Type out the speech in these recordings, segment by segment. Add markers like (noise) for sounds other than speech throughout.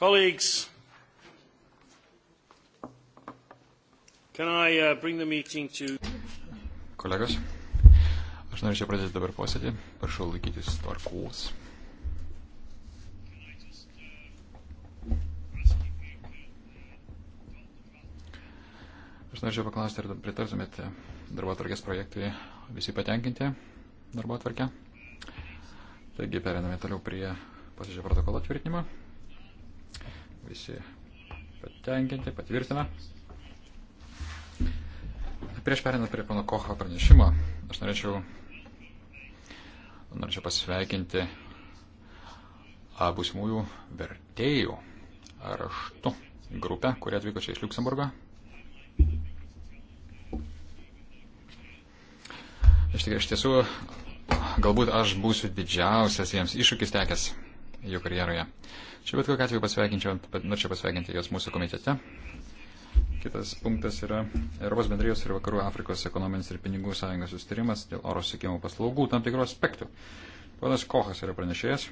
Colleagues, can I uh, bring the meeting to... Kolegos, aš norėčiau pradėti dabar posėdį. Prašau laikytis tvarkos. Aš norėčiau paklausti, ar pritartumėte darbo atvarkės projektui visi patenkinti darbo atvarkę. Taigi periname toliau prie posėdžio protokolo tvirtinimo visi patenkinti, patvirtina. Prieš perinant prie pana Kocho pranešimo, aš norėčiau, norėčiau pasveikinti būsimųjų vertėjų raštų grupę, kurie atvyko čia iš Luksemburgo. Iš tikrųjų, iš tiesų, galbūt aš būsiu didžiausias jiems iššūkis tekęs jų karjeroje. Šiaip bet kokiu atveju pasveikinčiau, norėčiau pasveikinti jos mūsų komitete. Kitas punktas yra Europos bendrijos ir Vakarų Afrikos ekonominis ir pinigų sąjungos sustarimas dėl oro sėkimo paslaugų tam tikrų aspektų. Ponas Kochas yra pranešėjas.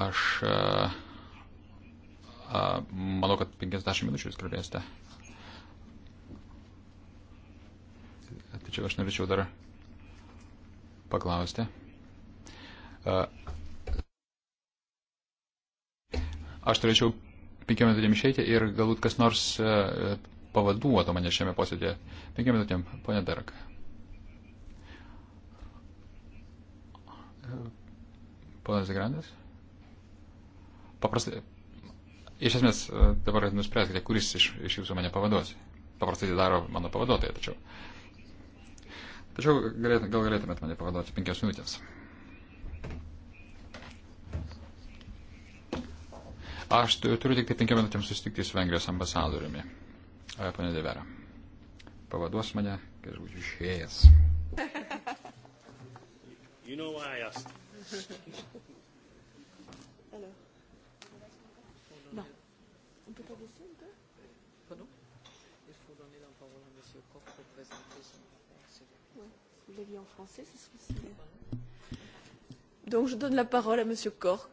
Aš a, a, manau, kad 50 minučių jūs kalbėsite. Tačiau aš norėčiau dar paklausti. Aš turėčiau penkiom minutėm išeiti ir galbūt kas nors pavaduotų mane šiame posėdėje. Penkiom minutėm, ponė Daraka. Ponas Grandas? Paprastai. Iš esmės, dabar nuspręskite, kuris iš, iš jūsų mane pavaduos. Paprastai tai daro mano pavaduotoja, tačiau. Uh, Tačiau galėt, gal galėtumėt mane pavaduoti penkias minutės. Aš turiu tik tai penkiam minutėm susitikti su Vengrijos ambasadoriumi. O, ponė Devera. Pavaduos mane, kai aš būsiu išėjęs. (laughs) You know why I asked. Hello. Non. On peut pas baisser un peu Pardon Il faut donner la parole à M. Koch pour présenter son vous l'aviez en français, ce serait Donc je donne la parole à Monsieur Cork.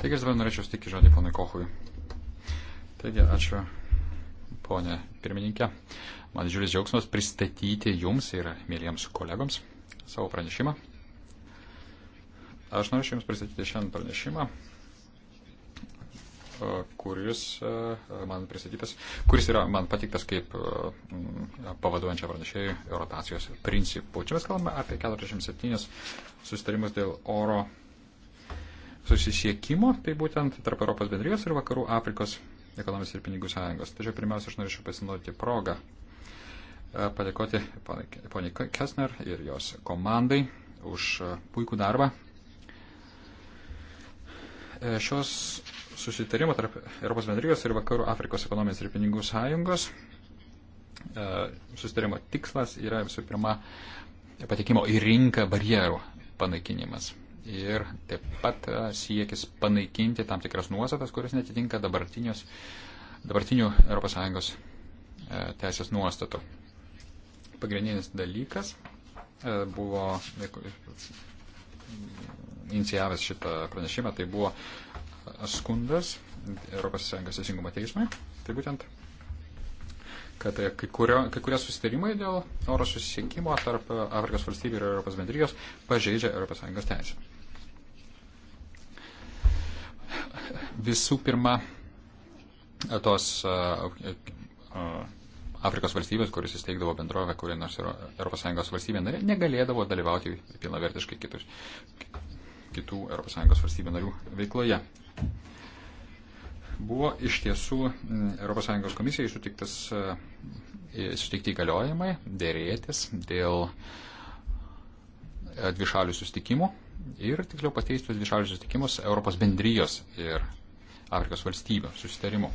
Taigi aš dabar norėčiau sutikti žodį ponui Kochui. Taigi ačiū, ponė pirmininkė. Man didžiulis džiaugsmas pristatyti jums ir mėlyjams kolegoms savo pranešimą. Aš norėčiau jums pristatyti šiandien pranešimą kuris man pristatytas, kuris yra man patiktas kaip pavaduojančio pranešėjų rotacijos principų. Čia mes kalbame apie 47 susitarimus dėl oro susisiekimo, tai būtent tarp Europos bendrijos ir Vakarų Afrikos ekonomijos ir pinigų sąjungos. Tačiau pirmiausia, aš norėčiau pasinaudoti progą padėkoti poniai Kesner ir jos komandai už puikų darbą E, šios susitarimo tarp Europos bendrijos ir Vakarų Afrikos ekonomijos ir pinigų sąjungos e, susitarimo tikslas yra visų pirma patekimo į rinką barjerų panaikinimas. Ir taip pat e, siekis panaikinti tam tikras nuostatas, kuris netitinka dabartinių ES teisės nuostatų. Pagrindinis dalykas buvo inicijavęs šitą pranešimą, tai buvo skundas Europos Sąjungos teisingumo teismai. Tai būtent, kad kai, kurio, kai kurie susitarimai dėl oro susisiekimo tarp Afrikos valstybių ir Europos bendrijos pažeidžia Europos Sąjungos teisę. Visų pirma, tos Afrikos valstybės, kuris įsteigdavo bendrovę, kuri nors ES valstybė narė, negalėdavo dalyvauti pilnavertiškai kitus, kitų ES valstybių narių veikloje. Buvo iš tiesų ES komisijai sutiktas, e, sutikti įgaliojimai dėrėtis dėl dvišalių sustikimų ir tiksliau pakeisti dvišalius susitikimus Europos bendrijos ir Afrikos valstybių susitarimu.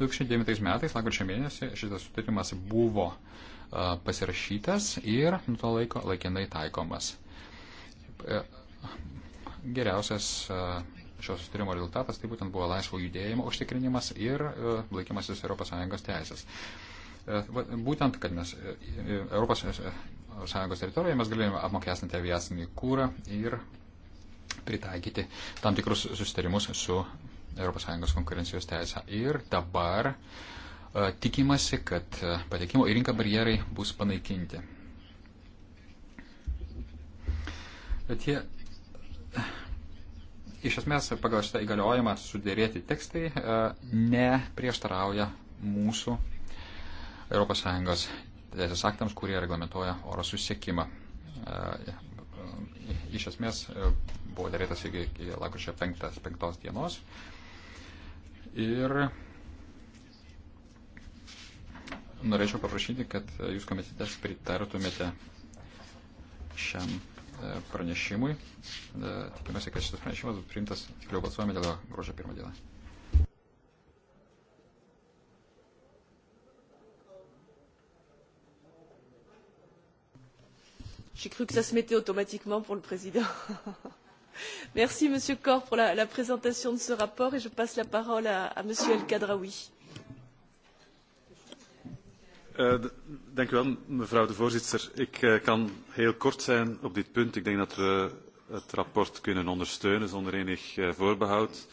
2009 metais, lakvarčio mėnesį, šitas sutarimas buvo pasirašytas ir nuo to laiko laikinai taikomas. E, geriausias e, šio sustarimo rezultatas tai būtent buvo laisvo judėjimo užtikrinimas ir e, laikymasis ES teisės. Būtent, kad mes ES teritorijoje mes galėjome apmokestinti aviacinį kūrą ir pritaikyti tam tikrus sustarimus su ES konkurencijos teisė. Ir dabar tikimasi, kad patekimo į rinką barjerai bus panaikinti. Bet jie iš esmės pagal šitą įgaliojimą sudėrėti tekstai e, neprieštarauja mūsų ES teisės aktams, kurie reglamentoja oro susiekimą. E, iš esmės e, buvo dėrėtas iki, iki lakučio 5 dienos. Ir norėčiau paprašyti, kad jūs komitete pritartumėte šiam pranešimui. E, tikiuosi, kad šitas pranešimas bus priimtas, tikriau balsuojame dėl gruodžio pirmą dieną. J'ai cru que ça se mettait automatiquement pour le président. (laughs) Merci Monsieur Corr pour la, la présentation de ce rapport et je passe la parole à, à Monsieur El Kadraoui. Uh, dank u wel, mevrouw de voorzitter. Ik uh, kan heel kort zijn op dit punt. Ik denk dat we het rapport kunnen ondersteunen zonder enig uh, voorbehoud.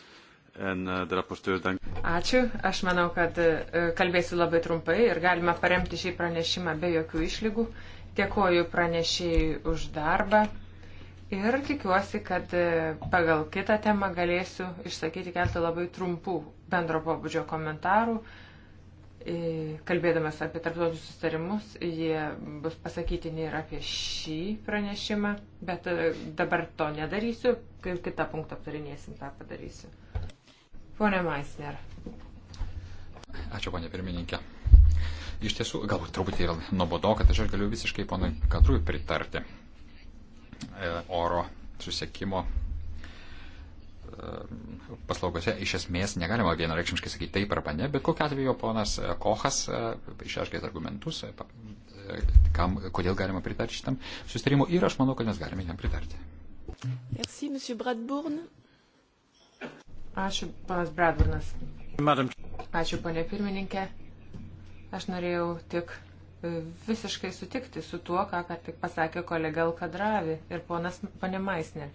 En uh, de rapporteur dank. Ačiū. Aš manau, kad uh, kalbėsiu labai trumpai ir galima paremti šį pranešimą be jokių išlygų. Dėkoju pranešėjai už darbą. Ir tikiuosi, kad pagal kitą temą galėsiu išsakyti keletą labai trumpų bendro pobūdžio komentarų. Uh, E, kalbėdamas apie tarptautinius sustarimus, jie bus pasakytini ir apie šį pranešimą, bet e, dabar to nedarysiu, kai kitą punktą aptarinėsim, tą padarysiu. Pone Maisner. Ačiū, ponė pirmininkė. Iš tiesų, galbūt truputį ir nuobodo, kad aš ir galiu visiškai ponui Kadrui pritarti e, oro susiekimo paslaugose iš esmės negalima vienareikšmiškai sakyti taip arba ne, bet kokiu atveju ponas Kochas e, išaiškės argumentus, e, e, kam, kodėl galima pritarti šitam sustarimu ir aš manau, kad mes galime jam pritarti. Merci, monsieur Bradburn. Ačiū, panas Bradburnas. Madam. Ačiū, ponė pirmininkė. Aš norėjau tik visiškai sutikti su tuo, ką, ką tik pasakė kolega Alkadravi ir ponas Panemaisner.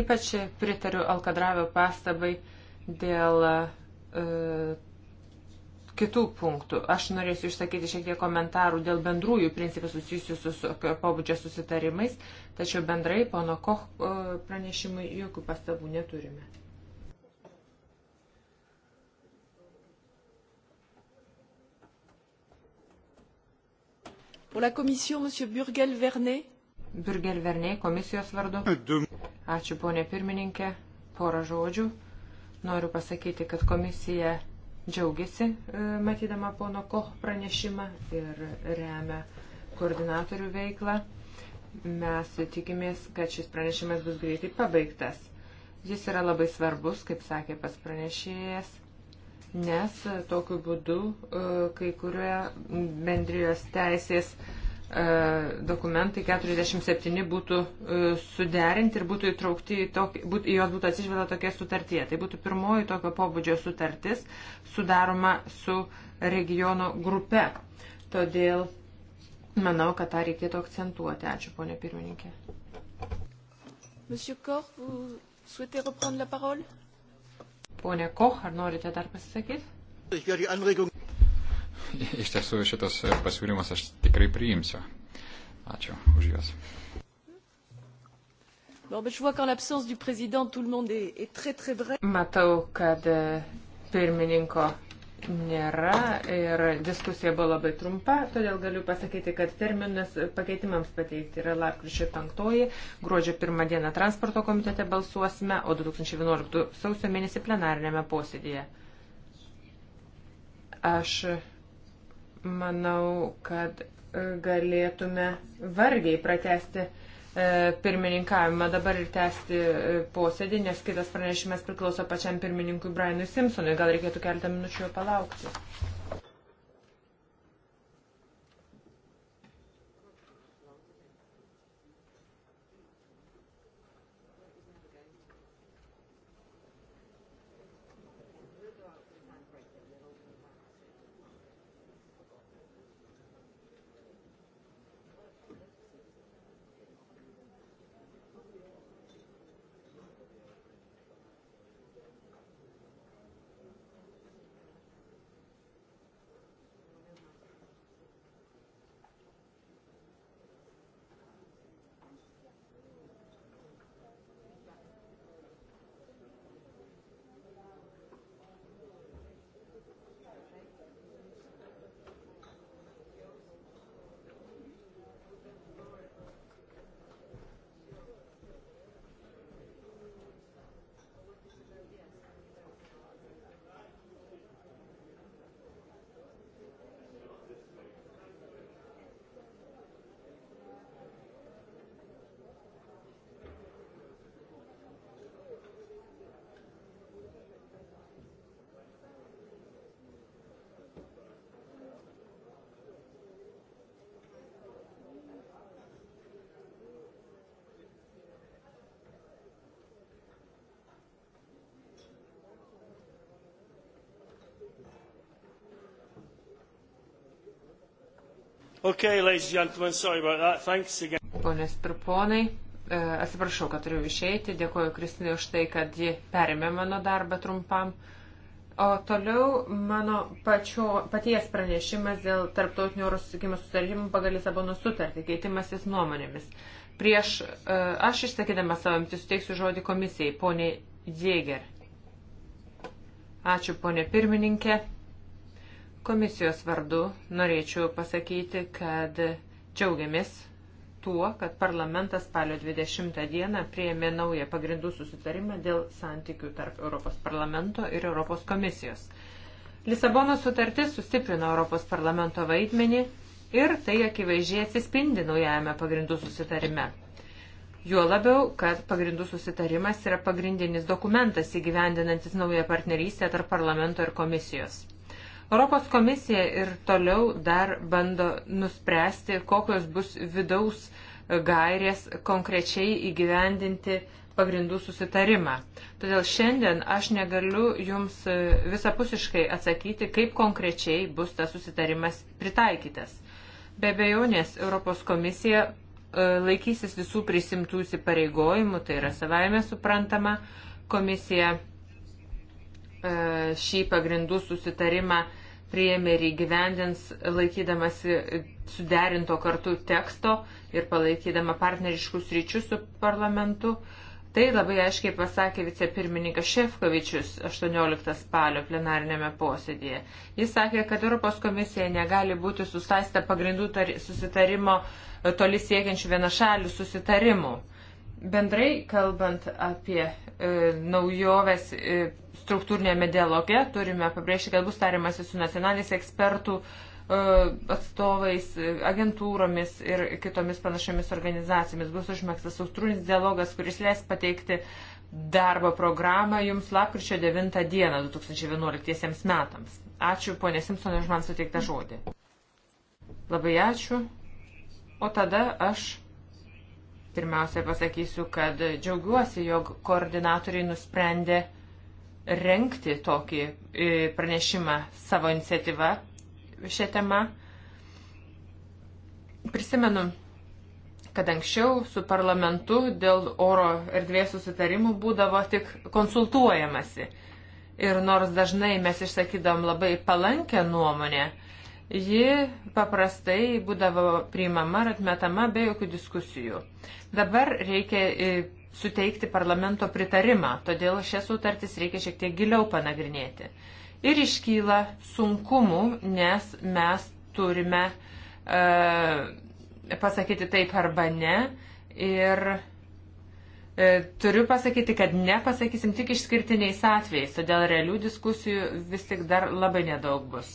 Ypač pritariu Alkadravio pastabai dėl e, kitų punktų. Aš norėsiu išsakyti šiek tiek komentarų dėl bendrųjų principų susijusių su, su pobūdžio susitarimais, tačiau bendrai pono Koch e, pranešimui jokių pastabų neturime. Pour la Commission, M. Burgel Vernet. Burgel Vernet, komisijos vardu. Ačiū, ponė pirmininkė. Porą žodžių. Noriu pasakyti, kad komisija džiaugiasi e, matydama pono Koch pranešimą ir remia koordinatorių veiklą. Mes tikimės, kad šis pranešimas bus greitai pabaigtas. Jis yra labai svarbus, kaip sakė pas pranešėjas, nes e, tokiu būdu e, kai kurioje bendrijos teisės e, dokumentai 47 būtų suderinti ir būtų įtraukti į, tokį, būt, į jos būtų atsižvelgta tokia sutartie. Tai būtų pirmoji tokio pobūdžio sutartis sudaroma su regiono grupe. Todėl manau, kad tą reikėtų akcentuoti. Ačiū, ponė pirmininkė. Monsieur Kor, vous souhaitez reprendre la parole? Pone Koch, ar norite dar pasisakyti? Iš tiesų šitas e, pasiūlymas aš tikrai priimsiu. Ačiū už juos. Matau, kad e, pirmininko nėra ir diskusija buvo labai trumpa, todėl galiu pasakyti, kad terminas pakeitimams pateikti yra lapkričio 5, gruodžio 1 dieną transporto komitete balsuosime, o 2011 sausio mėnesį plenarinėme posėdėje. Aš manau, kad galėtume vargiai pratesti E, pirmininkavimą dabar ir tęsti e, posėdį, nes kitas pranešimas priklauso pačiam pirmininkui Brianui Simpsonui. Gal reikėtų keletą minučių jo palaukti. Okay, ladies and gentlemen, sorry about that. Thanks again. Ponės ir ponai, e, atsiprašau, kad turiu išeiti. Dėkuoju Kristinai už tai, kad ji perėmė mano darbą trumpam. O toliau mano pačio, paties pranešimas dėl tarptautinio oro susikimo susitarimų pagal Lisabono sutartį, keitimasis nuomonėmis. Prieš e, aš išsakydama savo imtį suteiksiu žodį komisijai, ponė Jėger. Ačiū, ponė pirmininkė. Komisijos vardu norėčiau pasakyti, kad džiaugiamės tuo, kad parlamentas spalio 20 dieną prieėmė naują pagrindų susitarimą dėl santykių tarp Europos parlamento ir Europos komisijos. Lisabono sutartis sustiprino Europos parlamento vaidmenį ir tai akivaizdžiai atsispindi naujajame pagrindų susitarime. Juo labiau, kad pagrindų susitarimas yra pagrindinis dokumentas įgyvendinantis naują partnerystę tarp parlamento ir komisijos. Europos komisija ir toliau dar bando nuspręsti, kokios bus vidaus e, gairės konkrečiai įgyvendinti pagrindų susitarimą. Todėl šiandien aš negaliu Jums e, visapusiškai atsakyti, kaip konkrečiai bus tas susitarimas pritaikytas. Be bejonės Europos komisija e, laikysis visų prisimtų įsipareigojimų, tai yra savaime suprantama. Komisija šį pagrindų susitarimą prieėmė ir įgyvendins laikydamasi suderinto kartu teksto ir palaikydama partneriškus ryčius su parlamentu. Tai labai aiškiai pasakė vicepirmininkas Šefkovičius 18 spalio plenarinėme posėdėje. Jis sakė, kad Europos komisija negali būti sustaista pagrindų susitarimo e, toli siekiančių vienašalių susitarimų. Bendrai kalbant apie e, naujoves e, struktūrinėme dialoge turime pabrėžti, kad bus tariamasi su nacionaliniais ekspertų e, atstovais, e, agentūromis ir kitomis panašiamis organizacijomis. Bus užmėgstas struktūrinis dialogas, kuris leis pateikti darbo programą jums lapkričio 9 dieną 2011 metams. Ačiū, ponė Simpsonė, už man suteiktą žodį. Labai ačiū. O tada aš pirmiausia pasakysiu, kad džiaugiuosi, jog koordinatoriai nusprendė renkti tokį e, pranešimą savo iniciatyvą šią temą. Prisimenu, kad anksčiau su parlamentu dėl oro erdvės susitarimų būdavo tik konsultuojamasi. Ir nors dažnai mes išsakydom labai palankę nuomonę, ji paprastai būdavo priimama ir atmetama be jokių diskusijų. Dabar reikia e, suteikti parlamento pritarimą, todėl šias sutartis reikia šiek tiek giliau panagrinėti. Ir iškyla sunkumų, nes mes turime e, pasakyti taip arba ne. Ir e, turiu pasakyti, kad ne pasakysim tik išskirtiniais atvejais, todėl realių diskusijų vis tik dar labai nedaug bus.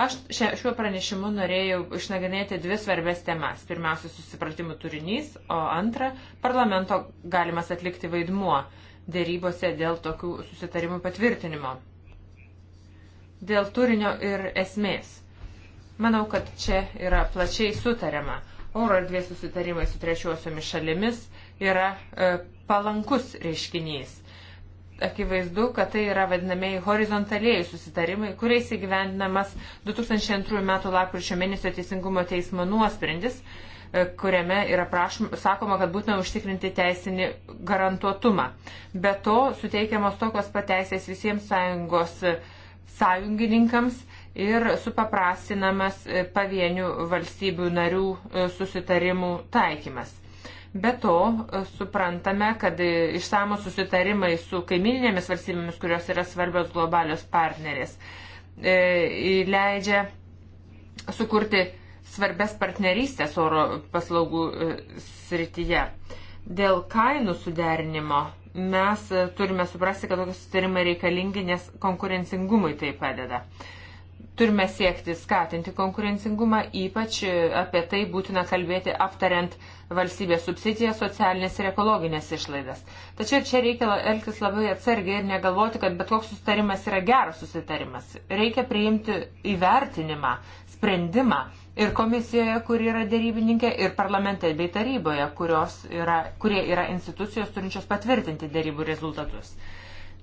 Aš šia, šiuo pranešimu norėjau išnagrinėti dvi svarbės temas. Pirmiausia, susipratimų turinys, o antra, parlamento galimas atlikti vaidmuo dėrybose dėl tokių susitarimų patvirtinimo. Dėl turinio ir esmės. Manau, kad čia yra plačiai sutariama. Oro erdvės susitarimai su trečiosiomis šalimis yra e, palankus reiškinys akivaizdu, kad tai yra vadinamieji horizontaliai susitarimai, kuriais įgyvendinamas 2002 m. lapkričio mėnesio teisingumo teismo nuosprendis, e, kuriame yra prašom, sakoma, kad būtina užtikrinti teisinį garantuotumą. Be to suteikiamos tokios pateisės visiems sąjungos e, sąjungininkams ir supaprastinamas e, pavienių valstybių narių susitarimų taikymas. Be to, e, suprantame, kad išsamos susitarimai su kaimininėmis valstybėmis, kurios yra svarbios globalios partnerės, e, leidžia sukurti svarbės partnerystės oro paslaugų e, srityje. Dėl kainų suderinimo mes turime suprasti, kad tokie sutarimai reikalingi, nes konkurencingumui tai padeda. Uh, Turime siekti skatinti konkurencingumą, ypač apie tai būtina kalbėti aptariant valstybės subsidijas, socialinės ir ekologinės išlaidas. Tačiau čia reikia elgtis labai atsargiai ir negalvoti, kad bet koks susitarimas yra geras susitarimas. Reikia priimti įvertinimą, sprendimą ir komisijoje, kur yra dėrybininkė, ir parlamente bei taryboje, yra, kurie yra institucijos turinčios patvirtinti dėrybų rezultatus.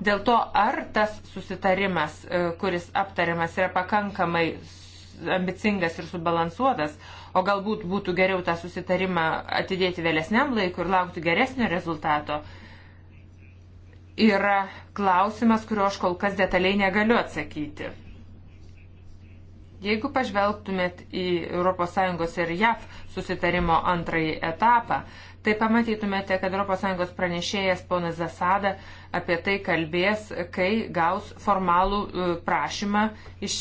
Dėl to, ar tas susitarimas, e, kuris aptariamas, yra pakankamai ambicingas ir subalansuotas, o galbūt būtų geriau tą susitarimą atidėti vėlesniam laikui ir laukti geresnio rezultato, yra klausimas, kurio aš kol kas detaliai negaliu atsakyti. Jeigu pažvelgtumėt į ES ir JAV susitarimo antrąjį etapą, tai pamatytumėte, kad ES pranešėjas ponas Zasada apie tai kalbės, kai gaus formalų e, prašymą iš,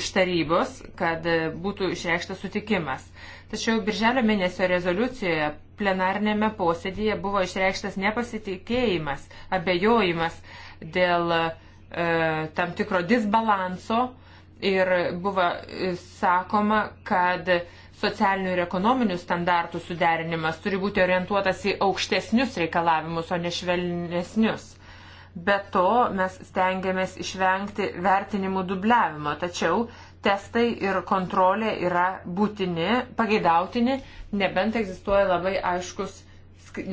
iš tarybos, kad e, būtų išreikštas sutikimas. Tačiau birželio mėnesio rezoliucijoje plenarnėme posėdėje buvo išreikštas nepasitikėjimas, abejojimas dėl e, tam tikro disbalanso ir buvo e, sakoma, kad e, socialinių ir ekonominių standartų suderinimas turi būti orientuotas į aukštesnius reikalavimus, o ne švelnesnius. Be to mes stengiamės išvengti vertinimų dubliavimo, tačiau testai ir kontrolė yra būtini, pageidautini, nebent egzistuoja labai aiškus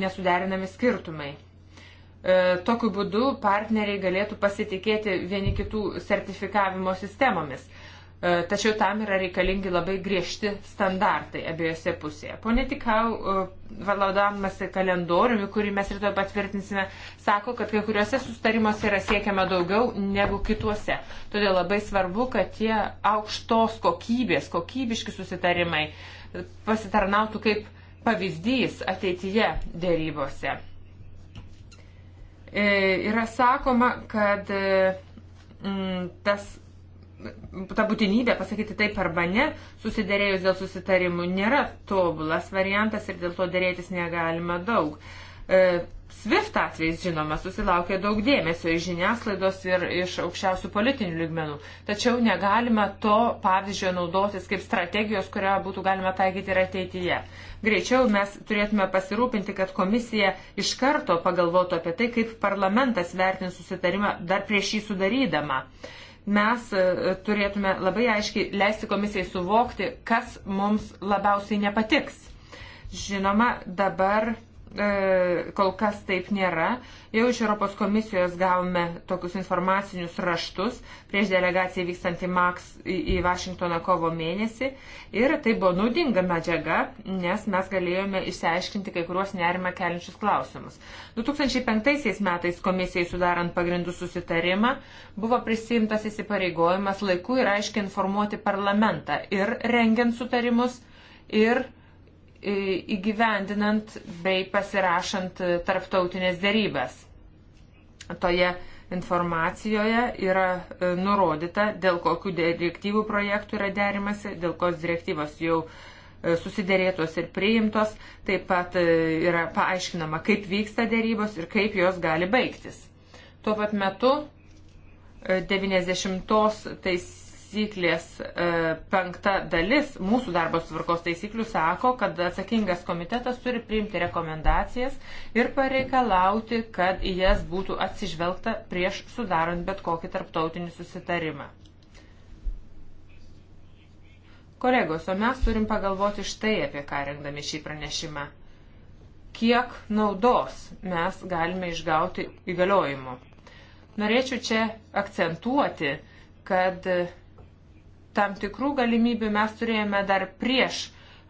nesuderinami skirtumai. E, tokiu būdu partneriai galėtų pasitikėti vieni kitų sertifikavimo sistemomis. E, tačiau tam yra reikalingi labai griežti standartai abiejose pusėje. Pone Tikau, e, valaudamas kalendoriumi, kurį mes rytoj patvirtinsime, sako, kad kai kuriuose sustarimuose yra siekiama daugiau negu kituose. Todėl labai svarbu, kad tie aukštos kokybės, kokybiški susitarimai pasitarnautų kaip pavyzdys ateityje dėrybose. E, yra sakoma, kad e, tas ta būtinybė pasakyti taip arba ne, susidėrėjus dėl susitarimų, nėra tobulas variantas ir dėl to dėrėtis negalima daug. E, Swift atvejs, žinoma, susilaukė daug dėmesio iš žiniasklaidos ir iš aukščiausių politinių lygmenų. Tačiau negalime to pavyzdžio naudotis kaip strategijos, kurią būtų galima taikyti ir ateityje. Greičiau mes turėtume pasirūpinti, kad komisija iš karto pagalvotų apie tai, kaip parlamentas vertins susitarimą dar prieš jį sudarydama mes e, turėtume labai aiškiai leisti komisijai suvokti, kas mums labiausiai nepatiks. Žinoma, dabar E, kol kas taip nėra. Jau iš Europos komisijos gavome tokius informacinius raštus prieš delegaciją vykstant į, Max, į, į Vašingtoną kovo mėnesį. Ir tai buvo naudinga medžiaga, nes mes galėjome išsiaiškinti kai kuriuos nerimą keliančius klausimus. 2005 metais komisijai sudarant pagrindų susitarimą buvo prisimtas įsipareigojimas laiku ir aiškiai informuoti parlamentą ir rengiant sutarimus ir E, įgyvendinant bei pasirašant tarptautinės dėrybas. Toje informacijoje yra e, nurodyta, dėl kokių direktyvų projektų yra derimasi, dėl kokios direktyvos jau e, susidėrėtos ir priimtos, taip pat yra paaiškinama, kaip vyksta dėrybos ir kaip jos gali baigtis. Tuo pat metu 90 tais taisyklės e, penkta dalis mūsų darbo tvarkos taisyklių sako, kad atsakingas komitetas turi priimti rekomendacijas ir pareikalauti, kad į jas būtų atsižvelgta prieš sudarant bet kokį tarptautinį susitarimą. Kolegos, o mes turim pagalvoti štai apie ką rengdami šį pranešimą. Kiek naudos mes galime išgauti įgaliojimu. Norėčiau čia akcentuoti, kad tam tikrų galimybių mes turėjome dar prieš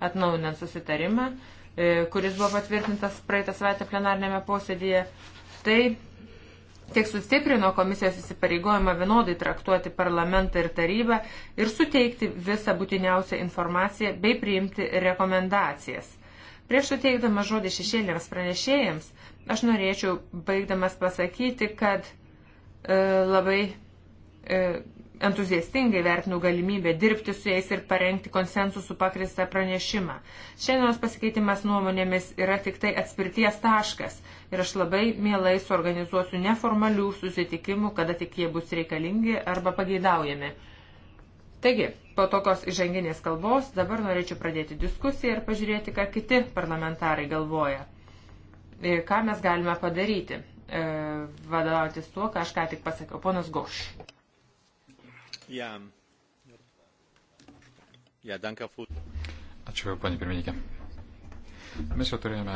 atnaujinant susitarimą, e, kuris buvo patvirtintas praeitą savaitę plenarnėme posėdėje. Tai tiek sustiprino komisijos įsipareigojimą vienodai traktuoti parlamentą ir tarybą ir suteikti visą būtiniausią informaciją bei priimti rekomendacijas. Prieš suteikdama žodį šešėlėms pranešėjams, aš norėčiau baigdamas pasakyti, kad e, labai e, entuziastingai vertinu galimybę dirbti su jais ir parengti konsensusų pakristą pranešimą. Šiandienos pasikeitimas nuomonėmis yra tik tai atspirties taškas ir aš labai mielai suorganizuosiu neformalių susitikimų, kada tik jie bus reikalingi arba pageidaujami. Taigi, po tokios įžanginės kalbos dabar norėčiau pradėti diskusiją ir pažiūrėti, ką kiti parlamentarai galvoja. E, ką mes galime padaryti, e, vadovautis tuo, ką aš ką tik pasakiau. Ponas Goš. Ja. Ja, danke, Ačiū, panė pirmininkė. Mes jau turėjome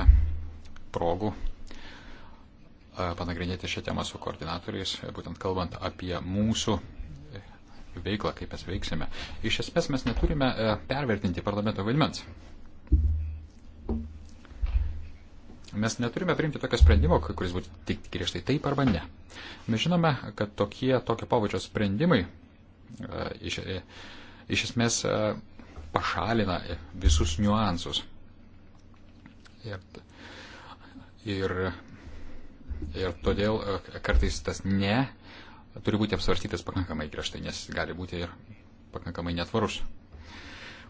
progų e, panagrinėti šią temą su koordinatoriais, e, būtent kalbant apie mūsų veiklą, kaip mes veiksime. Iš esmės mes neturime e, pervertinti parlamento vaidmens. Mes neturime priimti tokio sprendimo, kuris būtų tik griežtai taip arba ne. Mes žinome, kad tokie, tokio pavadžio sprendimai E, iš, e, iš esmės e, pašalina visus niuansus. Ir, ir, ir todėl kartais tas ne turi būti apsvarstytas pakankamai griežtai, nes gali būti ir pakankamai netvarus.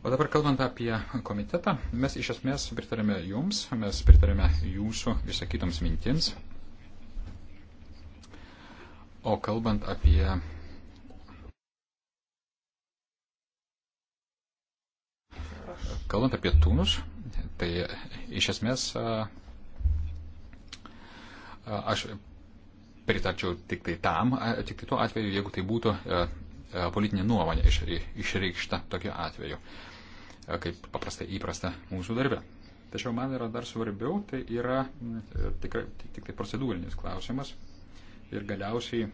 O dabar kalbant apie komitetą, mes iš esmės pritarėme jums, mes pritarėme jūsų išsakytoms mintims. O kalbant apie Kalbant apie tunus, tai iš esmės aš pritarčiau tik tai tam, tik tai tuo atveju, jeigu tai būtų politinė nuomonė išreikšta tokiu atveju, kaip paprastai įprasta mūsų darbe. Tačiau man yra dar svarbiau, tai yra e, tikrai tik tai procedūrinis klausimas ir galiausiai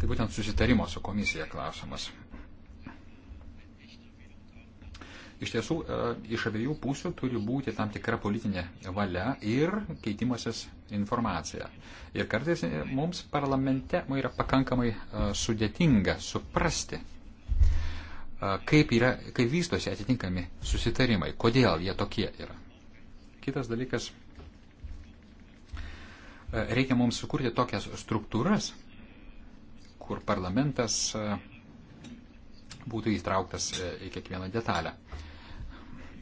tai būtent susitarimo su komisija klausimas. Iš tiesų, e, iš abiejų pusių turi būti tam tikra politinė valia ir keitimasis informacija. Ir kartais e, mums parlamente yra pakankamai e, sudėtinga suprasti, kaip, yra, kaip vystosi atitinkami susitarimai, kodėl jie tokie yra. Kitas dalykas, reikia mums sukurti tokias struktūras, kur parlamentas būtų įtrauktas į kiekvieną detalę.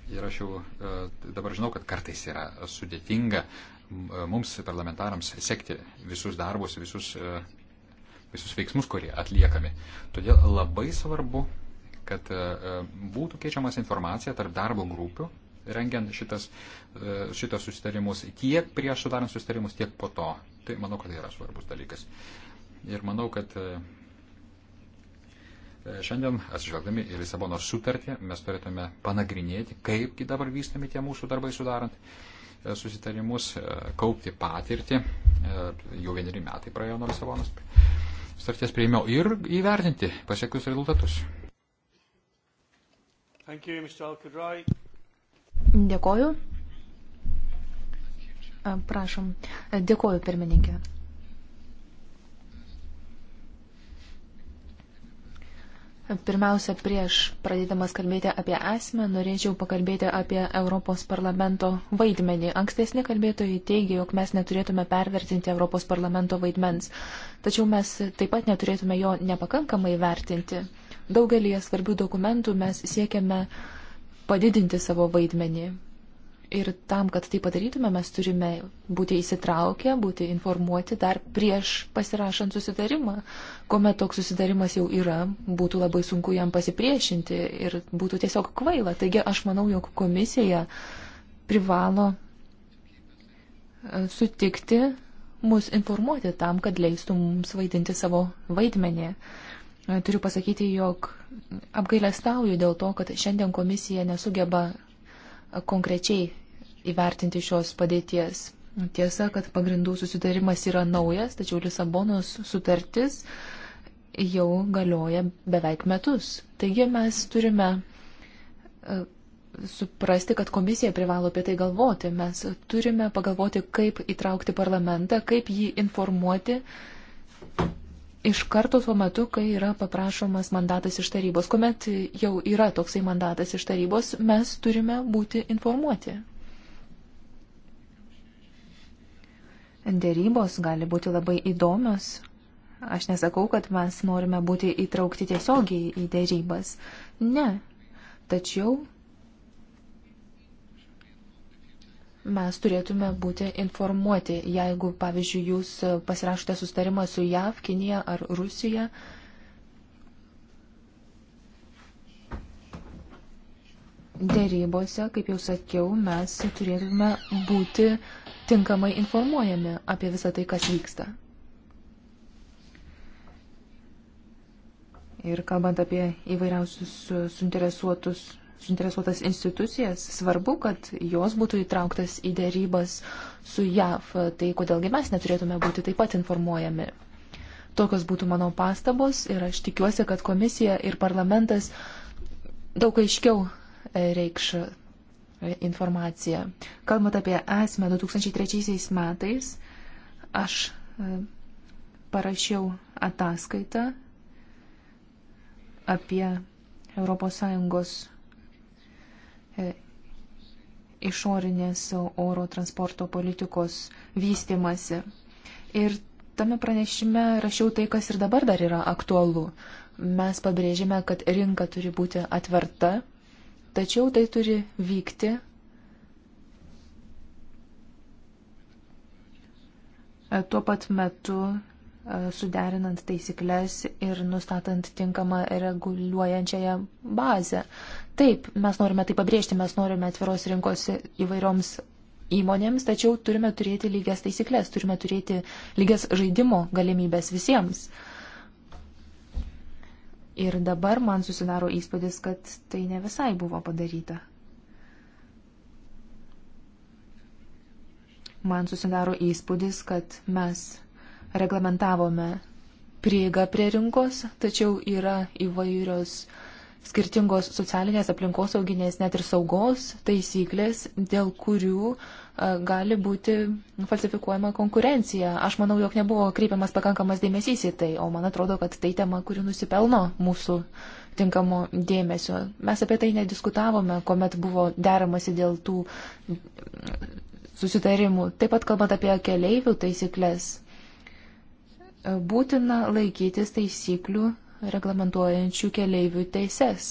Ir aš jau e, dabar žinau, kad kartais yra sudėtinga e, mums, parlamentarams, sekti visus darbus, visus, e, visus veiksmus, kurie atliekami. Todėl labai svarbu, kad būtų keičiamas informacija tarp darbo grupių, rengiant šitas, šitas susitarimus, tiek prieš sudarant susitarimus, tiek po to. Tai manau, kad tai yra svarbus dalykas. Ir manau, kad E, šiandien, atsižvelgdami į Lisabono sutartį, mes turėtume panagrinėti, kaipgi dabar vystami tie mūsų darbai sudarant e, susitarimus, e, kaupti patirtį, jau vieneri metai praėjo nuo Lisabonos sutarties prieimiau ir įvertinti pasiekius rezultatus. Dėkoju. Prašom. Dėkoju, pirmininkė. Pirmiausia, prieš pradėdamas kalbėti apie esmę, norėčiau pakalbėti apie Europos parlamento vaidmenį. Ankstesni kalbėtojai teigia, jog mes neturėtume pervertinti Europos parlamento vaidmens, tačiau mes taip pat neturėtume jo nepakankamai vertinti. Daugelį svarbių dokumentų mes siekiame padidinti savo vaidmenį. Ir tam, kad tai padarytume, mes turime būti įsitraukę, būti informuoti dar prieš pasirašant susitarimą. Komet toks susitarimas jau yra, būtų labai sunku jam pasipriešinti ir būtų tiesiog kvaila. Taigi aš manau, jog komisija privalo e, sutikti mus informuoti tam, kad leistų mums vaidinti savo vaidmenį. E, turiu pasakyti, jog apgailestauju dėl to, kad šiandien komisija nesugeba konkrečiai įvertinti šios padėties. Tiesa, kad pagrindų susitarimas yra naujas, tačiau Lisabonos sutartis jau galioja beveik metus. Taigi mes turime e, suprasti, kad komisija privalo apie tai galvoti. Mes turime pagalvoti, kaip įtraukti parlamentą, kaip jį informuoti, uh, iš karto tuo metu, kai yra paprašomas mandatas iš tarybos. Komet jau yra toksai mandatas iš tarybos, mes turime būti informuoti. Dėrybos gali būti labai įdomios. Aš nesakau, kad mes norime būti įtraukti tiesiogiai į dėrybas. Ne. Tačiau mes turėtume būti informuoti, jeigu, pavyzdžiui, jūs e, pasirašote sustarimą su JAV, Kinija ar Rusija. Dėrybose, kaip jau sakiau, mes turėtume būti tinkamai informuojami apie visą tai, kas vyksta. Ir kalbant apie įvairiausius e, suinteresuotus suinteresuotas institucijas, svarbu, kad jos būtų įtrauktas į dėrybas su JAV, tai kodėlgi mes neturėtume būti taip pat informuojami. Tokios būtų mano pastabos ir aš tikiuosi, kad komisija ir parlamentas daug aiškiau e, reikš e, informaciją. Kalbant apie esmę 2003 metais, aš e, parašiau ataskaitą apie ES E, išorinės oro transporto politikos vystimasi. Ir tame pranešime rašiau tai, kas ir dabar dar yra aktualu. Mes pabrėžime, kad rinka turi būti atverta, tačiau tai turi vykti e, tuo pat metu e, suderinant taisyklės ir nustatant tinkamą reguliuojančiąją bazę. Taip, mes norime tai pabrėžti, mes norime atviros rinkos įvairioms įmonėms, tačiau turime turėti lygias taisyklės, turime turėti lygias žaidimo galimybės visiems. Ir dabar man susidaro įspūdis, kad tai ne visai buvo padaryta. Man susidaro įspūdis, kad mes reglamentavome prieigą prie rinkos, tačiau yra įvairios uh, skirtingos socialinės aplinkosauginės, net ir saugos taisyklės, dėl kurių e, gali būti falsifikuojama konkurencija. Aš manau, jog nebuvo kreipiamas pakankamas dėmesys į tai, o man atrodo, kad tai tema, kuri nusipelno mūsų tinkamo dėmesio. Mes apie tai nediskutavome, kuomet buvo deramasi dėl tų susitarimų. Taip pat kalbant apie keleivių taisyklės, e, būtina laikytis taisyklių reglamentuojančių keleivių teises.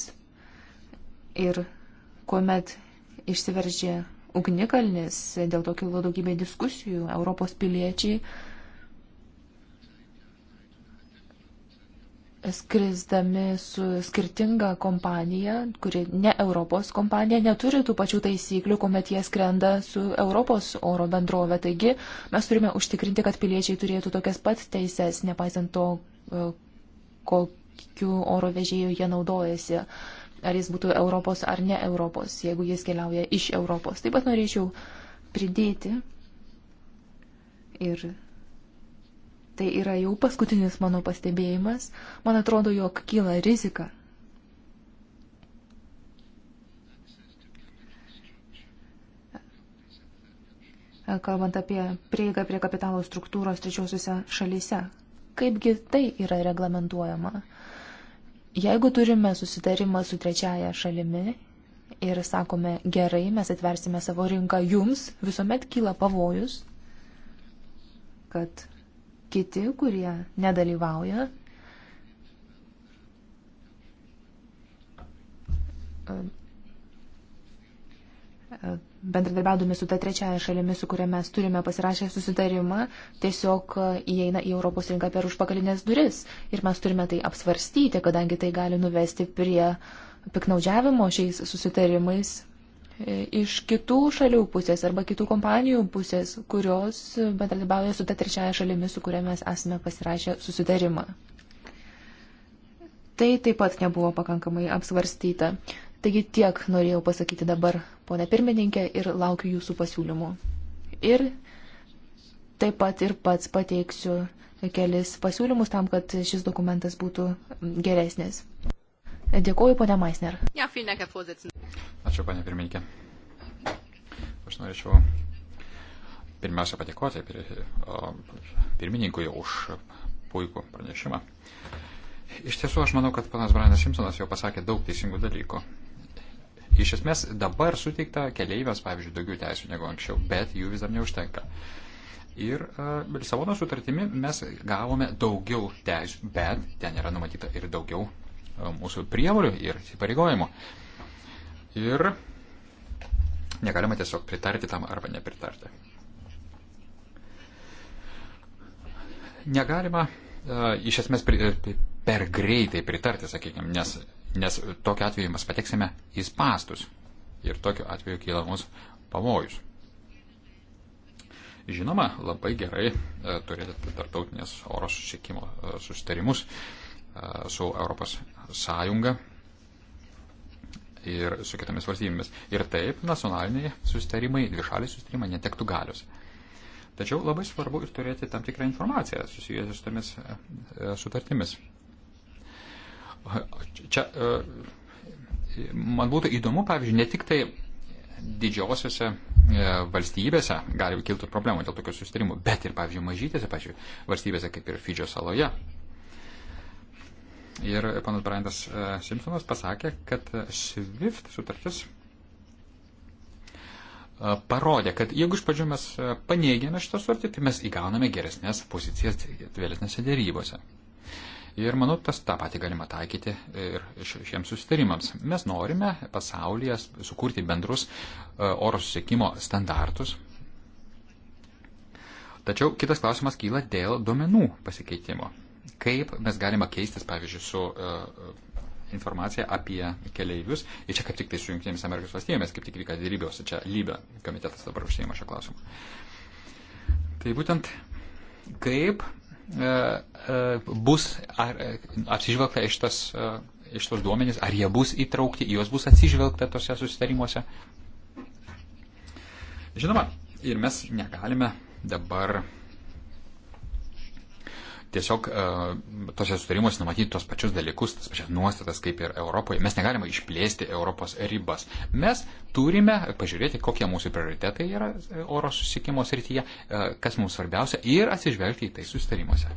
Ir kuomet išsiveržė ugnikalnis, dėl to kilo daugybė diskusijų, Europos piliečiai skrisdami su skirtinga kompanija, kuri ne Europos kompanija, neturi tų pačių taisyklių, kuomet jie skrenda su Europos oro bendrove. Taigi mes turime užtikrinti, kad piliečiai turėtų tokias pat teises, nepaisant to, kokiu oro vežėju jie naudojasi, ar jis būtų Europos ar ne Europos, jeigu jis keliauja iš Europos. Taip pat norėčiau pridėti ir. Tai yra jau paskutinis mano pastebėjimas. Man atrodo, jog kyla rizika, kalbant apie prieigą prie kapitalo struktūros trečiosiuose šalyse kaipgi tai yra reglamentuojama. Jeigu turime susitarimą su trečiaja šalimi ir sakome, gerai, mes atversime savo rinką jums, visuomet kyla pavojus, kad kiti, kurie nedalyvauja, bendradarbiaudami su ta trečiaja šalimi, su kuria mes turime pasirašę susitarimą, tiesiog įeina į Europos rinką per užpakalinės duris. Ir mes turime tai apsvarstyti, kadangi tai gali nuvesti prie piknaudžiavimo šiais susitarimais e, iš kitų šalių pusės arba kitų kompanijų pusės, kurios bendradarbiauja su ta trečiaja šalimi, su kuria mes esame pasirašę susitarimą. Tai taip pat nebuvo pakankamai apsvarstyta. Taigi tiek norėjau pasakyti dabar, ponė pirmininkė, ir laukiu jūsų pasiūlymų. Ir taip pat ir pats pateiksiu kelis pasiūlymus tam, kad šis dokumentas būtų geresnis. Dėkuoju, ponia Maisner. Ačiū, ponia pirmininkė. Aš norėčiau pirmiausia padėkoti pirmininkui už puikų pranešimą. Iš tiesų, aš manau, kad panas Brianas Simpsonas jau pasakė daug teisingų dalykų iš esmės dabar suteikta keleiviams, pavyzdžiui, daugiau teisų negu anksčiau, bet jų vis dar neužtenka. Ir uh, Lisabono sutartimi mes gavome daugiau teisų, bet ten yra numatyta ir daugiau uh, mūsų prievolių ir įsipareigojimų. Ir negalima tiesiog pritarti tam arba nepritarti. Negalima uh, iš esmės pri, per greitai pritarti, sakykime, nes nes tokiu atveju mes pateksime į pastus ir tokiu atveju kyla mums pavojus. Žinoma, labai gerai e, turėti tarptautinės oro susisiekimo e, susitarimus e, su Europos Sąjunga ir su kitomis valstybėmis. Ir taip nacionaliniai susitarimai, dvišaliai susitarimai netektų galios. Tačiau labai svarbu ir turėti tam tikrą informaciją susijusią su tomis e, e, sutartimis. Čia e, man būtų įdomu, pavyzdžiui, ne tik tai didžiosiose e, valstybėse gali kilti problemų dėl tokių sustarimų, bet ir, pavyzdžiui, mažytėse, pavyzdžiui, valstybėse kaip ir Fidžio saloje. Ir panas Brandas e, Simpsonas pasakė, kad SWIFT sutartis parodė, kad jeigu iš pradžių mes paneigėme šitą sutartį, tai mes įgauname geresnės pozicijas vėlesnėse dėrybose. Ir manau, tas tą patį galima taikyti ir šiems susitarimams. Mes norime pasaulyje sukurti bendrus e, oro susiekimo standartus. Tačiau kitas klausimas kyla dėl duomenų pasikeitimo. Kaip mes galime keistis, pavyzdžiui, su e, e, informaciją apie keleivius. Ir čia kaip tik tai su Junktinėmis Amerikos valstybėmis, kaip tik vyka dėrybos, čia lybė komitetas dabar užsieima šio klausimu. Tai būtent kaip E, e, bus e, atsižvelgta iš tas, iš tos duomenys, ar jie bus įtraukti, juos bus atsižvelgta tose susitarimuose. Žinoma, ir mes negalime dabar tiesiog e, tose sutarimuose numatyti tos pačius dalykus, tas pačias nuostatas kaip ir Europoje. Mes negalime išplėsti Europos ribas. Mes turime pažiūrėti, kokie mūsų prioritetai yra e, oro susikimo srityje, e, kas mums svarbiausia ir atsižvelgti į tai sutarimuose.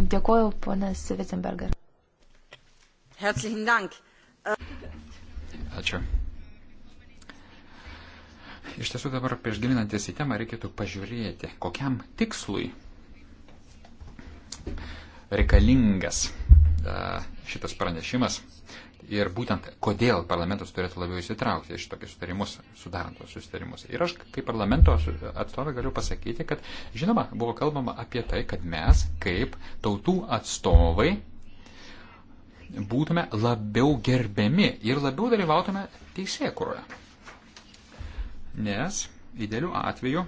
Dėkuoju, ponas Wittenberger. Herzlichen Dank. Ačiū. Iš tiesų dabar prieš gilinantis į temą reikėtų pažiūrėti, kokiam tikslui reikalingas e, šitas pranešimas ir būtent kodėl parlamentas turėtų labiau įsitraukti iš tokius sutarimus, sudarant tos sutarimus. Ir aš kaip parlamento atstovė galiu pasakyti, kad žinoma, buvo kalbama apie tai, kad mes kaip tautų atstovai būtume labiau gerbiami ir labiau dalyvautume teisėkuroje nes idealiu atveju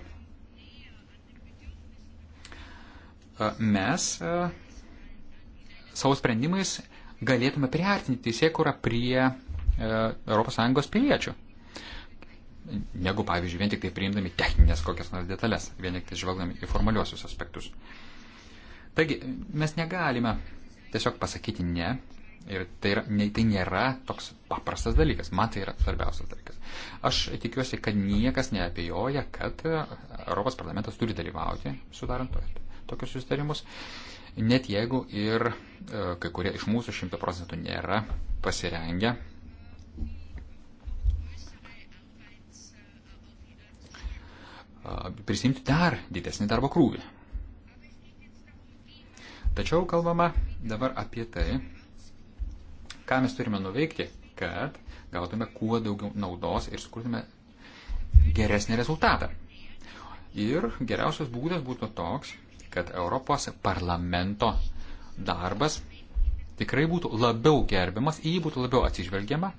e, mes e, savo sprendimais galėtume priartinti teisėkurą prie e, ES piliečių. Negu, pavyzdžiui, vien tik tai priimdami techninės kokias nors detalės, vien tik tai žvelgdami į formaliuosius aspektus. Taigi, mes negalime tiesiog pasakyti ne Ir tai, yra, tai nėra toks paprastas dalykas, man tai yra svarbiausias dalykas. Aš tikiuosi, kad niekas neabejoja, kad Europos parlamentas turi dalyvauti sudarant tokius susitarimus, net jeigu ir e, kai kurie iš mūsų šimtų procentų nėra pasirengę. E, prisimti dar didesnį darbo krūvį. Tačiau kalbama dabar apie tai, ką mes turime nuveikti, kad gautume kuo daugiau naudos ir sukurtume geresnį rezultatą. Ir geriausias būdas būtų toks, kad Europos parlamento darbas tikrai būtų labiau gerbiamas, į jį būtų labiau atsižvelgiama,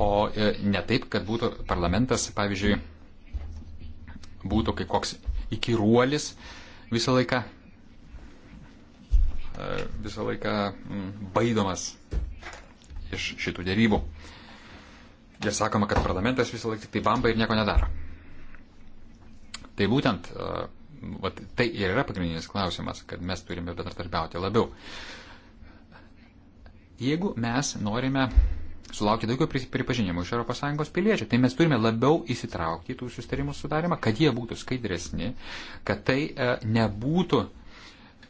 o e, ne taip, kad būtų parlamentas, pavyzdžiui, būtų kaip koks įkyruolis visą laiką E, visą laiką mm, baidomas iš šitų dėrybų. Ir sakoma, kad parlamentas visą laiką tik tai bamba ir nieko nedaro. Tai būtent e, vat, tai ir yra pagrindinis klausimas, kad mes turime bendratarbiauti labiau. Jeigu mes norime sulaukti daugiau pripažinimų iš ES piliečių, tai mes turime labiau įsitraukti į tų sustarimų sudarimą, kad jie būtų skaidresni, kad tai e, nebūtų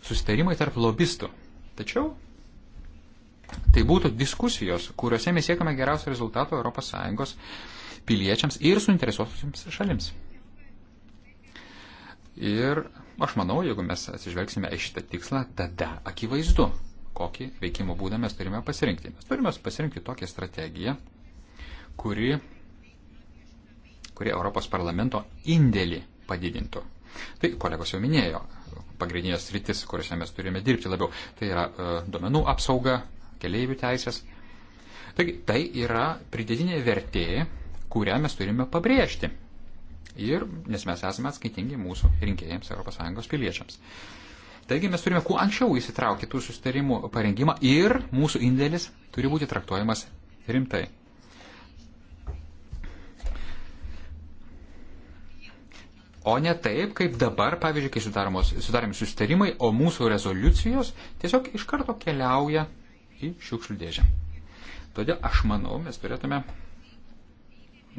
susitarimai tarp lobistų. Tačiau tai būtų diskusijos, kuriuose mes siekame geriausio rezultato ES piliečiams ir suinteresuotams šalims. Ir aš manau, jeigu mes atsižvelgsime į šitą tikslą, tada akivaizdu, kokį veikimo būdą mes turime pasirinkti. Mes turime pasirinkti tokią strategiją, kuri, kuri Europos parlamento indėlį padidintų. Tai kolegos jau minėjo, pagrindinės rytis, kuriuose mes turime dirbti labiau. Tai yra e, duomenų apsauga, keleivių teisės. Taigi, tai yra pridėtinė vertė, kurią mes turime pabrėžti. Ir, nes mes esame atskaitingi mūsų rinkėjams, ES piliečiams. Taigi mes turime kuo anksčiau įsitraukti tų susitarimų parengimą ir mūsų indėlis turi būti traktuojamas rimtai. o ne taip, kaip dabar, pavyzdžiui, kai sudaromi sustarimai, o mūsų rezoliucijos tiesiog iš karto keliauja į šiukšlių dėžę. Todėl aš manau, mes turėtume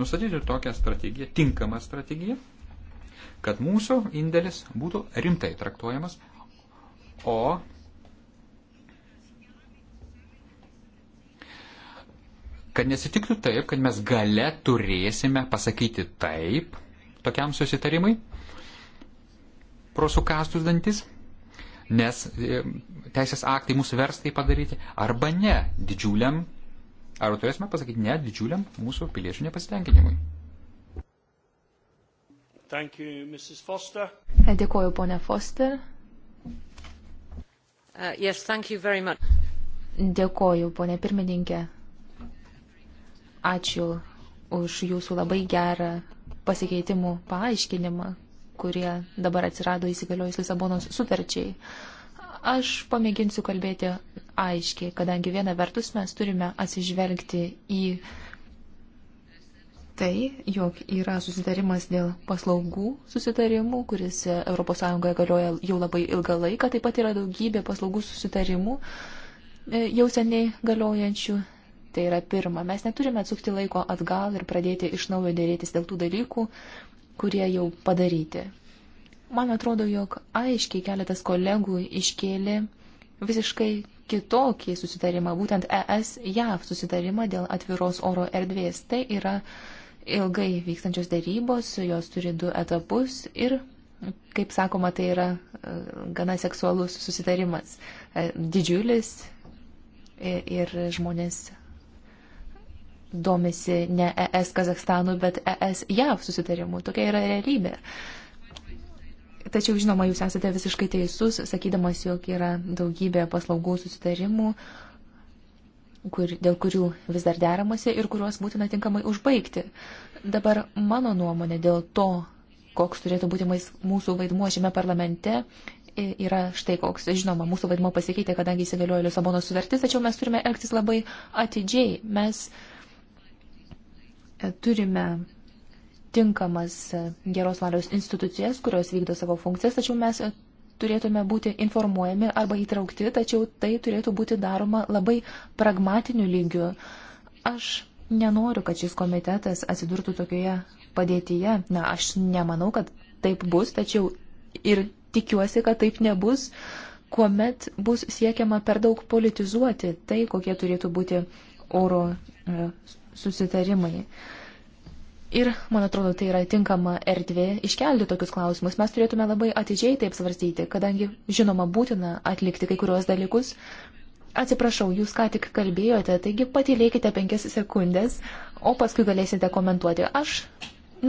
nustatyti tokią strategiją, tinkamą strategiją, kad mūsų indėlis būtų rimtai traktuojamas, o kad nesitiktų taip, kad mes gale turėsime pasakyti taip, tokiam susitarimui pro sukastus dantis, nes e, teisės aktai mūsų vers tai padaryti, arba ne didžiuliam, ar turėsime pasakyti ne didžiuliam mūsų piliečių nepasitenkinimui. E, Dėkuoju, ponė Foster. Uh, yes, Dėkoju, ponė pirmininkė. Ačiū už jūsų labai gerą pasikeitimų paaiškinimą, kurie dabar atsirado įsigaliojus Lisabonos sutarčiai. Aš pamėginsiu kalbėti aiškiai, kadangi viena vertus mes turime atsižvelgti į tai, jog yra susitarimas dėl paslaugų susitarimų, kuris ES galioja jau labai ilgą laiką, taip pat yra daugybė paslaugų susitarimų e, jau seniai galiojančių Tai yra pirma, mes neturime atsukti laiko atgal ir pradėti iš naujo dėrėtis dėl tų dalykų, kurie jau padaryti. Man atrodo, jog aiškiai keletas kolegų iškėlė visiškai kitokį susitarimą, būtent ES-JAV susitarimą dėl atviros oro erdvės. Tai yra ilgai vykstančios dėrybos, jos turi du etapus ir kaip sakoma, tai yra e, gana seksualus susitarimas. E, didžiulis ir žmonės domisi ne ES Kazakstanų, bet ES JAV susitarimu. Tokia yra realybė. Tačiau, žinoma, jūs esate visiškai teisus, sakydamas, jog yra daugybė paslaugų susitarimų, kur, dėl kurių vis dar deramasi ir kuriuos būtina tinkamai užbaigti. Dabar mano nuomonė dėl to, koks turėtų būti mūsų vaidmuo šiame parlamente, yra štai koks. Žinoma, mūsų vaidmo pasikeitė, kadangi įsigaliojo Lisabono sutartis, tačiau mes turime elgtis labai atidžiai. Mes uh, turime tinkamas geros valios institucijas, kurios vykdo savo funkcijas, tačiau mes turėtume būti informuojami arba įtraukti, tačiau tai turėtų būti daroma labai pragmatiniu lygiu. Aš nenoriu, kad šis komitetas atsidurtų tokioje padėtyje. Na, aš nemanau, kad taip bus, tačiau ir tikiuosi, kad taip nebus, kuomet bus siekiama per daug politizuoti tai, kokie turėtų būti oro e, susitarimai. Ir, man atrodo, tai yra tinkama erdvė iškelti tokius klausimus. Mes turėtume labai atidžiai taip svarstyti, kadangi, žinoma, būtina atlikti kai kurios dalykus. Atsiprašau, jūs ką tik kalbėjote, taigi patylėkite penkias sekundės, o paskui galėsite komentuoti. Aš,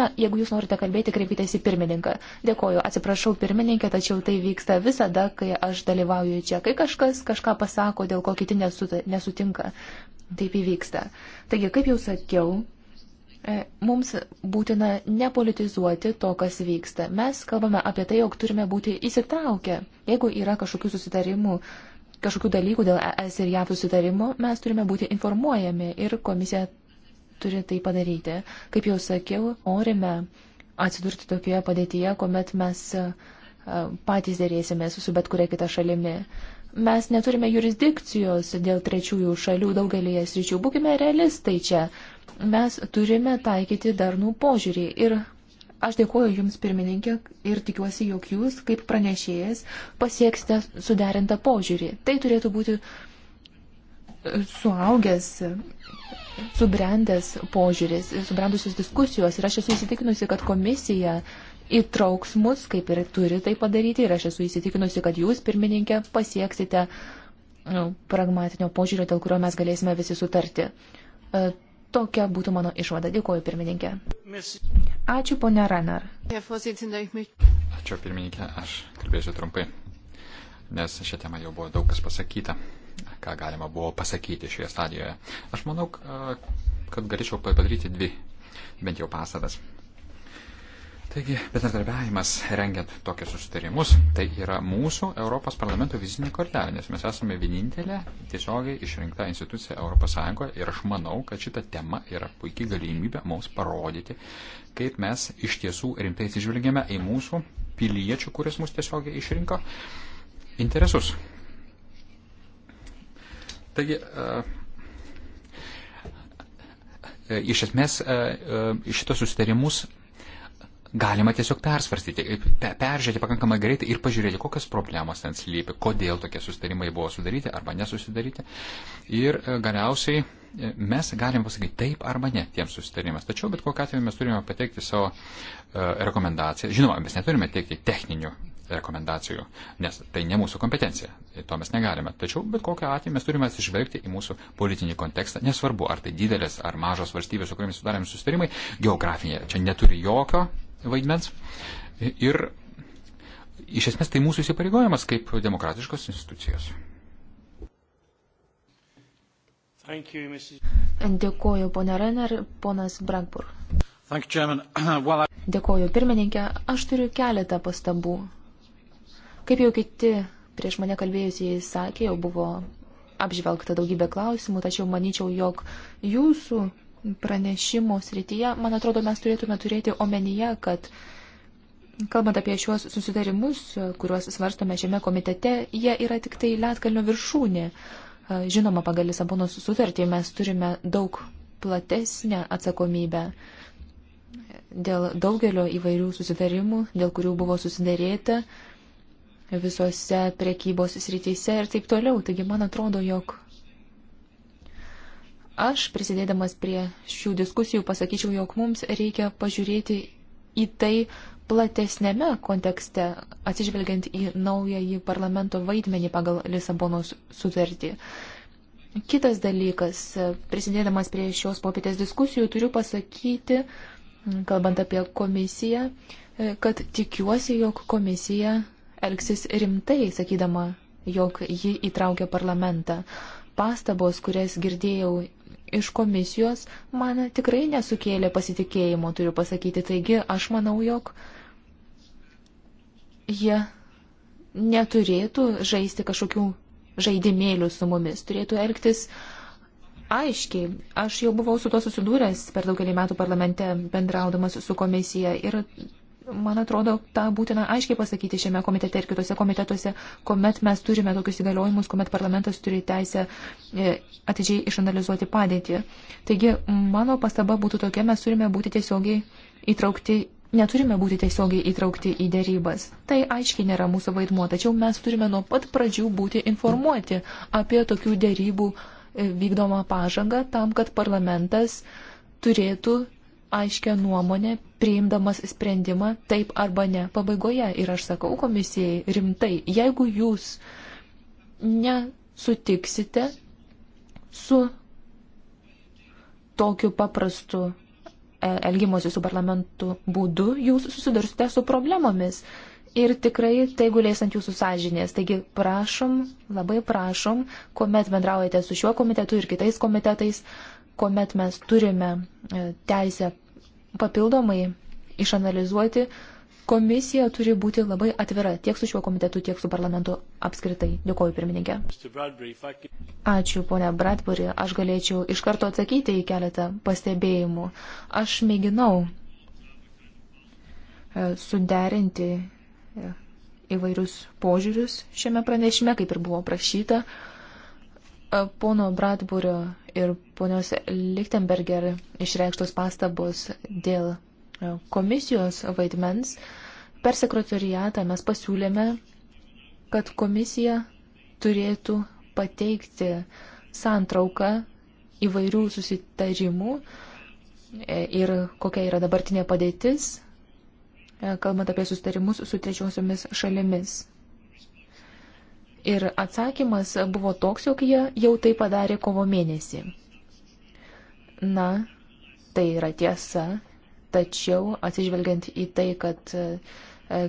na, jeigu jūs norite kalbėti, kreipkitės į pirmininką. Dėkoju, atsiprašau pirmininkę, tačiau tai vyksta visada, kai aš dalyvauju čia, kai kažkas kažką pasako, dėl ko kiti nesutinka taip įvyksta. Taigi, kaip jau sakiau, e, mums būtina nepolitizuoti to, kas vyksta. Mes kalbame apie tai, jog turime būti įsitraukę. Jeigu yra kažkokių susitarimų, kažkokių dalykų dėl ES ir JAV susitarimo, mes turime būti informuojami ir komisija turi tai padaryti. Kaip jau sakiau, norime atsidurti tokioje padėtyje, kuomet mes e, patys dėrėsime su bet kuria kita šalimi mes neturime jurisdikcijos dėl trečiųjų šalių daugelėje sričių. Būkime realistai čia. Mes turime taikyti darnų požiūrį. Ir aš dėkuoju Jums, pirmininkė, ir tikiuosi, jog Jūs, kaip pranešėjas, pasieksite suderintą požiūrį. Tai turėtų būti suaugęs, subrendęs požiūris, subrendusios diskusijos. Ir aš esu įsitikinusi, kad komisija uh, įtrauks mus, kaip ir turi tai padaryti. Ir aš esu įsitikinusi, kad jūs, pirmininkė, pasieksite nu, pragmatinio požiūrio, dėl kurio mes galėsime visi sutarti. E, tokia būtų mano išvada. Dėkuoju, pirmininkė. Ačiū, ponia Ranar. Ačiū, pirmininkė. Aš kalbėsiu trumpai, nes šią temą jau buvo daug kas pasakyta, ką galima buvo pasakyti šioje stadijoje. Aš manau, kad galėčiau padaryti dvi, bent jau pasadas. Taigi, bendradarbiavimas rengiant tokius susitarimus, tai yra mūsų Europos parlamento vizinė kortelė, nes mes esame vienintelė tiesiogiai išrinkta institucija Europos Sąjungoje ir aš manau, kad šita tema yra puikiai galimybė mums parodyti, kaip mes iš tiesų rimtai atsižvelgėme į mūsų piliečių, kuris mus tiesiogiai išrinko, interesus. Taigi, e, e, iš esmės, e, e šitos susitarimus galima tiesiog persvarstyti, pe, peržiūrėti pakankamai greitai ir pažiūrėti, kokios problemos ten slypi, kodėl tokie susitarimai buvo sudaryti arba nesusidaryti. Ir e, galiausiai e, mes galim pasakyti taip arba ne tiems susitarimams. Tačiau bet kokiu atveju mes turime pateikti savo e, rekomendaciją. Žinoma, mes neturime teikti techninių rekomendacijų, nes tai ne mūsų kompetencija, to mes negalime. Tačiau bet kokią atveju mes turime atsižvelgti į mūsų politinį kontekstą, nesvarbu, ar tai didelės ar mažos valstybės, su kuriamis sudarėme susitarimai, geografinė čia neturi jokio vaidmens. Ir iš esmės tai mūsų įsipareigojimas kaip demokratiškos institucijos. Dėkuoju, ponė Renner, ponas Brankpur. (clears throat) Dėkuoju, pirmininkė. Aš turiu keletą pastabų. Kaip jau kiti prieš mane kalbėjusieji sakė, jau buvo apžvelgta daugybė klausimų, tačiau manyčiau, jog jūsų pranešimų srityje, man atrodo, mes turėtume turėti omenyje, kad kalbant apie šiuos susidarimus, kuriuos svarstome šiame komitete, jie yra tik tai Lietkalnio viršūnė. Žinoma, pagal Lisabonos sutartį mes turime daug platesnę atsakomybę dėl daugelio įvairių susidarimų, dėl kurių buvo susidarėta visose prekybos srityse ir taip toliau. Taigi man atrodo, jog Aš, prisidėdamas prie šių diskusijų, pasakyčiau, jog mums reikia pažiūrėti į tai platesnėme kontekste, atsižvelgiant į naująjį parlamento vaidmenį pagal Lisabonos sutartį. Kitas dalykas, prisidėdamas prie šios popietės diskusijų, turiu pasakyti, kalbant apie komisiją, kad tikiuosi, jog komisija elgsis rimtai, sakydama, jog ji įtraukia parlamentą. Pastabos, kurias girdėjau iš komisijos man tikrai nesukėlė pasitikėjimo, turiu pasakyti. Taigi aš manau, jog jie neturėtų žaisti kažkokių žaidimėlių su mumis, turėtų elgtis aiškiai. Aš jau buvau su to susidūręs per daugelį metų parlamente bendraudamas su komisija ir man atrodo, tą būtina aiškiai pasakyti šiame komitete ir kitose komitetuose, kuomet mes turime tokius įgaliojimus, kuomet parlamentas turi teisę e, atidžiai išanalizuoti padėtį. Taigi, mano pastaba būtų tokia, mes turime būti tiesiogiai įtraukti. Neturime būti tiesiogiai įtraukti į dėrybas. Tai aiškiai nėra mūsų vaidmuo, tačiau mes turime nuo pat pradžių būti informuoti apie tokių dėrybų e, vykdomą pažangą tam, kad parlamentas turėtų aiškę nuomonę, priimdamas sprendimą taip arba ne pabaigoje. Ir aš sakau komisijai rimtai, jeigu jūs nesutiksite su tokiu paprastu e, elgimosi su parlamentu būdu, jūs susidursite su problemomis. Ir tikrai tai gulės ant jūsų sąžinės. Taigi prašom, labai prašom, kuomet bendraujate su šiuo komitetu ir kitais komitetais, kuomet mes turime e, teisę papildomai išanalizuoti, komisija turi būti labai atvira tiek su šiuo komitetu, tiek su parlamentu apskritai. Dėkuoju, pirmininkė. Ačiū, ponia Bradbury. Aš galėčiau iš karto atsakyti į keletą pastebėjimų. Aš mėginau e, suderinti e, įvairius požiūrius šiame pranešime, kaip ir buvo prašyta. Pono Bradburio ir ponios Lichtenberger išreikštos pastabos dėl e, komisijos vaidmens. Per sekretoriatą mes pasiūlėme, kad komisija turėtų pateikti santrauką įvairių susitarimų e, ir kokia yra dabartinė padėtis, e, kalbant apie susitarimus su trečiosiomis šalimis. Ir atsakymas buvo toks, jog jie jau tai padarė kovo mėnesį. Na, tai yra tiesa, tačiau atsižvelgiant į tai, kad e,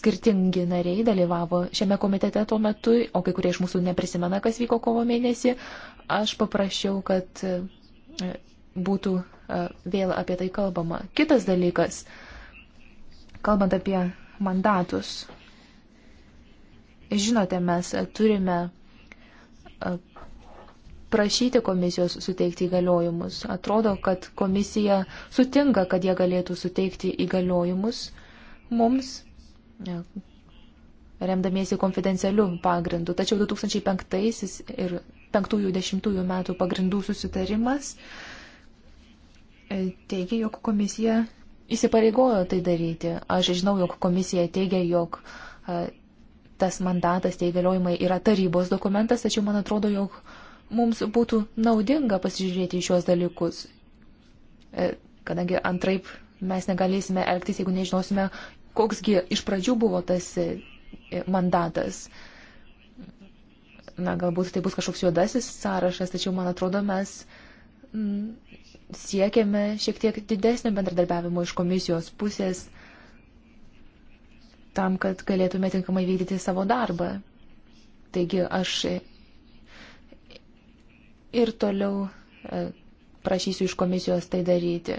skirtingi nariai dalyvavo šiame komitete tuo metu, o kai kurie iš mūsų neprisimena, kas vyko kovo mėnesį, aš paprašiau, kad e, būtų e, vėl apie tai kalbama. Kitas dalykas, kalbant apie mandatus, Žinote, mes turime prašyti komisijos suteikti įgaliojimus. Atrodo, kad komisija sutinka, kad jie galėtų suteikti įgaliojimus mums, remdamiesi konfidencialiu pagrindu. Tačiau 2005 ir 5010 metų pagrindų susitarimas e, teigia, jog komisija įsipareigojo tai daryti. Aš žinau, jog komisija teigia, jog tas mandatas, tie įgaliojimai yra tarybos dokumentas, tačiau man atrodo, jog mums būtų naudinga pasižiūrėti į šios dalykus, e, kadangi antraip mes negalėsime elgtis, jeigu nežinosime, koksgi iš pradžių buvo tas e, mandatas. Na, galbūt tai bus kažkoks juodasis sąrašas, tačiau man atrodo, mes mm, siekiame šiek tiek didesnio bendradarbiavimo iš komisijos pusės tam, kad galėtume tinkamai vykdyti savo darbą. Taigi aš ir toliau e, prašysiu iš komisijos tai daryti.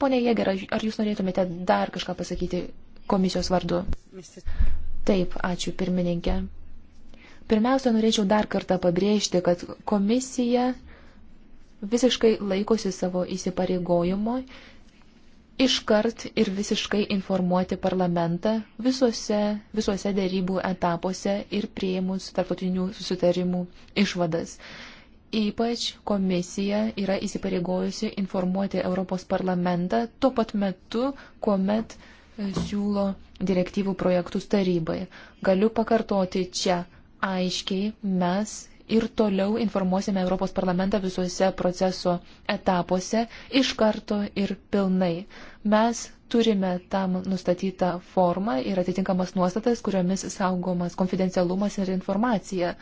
Pone Jėger, ar jūs norėtumėte dar kažką pasakyti komisijos vardu? Taip, ačiū pirmininkė. Pirmiausia, norėčiau dar kartą pabrėžti, kad komisija visiškai laikosi savo įsipareigojimo iškart ir visiškai informuoti parlamentą visuose, visuose dėrybų etapuose ir prieimus tarptautinių susitarimų išvadas. Ypač komisija yra įsipareigojusi informuoti Europos parlamentą tuo pat metu, kuomet e, siūlo direktyvų projektus tarybai. Galiu pakartoti čia aiškiai, mes ir toliau informuosime Europos parlamentą visuose proceso etapuose iš karto ir pilnai. Mes turime tam nustatytą formą ir atitinkamas nuostatas, kuriomis saugomas konfidencialumas ir informacija.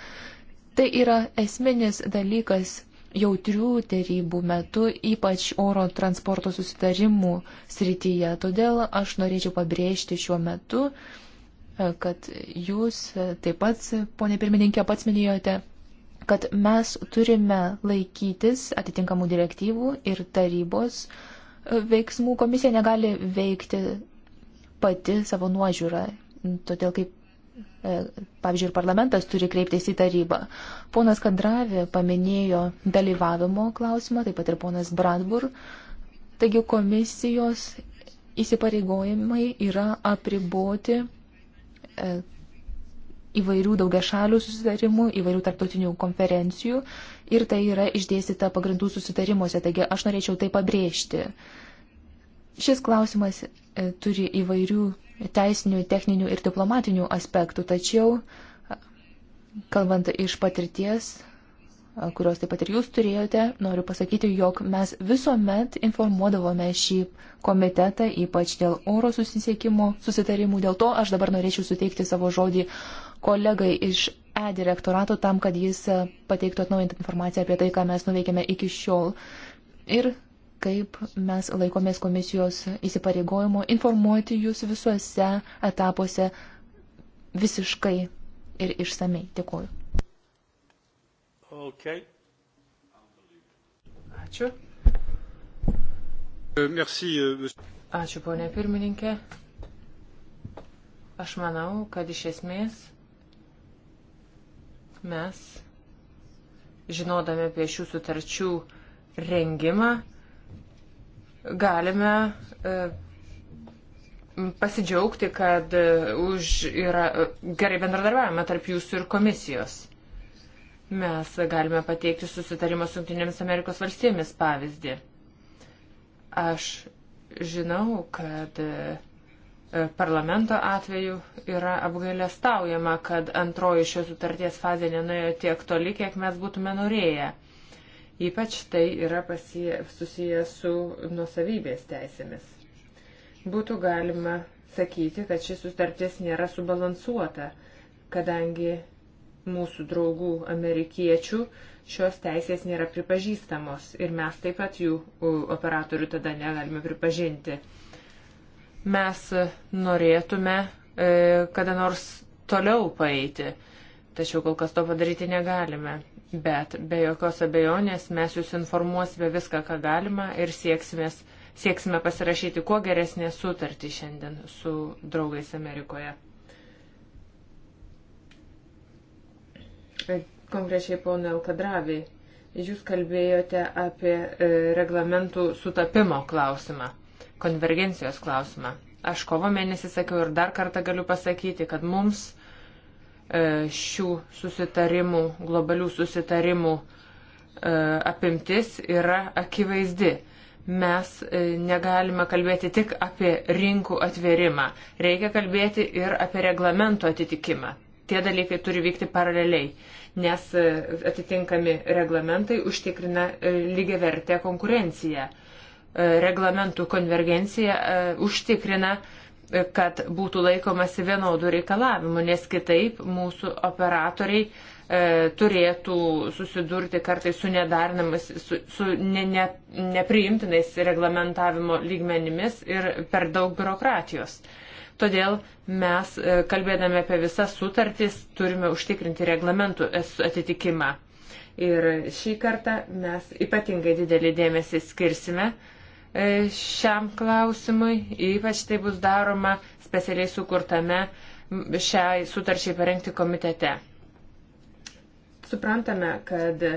Tai yra esminis dalykas jautrių dėrybų metu, ypač oro transporto susitarimų srityje. Todėl aš norėčiau pabrėžti šiuo metu, kad jūs taip pat, ponė pirmininkė, pats minėjote, kad mes turime laikytis atitinkamų direktyvų ir tarybos e, veiksmų. Komisija negali veikti pati savo nuožiūrą, todėl kaip, e, pavyzdžiui, ir parlamentas turi kreiptis į tarybą. Ponas Kadravi paminėjo dalyvavimo klausimą, taip pat ir ponas Bradbur. Taigi komisijos įsipareigojimai yra apriboti e, įvairių daugiašalių susitarimų, įvairių tarptautinių konferencijų ir tai yra išdėstyta pagrindų susitarimuose. Taigi aš norėčiau tai pabrėžti. Šis klausimas e, turi įvairių teisinių, techninių ir diplomatinių aspektų, tačiau, kalbant iš patirties, kurios taip pat ir jūs turėjote, noriu pasakyti, jog mes visuomet informuodavome šį komitetą, ypač dėl oro susisiekimo susitarimų. Dėl to aš dabar norėčiau suteikti savo žodį kolegai iš E direktorato tam, kad jis e, pateiktų atnaujintą informaciją apie tai, ką mes nuveikėme iki šiol ir kaip mes laikomės komisijos įsipareigojimo informuoti jūs visuose etapuose visiškai ir išsamei. Dėkuoju. Okay. Ačiū. Euh, merci, euh, Ačiū, ponė pirmininkė. Aš manau, kad iš esmės mes, žinodami apie šių sutarčių rengimą, galime e, pasidžiaugti, kad e, už yra e, gerai bendradarbiavimą tarp jūsų ir komisijos. Mes galime pateikti susitarimą su Junktinėmis Amerikos valstybėmis pavyzdį. Aš žinau, kad e, parlamento atveju yra apgailestaujama, kad antroji šios sutarties fazė nenuėjo tiek toli, kiek mes būtume norėję. Ypač tai yra pasie, susiję su nusavybės teisėmis. Būtų galima sakyti, kad šis sutartis nėra subalansuota, kadangi mūsų draugų amerikiečių šios teisės nėra pripažįstamos ir mes taip pat jų operatorių tada negalime pripažinti. Mes norėtume e, kada nors toliau paeiti, tačiau kol kas to padaryti negalime. Bet be jokios abejonės mes jūs informuosime viską, ką galima ir sieksime, sieksime pasirašyti kuo geresnę sutartį šiandien su draugais Amerikoje. E, konkrečiai, ponai Alkadraviai, jūs kalbėjote apie e, reglamentų sutapimo klausimą konvergencijos klausimą. Aš kovo mėnesį sakiau ir dar kartą galiu pasakyti, kad mums e, šių susitarimų, globalių susitarimų e, apimtis yra akivaizdi. Mes e, negalime kalbėti tik apie rinkų atvėrimą, reikia kalbėti ir apie reglamento atitikimą. Tie dalykai turi vykti paraleliai, nes atitinkami reglamentai užtikrina lygiavertę konkurenciją. E, reglamentų konvergencija e, užtikrina, e, kad būtų laikomasi vienodų reikalavimų, nes kitaip mūsų operatoriai turėtų susidurti kartais su nedarnamas, su, su ne, ne, nepriimtinais reglamentavimo lygmenimis ir per daug biurokratijos. Todėl mes, kalbėdami apie visas sutartis, turime užtikrinti reglamentų atitikimą. Ir šį kartą mes ypatingai didelį dėmesį skirsime uh, E, šiam klausimui, ypač tai bus daroma specialiai sukurtame šiai sutarčiai parengti komitete. Suprantame, kad e,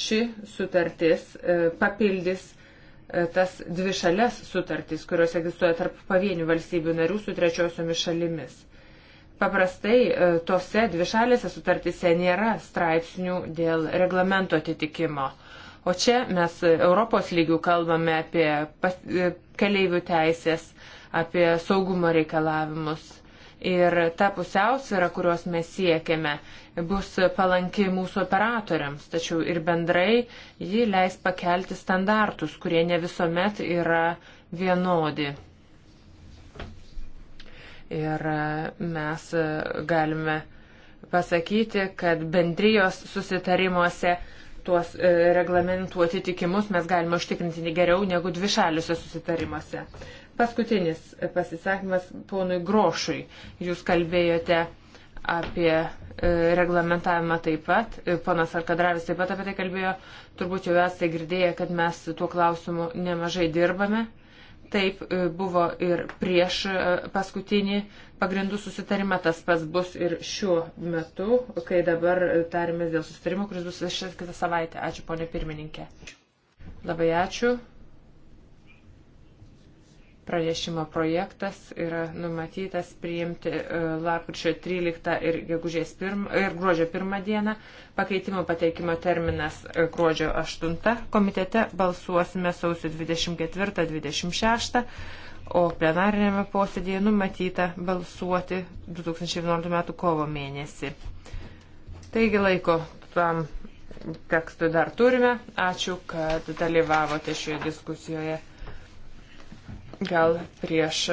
ši sutartis e, papildys tas dvi šalias sutartys, kurios egzistuoja tarp pavienių valstybių narių su trečiosiomis šalimis. Paprastai tose dvišalėse sutartyse nėra straipsnių dėl reglamento atitikimo. O čia mes Europos lygių kalbame apie pas, keleivių teisės, apie saugumo reikalavimus. Ir ta pusiausvėra, kurios mes siekiame, bus palanki mūsų operatoriams, tačiau ir bendrai ji leis pakelti standartus, kurie ne visuomet yra vienodi. Ir mes galime pasakyti, kad bendrijos susitarimuose tuos e, reglamentų atitikimus mes galime užtikrinti geriau negu dvišaliuose susitarimuose. Paskutinis e, pasisakymas ponui Grošui. Jūs kalbėjote apie e, reglamentavimą taip pat, panas Arkadravis taip pat apie tai kalbėjo, turbūt jau esate girdėję, kad mes tuo klausimu nemažai dirbame. Taip e, buvo ir prieš e, paskutinį pagrindų susitarimą, tas pats bus ir šiuo metu, kai dabar tarimės dėl susitarimo, kuris bus visą kitą savaitę. Ačiū, ponė pirmininkė. Labai ačiū. Pranešimo projektas yra numatytas priimti e, lapkričio 13 ir, gegužės 1, ir gruodžio 1 dieną. Pakeitimo pateikimo terminas e, gruodžio 8. Komitete balsuosime sausio 24-26, o plenarinėme posėdėje numatyta balsuoti 2011 m. kovo mėnesį. Taigi laiko tam tekstui dar turime. Ačiū, kad dalyvavote šioje diskusijoje. Gal prieš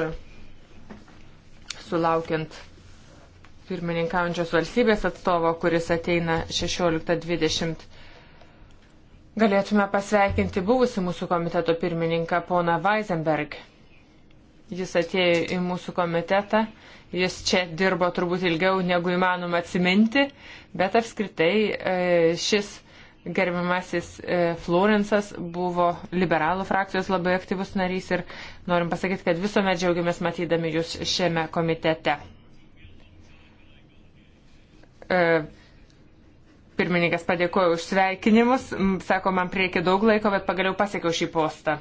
sulaukiant pirmininkaujančios valstybės atstovo, kuris ateina 16.20, galėtume pasveikinti buvusi mūsų komiteto pirmininką poną Weisenberg. Jis atėjo į mūsų komitetą, jis čia dirbo turbūt ilgiau negu įmanoma atsiminti, bet apskritai e, šis gerbiamasis e, Florensas buvo liberalų frakcijos labai aktyvus narys ir norim pasakyti, kad visuomet džiaugiamės matydami jūs šiame komitete. E, pirmininkas padėkojo už sveikinimus, sako, man priekė daug laiko, bet pagaliau pasiekiau šį postą.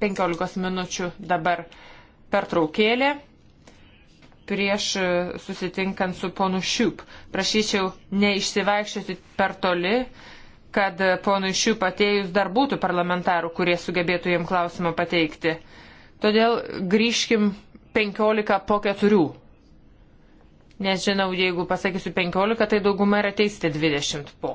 15 minučių dabar pertraukėlė prieš e, susitinkant su ponu Šiup. Prašyčiau neišsivaikščioti per toli, kad e, ponui Šiup atėjus dar būtų parlamentarų, kurie sugebėtų jam klausimą pateikti. Todėl grįžkim 15 po 4. Nes žinau, jeigu pasakysiu 15, tai dauguma yra teisti 20 po.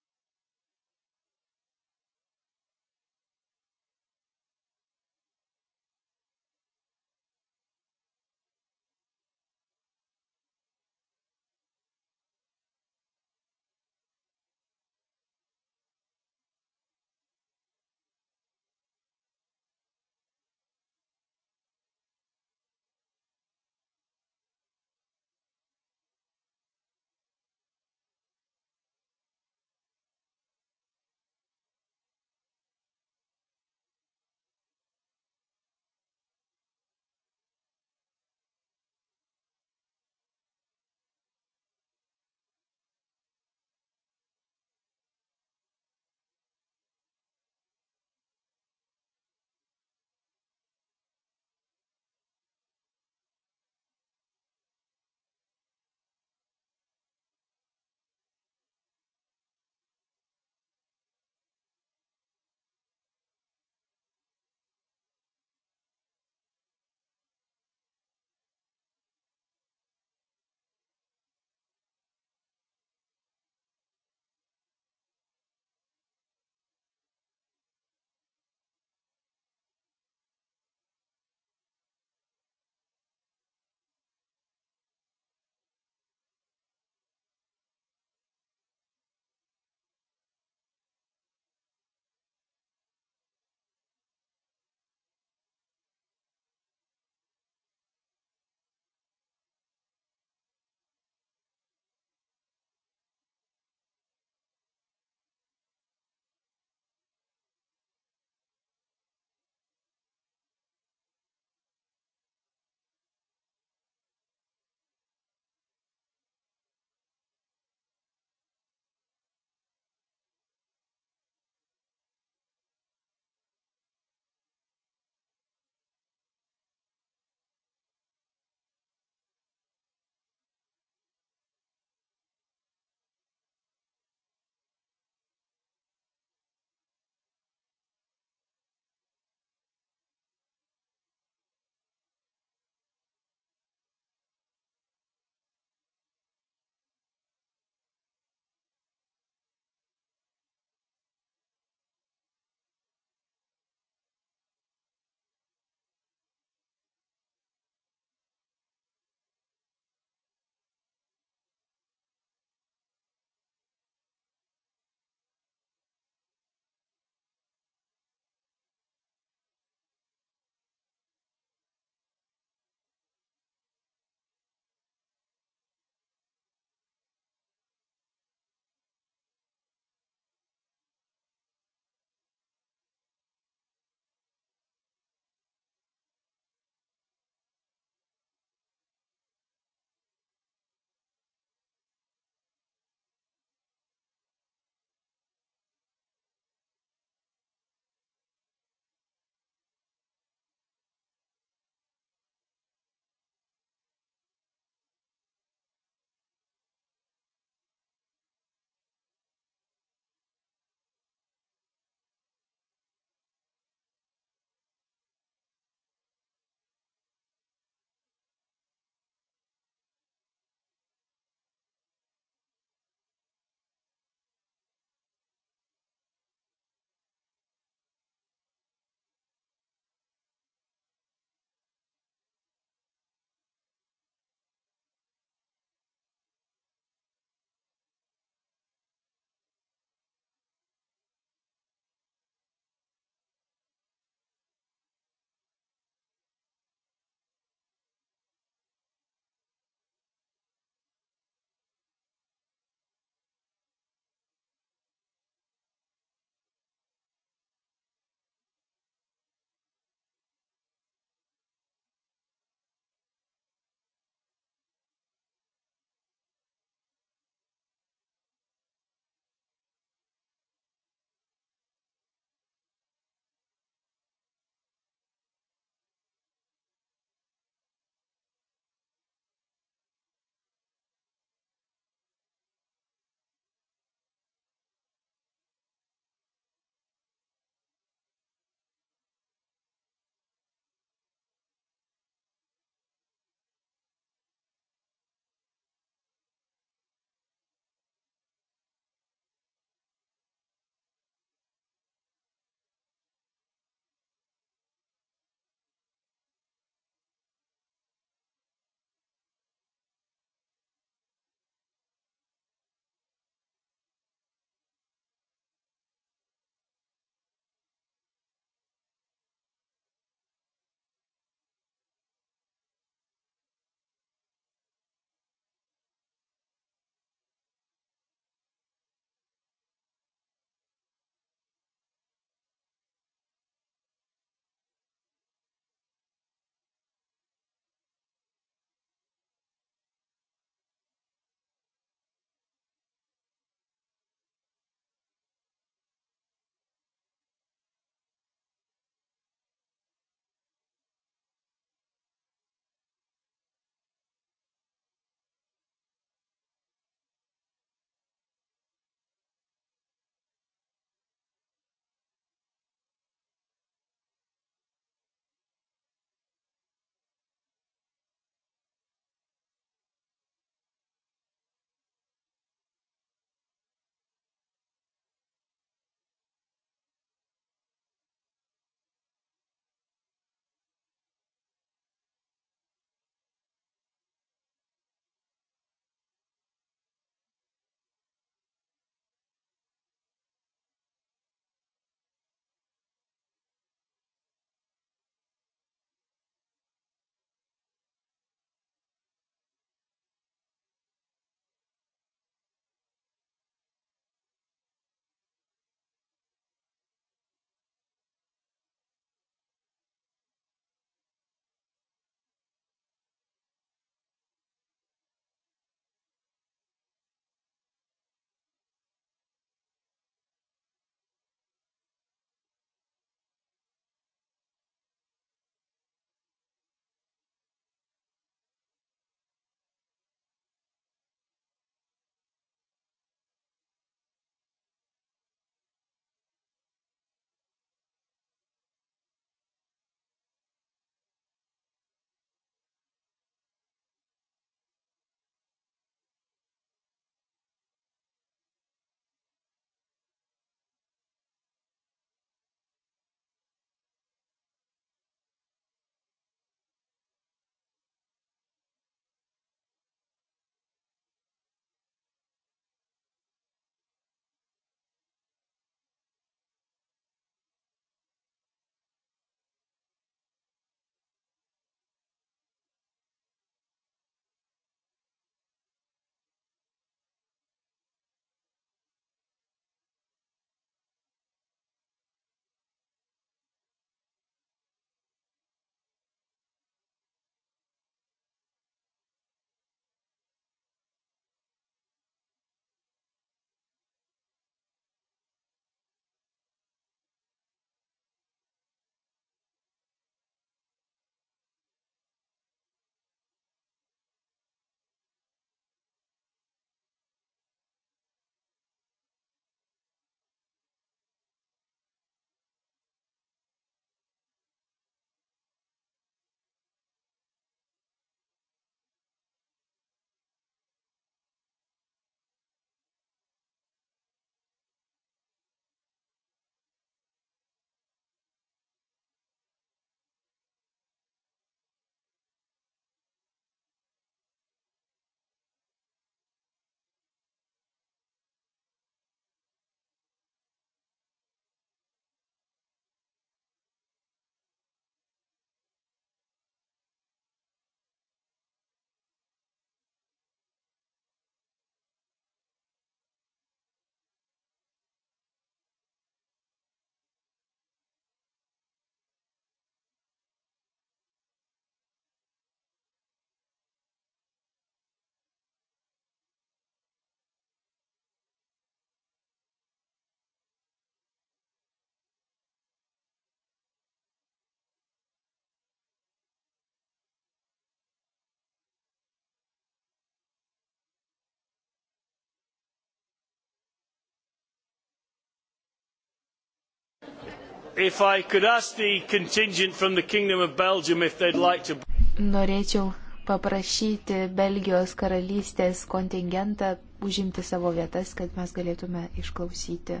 if I could ask the contingent from the Kingdom of Belgium if they'd like to. Norėčiau paprašyti Belgijos karalystės kontingentą užimti savo vietas, kad mes galėtume išklausyti.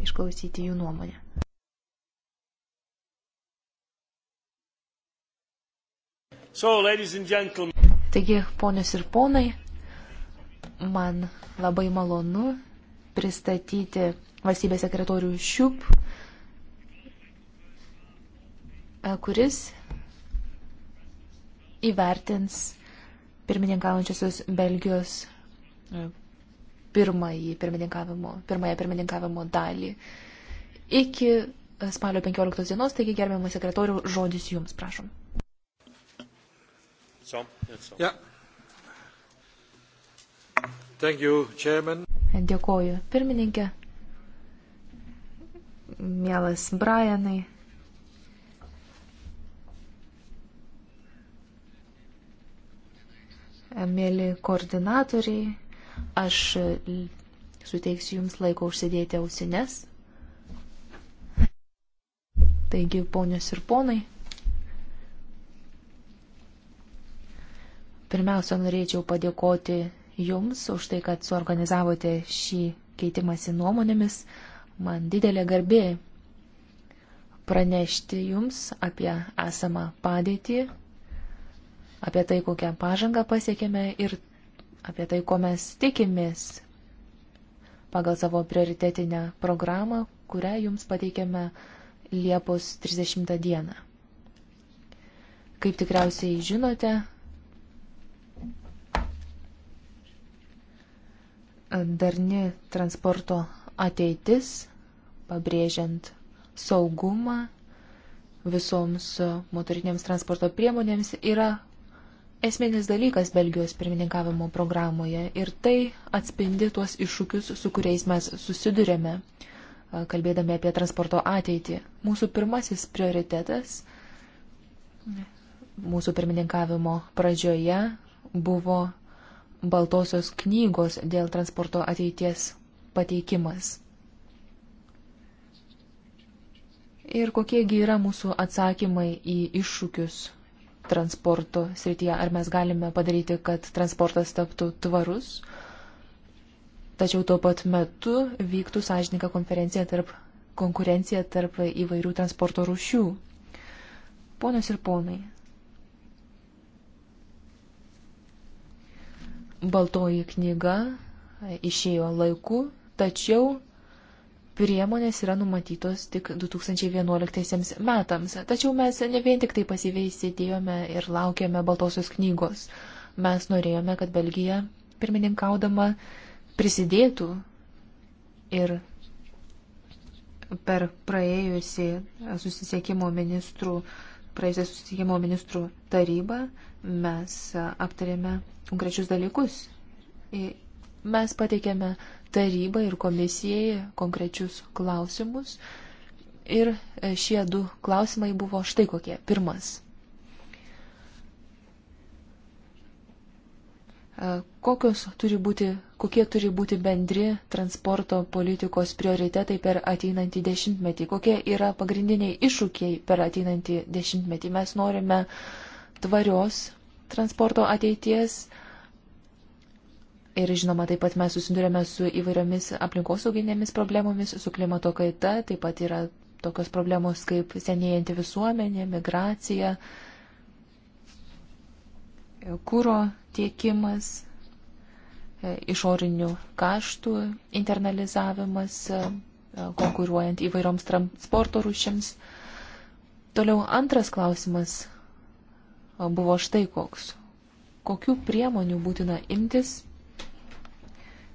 Išklausyti jų nuomonę. So, Taigi, ponios ir ponai, Man labai malonu pristatyti valstybės sekretorių Šiup, e, kuris įvertins pirmininkaujančiosios Belgijos e, pirmąjį pirmininkavimo, pirmąją pirmininkavimo dalį iki e, spalio 15 dienos, taigi gerbiamas sekretorių žodis jums, prašom. So, so. Ja, You, Dėkoju, pirmininkė. Mielas Brianai. Mėly koordinatoriai, aš suteiksiu Jums laiko užsidėti ausines. Taigi, ponios ir ponai, pirmiausia, norėčiau padėkoti Jums už tai, kad suorganizavote šį keitimąsi nuomonėmis. Man didelė garbė pranešti Jums apie esamą padėtį, apie tai, kokią pažangą pasiekėme ir apie tai, ko mes tikimės pagal savo prioritetinę programą, kurią Jums pateikėme Liepos 30 dieną. Kaip tikriausiai žinote, darni transporto ateitis, pabrėžiant saugumą visoms motorinėms transporto priemonėms, yra esminis dalykas Belgijos pirmininkavimo programoje ir tai atspindi tuos iššūkius, su kuriais mes susidurėme, kalbėdami apie transporto ateitį. Mūsų pirmasis prioritetas mūsų pirmininkavimo pradžioje buvo Baltosios knygos dėl transporto ateities pateikimas. Ir kokiegi yra mūsų atsakymai į iššūkius transporto srityje? Ar mes galime padaryti, kad transportas taptų tvarus, tačiau tuo pat metu vyktų sąžininką konferencija tarp konkurencija tarp įvairių transporto rūšių. Ponios ir ponai, Baltoji knyga išėjo laiku, tačiau priemonės yra numatytos tik 2011 metams. Tačiau mes ne vien tik tai pasyviai sėdėjome ir laukėme Baltosios knygos. Mes norėjome, kad Belgija, pirmininkaudama, prisidėtų ir per praėjusi susisiekimo ministrų, praėjusią susisiekimo ministrų tarybą mes aptarėme konkrečius dalykus. Mes pateikėme tarybai ir komisijai konkrečius klausimus. Ir e, šie du klausimai buvo štai kokie. Pirmas. E, kokios turi būti, kokie turi būti bendri transporto politikos prioritetai per ateinantį dešimtmetį? Kokie yra pagrindiniai iššūkiai per ateinantį dešimtmetį? Mes norime uh, tvarios transporto ateities. Ir žinoma, taip pat mes susidurėme su įvairiomis aplinkosauginėmis problemomis, su klimato kaita, taip pat yra tokios problemos kaip senėjanti visuomenė, migracija, kūro tiekimas, išorinių kaštų internalizavimas, konkuruojant įvairioms transporto rušiams. Toliau antras klausimas buvo štai koks. Kokių priemonių būtina imtis,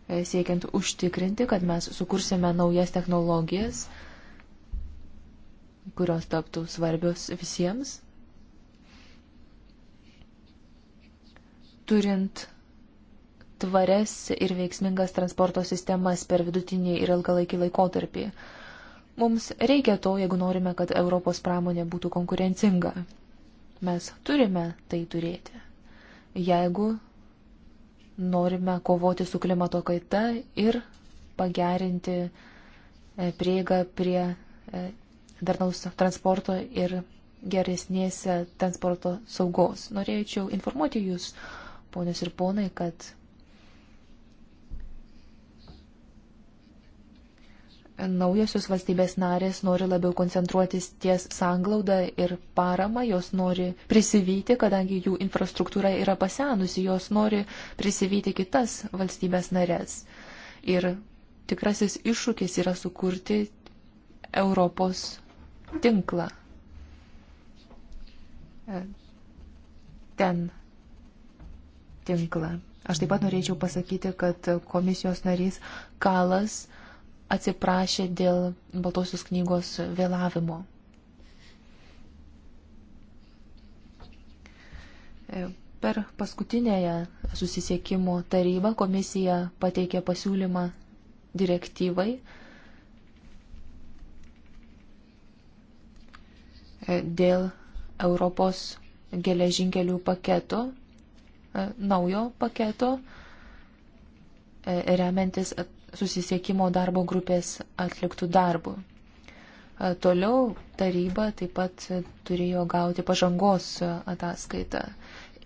e, siekiant užtikrinti, kad mes sukursime naujas technologijas, kurios taptų svarbios visiems, turint tvarias ir veiksmingas transporto sistemas per vidutinį ir ilgalaikį laikotarpį. Mums reikia to, jeigu norime, kad Europos pramonė būtų konkurencinga. Mes turime tai turėti. Jeigu norime kovoti su klimato kaita ir pagerinti e, prieigą prie e, darnaus transporto ir geresnės e, transporto saugos. Norėčiau informuoti Jūs, ponios ir ponai, kad naujosios valstybės narės nori labiau koncentruotis ties sanglauda ir parama, jos nori prisivyti, kadangi jų infrastruktūra yra pasenusi, jos nori prisivyti kitas valstybės narės. Ir tikrasis iššūkis yra sukurti Europos tinklą. E, ten tinklą. Aš taip pat norėčiau pasakyti, kad komisijos narys Kalas uh, atsiprašė dėl Baltosios knygos vėlavimo. Per paskutinėje susisiekimo tarybą komisija pateikė pasiūlymą direktyvai dėl Europos geležinkelių paketo, e, naujo paketo, e, remiantis susisiekimo darbo grupės atliktų darbų. E, toliau taryba taip pat turėjo gauti pažangos ataskaitą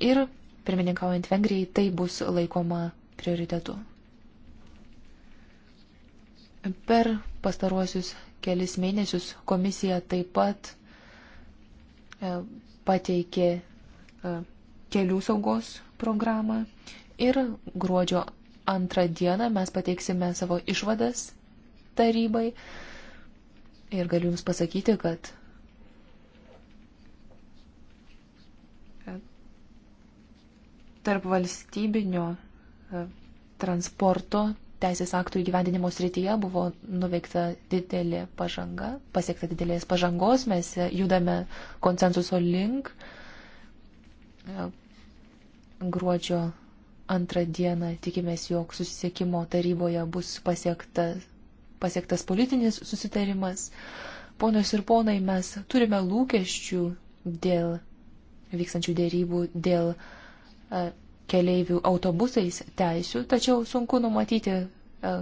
ir, pirmininkaujant Vengrijai, tai bus laikoma prioritetu. Per pastaruosius kelis mėnesius komisija taip pat e, pateikė e, kelių saugos programą ir gruodžio antrą dieną mes pateiksime savo išvadas tarybai ir galiu Jums pasakyti, kad tarp valstybinio e, transporto teisės aktų įgyvendinimo srityje buvo nuveikta didelė pažanga, pasiekta didelės pažangos, mes e, judame konsensuso link e, gruodžio Antrą dieną tikimės, jog susisiekimo taryboje bus pasiekta, pasiektas politinis susitarimas. Ponios ir ponai, mes turime lūkesčių dėl vykstančių dėrybų, dėl e, keleivių autobusais teisių, tačiau sunku numatyti, e,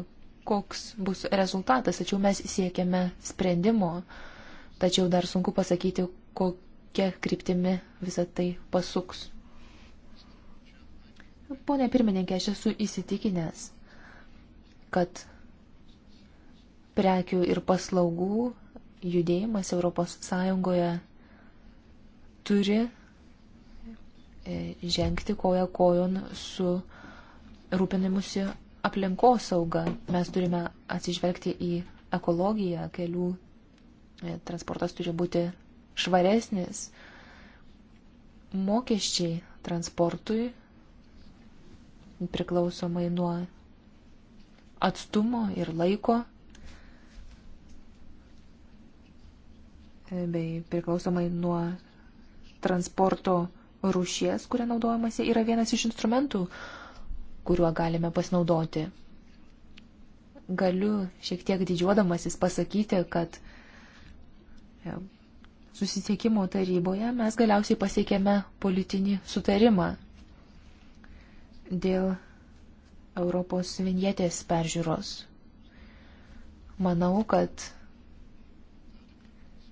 koks bus rezultatas, tačiau mes siekiame sprendimo, tačiau dar sunku pasakyti, kokia kryptimi visą tai pasuks. Pone pirmininkė, aš esu įsitikinęs, kad prekių ir paslaugų judėjimas ES turi e, žengti koja kojon su rūpinimusi aplinkos sauga. Mes turime atsižvelgti į ekologiją, kelių e, transportas turi būti švaresnis. Mokesčiai transportui priklausomai nuo atstumo ir laiko, bei priklausomai nuo transporto rūšies, kuria naudojamasi, yra vienas iš instrumentų, kuriuo galime pasinaudoti. Galiu šiek tiek didžiuodamasis pasakyti, kad e, susisiekimo taryboje mes galiausiai pasiekėme politinį sutarimą dėl Europos vinietės peržiūros. Manau, kad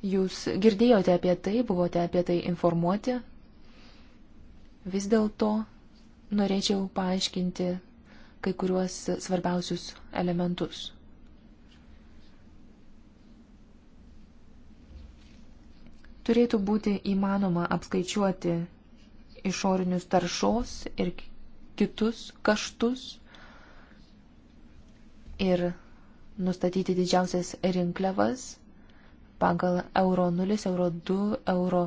jūs girdėjote apie tai, buvote apie tai informuoti. Vis dėlto norėčiau paaiškinti kai kuriuos svarbiausius elementus. Turėtų būti įmanoma apskaičiuoti išorinius taršos ir kitus kaštus ir nustatyti didžiausias rinkliavas pagal euro 0, euro 2, euro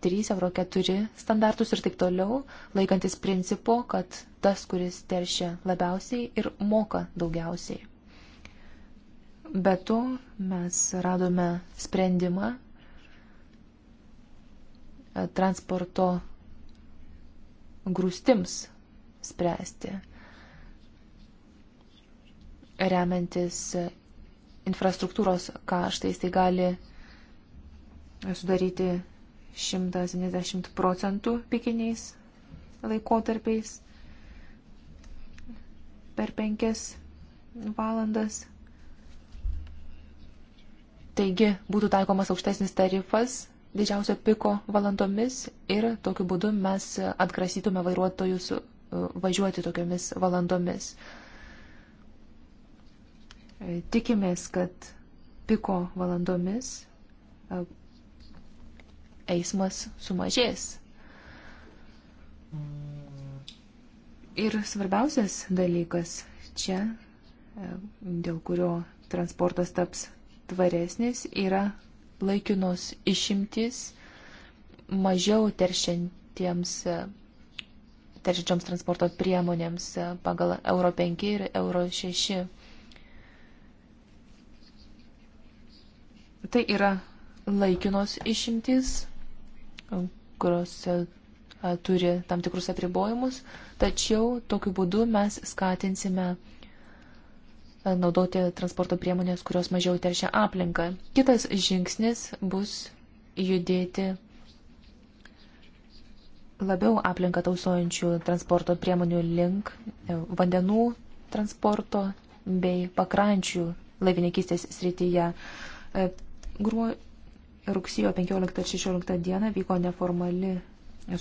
3, euro 4 standartus ir taip toliau, laikantis principo, kad tas, kuris teršia labiausiai ir moka daugiausiai. Be to mes radome sprendimą e, transporto grūstims spręsti, remiantis infrastruktūros kaštais, tai gali sudaryti 170 procentų pikiniais laikotarpiais per penkias valandas. Taigi būtų taikomas aukštesnis tarifas didžiausio piko valandomis ir tokiu būdu mes atgrasytume vairuotojus važiuoti tokiamis valandomis. E, tikimės, kad piko valandomis e, eismas sumažės. Ir svarbiausias dalykas čia, e, dėl kurio transportas taps tvaresnis, yra laikinos išimtis mažiau teršiantiems teršiančioms transporto priemonėms e, pagal Euro 5 ir Euro 6. Tai yra laikinos išimtys, kurios e, turi tam tikrus apribojimus, tačiau tokiu būdu mes skatinsime e, naudoti transporto priemonės, kurios mažiau teršia aplinką. Kitas žingsnis bus judėti labiau aplinką tausojančių transporto priemonių link e, vandenų transporto bei pakrančių laivininkystės srityje. E, gruo, rugsėjo 15 ir 16 dieną vyko neformali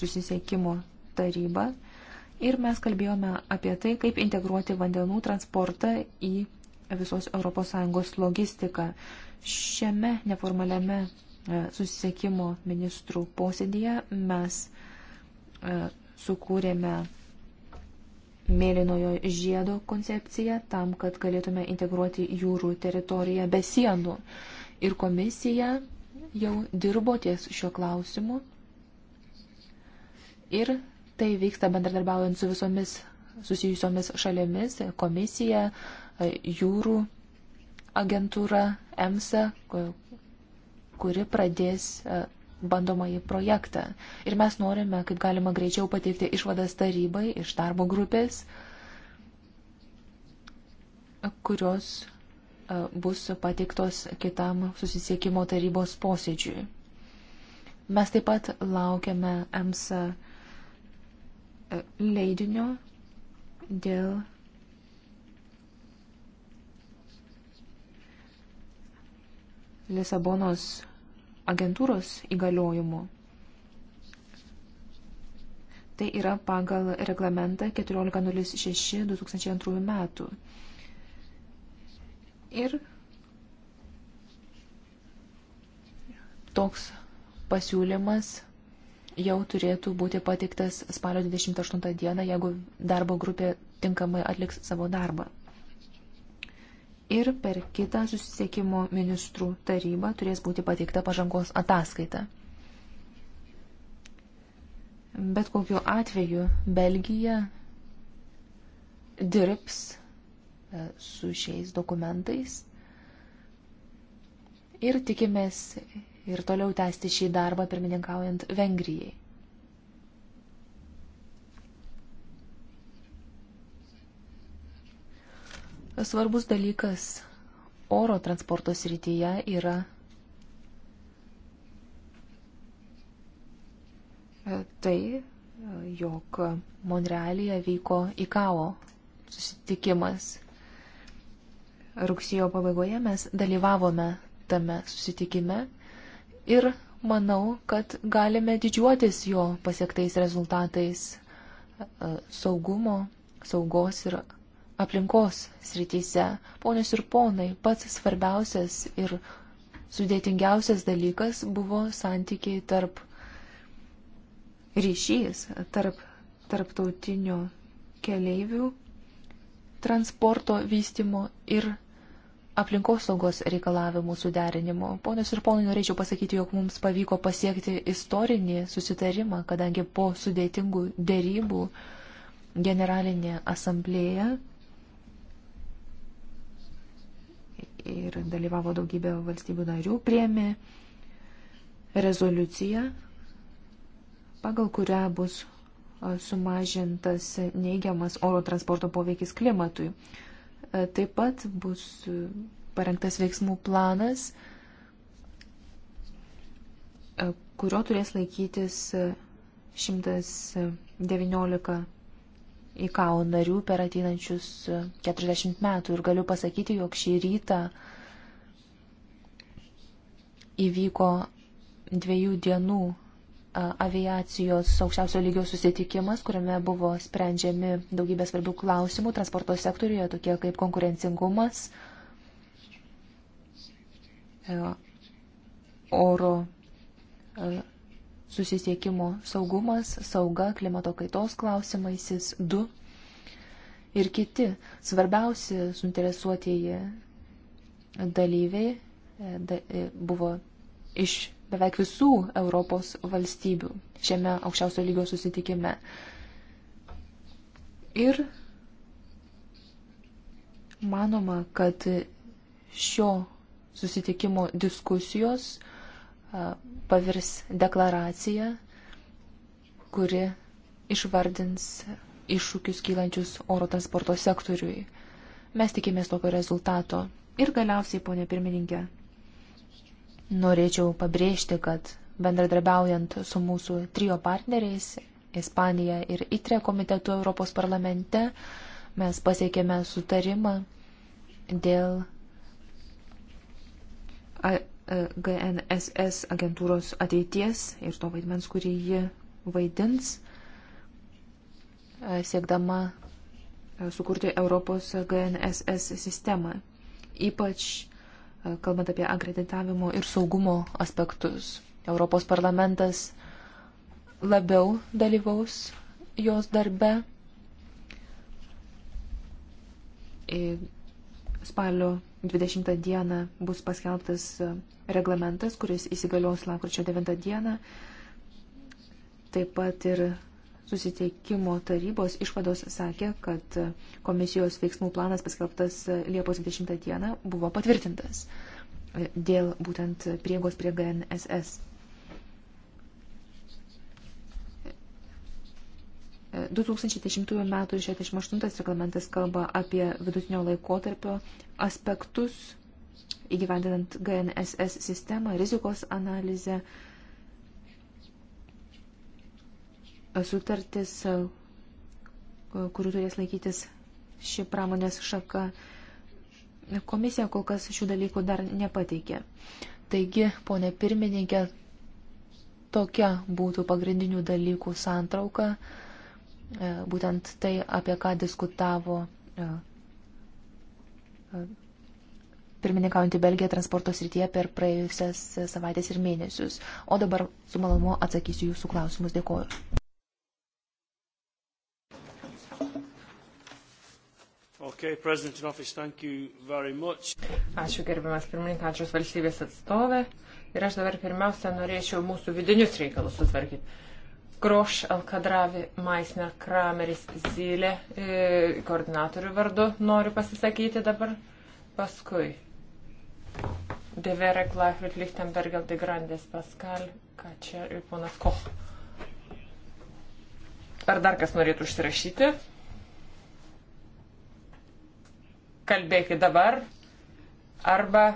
susisiekimo taryba ir mes kalbėjome apie tai, kaip integruoti vandenų transportą į visos ES logistiką. Šiame neformaliame e, susisiekimo ministrų posėdėje mes uh, E, sukūrėme mėlynojo žiedo koncepciją tam, kad galėtume integruoti jūrų teritoriją be sienų. Ir komisija jau dirbo ties šiuo klausimu. Ir tai vyksta bendradarbiaujant su visomis susijusiomis šalėmis - komisija, e, jūrų agentūra EMSA, kuri pradės e, bandomąjį projektą. Ir mes norime, kaip galima greičiau pateikti išvadas tarybai iš darbo grupės, kurios e, bus pateiktos kitam susisiekimo tarybos posėdžiui. Mes taip pat laukiame EMSA e, leidinio dėl Lisabonos agentūros įgaliojimų. Tai yra pagal reglamentą 1406-2002 metų. Ir toks pasiūlymas jau turėtų būti pateiktas spalio 28 dieną, jeigu darbo grupė tinkamai atliks savo darbą ir per kitą susisiekimo ministrų tarybą turės būti pateikta pažangos ataskaita. Bet kokiu atveju Belgija dirbs e, su šiais dokumentais ir tikimės ir toliau tęsti šį darbą pirmininkaujant Vengrijai. Svarbus dalykas oro transporto srityje yra e, tai, e, jog Monrealėje vyko ICAO susitikimas. Rugsėjo pabaigoje mes dalyvavome tame susitikime ir manau, kad galime didžiuotis jo pasiektais rezultatais e, saugumo, saugos ir aplinkos srityse. Ponios ir ponai, pats svarbiausias ir sudėtingiausias dalykas buvo santykiai tarp ryšys, tarp tarptautinių keleivių transporto vystimo ir aplinkosaugos reikalavimų suderinimo. Ponios ir ponai, norėčiau pasakyti, jog mums pavyko pasiekti istorinį susitarimą, kadangi po sudėtingų dėrybų generalinė asamblėja ir dalyvavo daugybė valstybių narių, priemi rezoliuciją, pagal kurią bus sumažintas neigiamas oro transporto poveikis klimatui. Taip pat bus parengtas veiksmų planas, kurio turės laikytis 119 IKAO narių per ateinančius 40 e, metų ir galiu pasakyti, jog šį rytą įvyko dviejų dienų e, aviacijos aukščiausio lygio susitikimas, kuriame buvo sprendžiami daugybė svarbių klausimų transporto sektoriuje, tokie kaip konkurencingumas, e, oro susisiekimo saugumas, sauga, klimato kaitos klausimai, SIS 2 ir kiti svarbiausi suinteresuotieji dalyviai e, da, e, buvo iš beveik visų Europos valstybių šiame aukščiausio lygio susitikime. Ir manoma, kad šio susitikimo diskusijos uh, pavirs deklaracija, kuri išvardins iššūkius kylančius oro transporto sektoriui. Mes tikimės tokio rezultato. Ir galiausiai, ponė pirmininkė, norėčiau pabrėžti, kad bendradarbiaujant su mūsų trijo partneriais, Ispanija ir ITRE komitetu Europos parlamente, mes pasiekėme sutarimą dėl GNSS agentūros ateities ir to vaidmens, kurį ji vaidins, e, siekdama e, sukurti Europos GNSS sistemą, ypač e, kalbant apie akreditavimo ir saugumo aspektus. Europos parlamentas labiau dalyvaus jos darbe. Ir Spalio 20 dieną bus paskelbtas e, reglamentas, kuris įsigalios lapkričio 9 dieną. Taip pat ir susiteikimo tarybos išvados sakė, kad e, komisijos veiksmų planas paskelbtas e, Liepos 20 dieną buvo patvirtintas dėl būtent priegos prie GNSS. 2010 m. 68 reglamentas kalba apie vidutinio laikotarpio aspektus įgyvendinant GNSS sistemą, rizikos analizę, sutartis, kurių turės laikytis ši pramonės šaka. Komisija kol kas šių dalykų dar nepateikė. Taigi, ponė pirmininkė, tokia būtų pagrindinių dalykų santrauka. E, būtent tai, apie ką diskutavo e, e, pirmininkaujantį Belgiją transporto srityje per praėjusias savaitės ir mėnesius. O dabar su malonumu atsakysiu jūsų klausimus. Dėkoju. Okay, office, Ačiū gerbiamas pirmininkančios valstybės atstovė. Ir aš dabar pirmiausia norėčiau mūsų vidinius reikalus sutvarkyti. Groš, Alkadravi, Maisner, Krameris, Zylė, e, koordinatorių vardu noriu pasisakyti dabar, paskui. Deverek, Laifrit, Lichtenberg, Aldegrandės, Pascal, Kačer ir ponas Koch. Ar dar kas norėtų užsirašyti? Kalbėkit dabar arba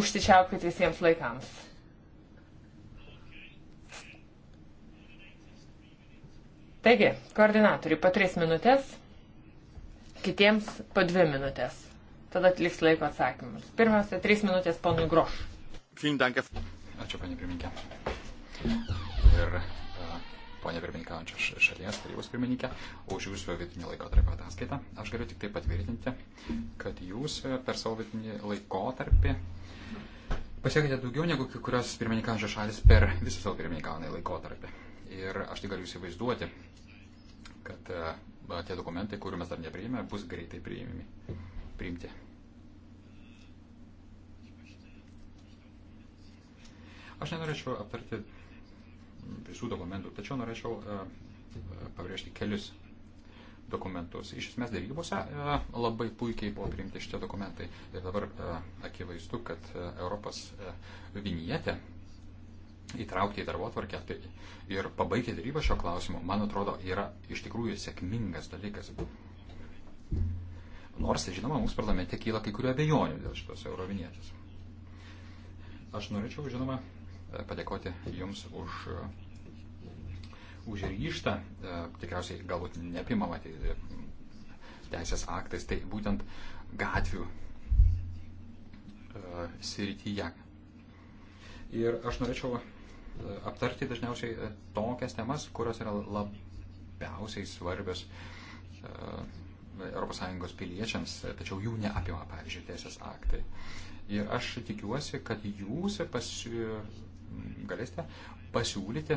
užsičiaupkite visiems laikams. Taigi, koordinatoriai po 3 minutės, kitiems po 2 minutės. Tada atliks laiko atsakymus. Pirmiausia, 3 minutės ponui Groš. Ačiū, panė pirmininkė. Ir e, ponė pirmininkaujančios šalies tarybos pirmininkė, už jūsų vidinį laikotarpį ataskaitą. Aš galiu tik tai patvirtinti, kad jūs e, per savo vidinį laikotarpį pasiekite daugiau negu kai kurios pirmininkaujančios šalis per visą savo pirmininkaujanį laikotarpį ir aš tai galiu įsivaizduoti, kad e, tie dokumentai, kurių mes dar nepriėmėme, bus greitai priimimi, priimti. Aš nenorėčiau aptarti visų dokumentų, tačiau norėčiau e, pabrėžti kelius dokumentus. Iš esmės darybose e, labai puikiai buvo priimti šitie dokumentai ir dabar akivaizdu, kad Europos vinietė įtraukti į darbo tvarkę tai ir pabaigti darybą šio klausimu, man atrodo, yra iš tikrųjų sėkmingas dalykas. Nors, žinoma, mums parlamente kyla kai kurių abejonių dėl šitos eurovinietės. Aš norėčiau, žinoma, padėkoti Jums už, už ryštą, tikriausiai galbūt neapimama tai, teisės aktais, tai būtent gatvių e, srityje. Ir aš norėčiau aptarti dažniausiai e, tokias temas, kurios yra labiausiai svarbios e, ES piliečiams, tačiau jų neapima, pavyzdžiui, teisės aktai. Ir aš tikiuosi, kad jūs pasi... galėsite pasiūlyti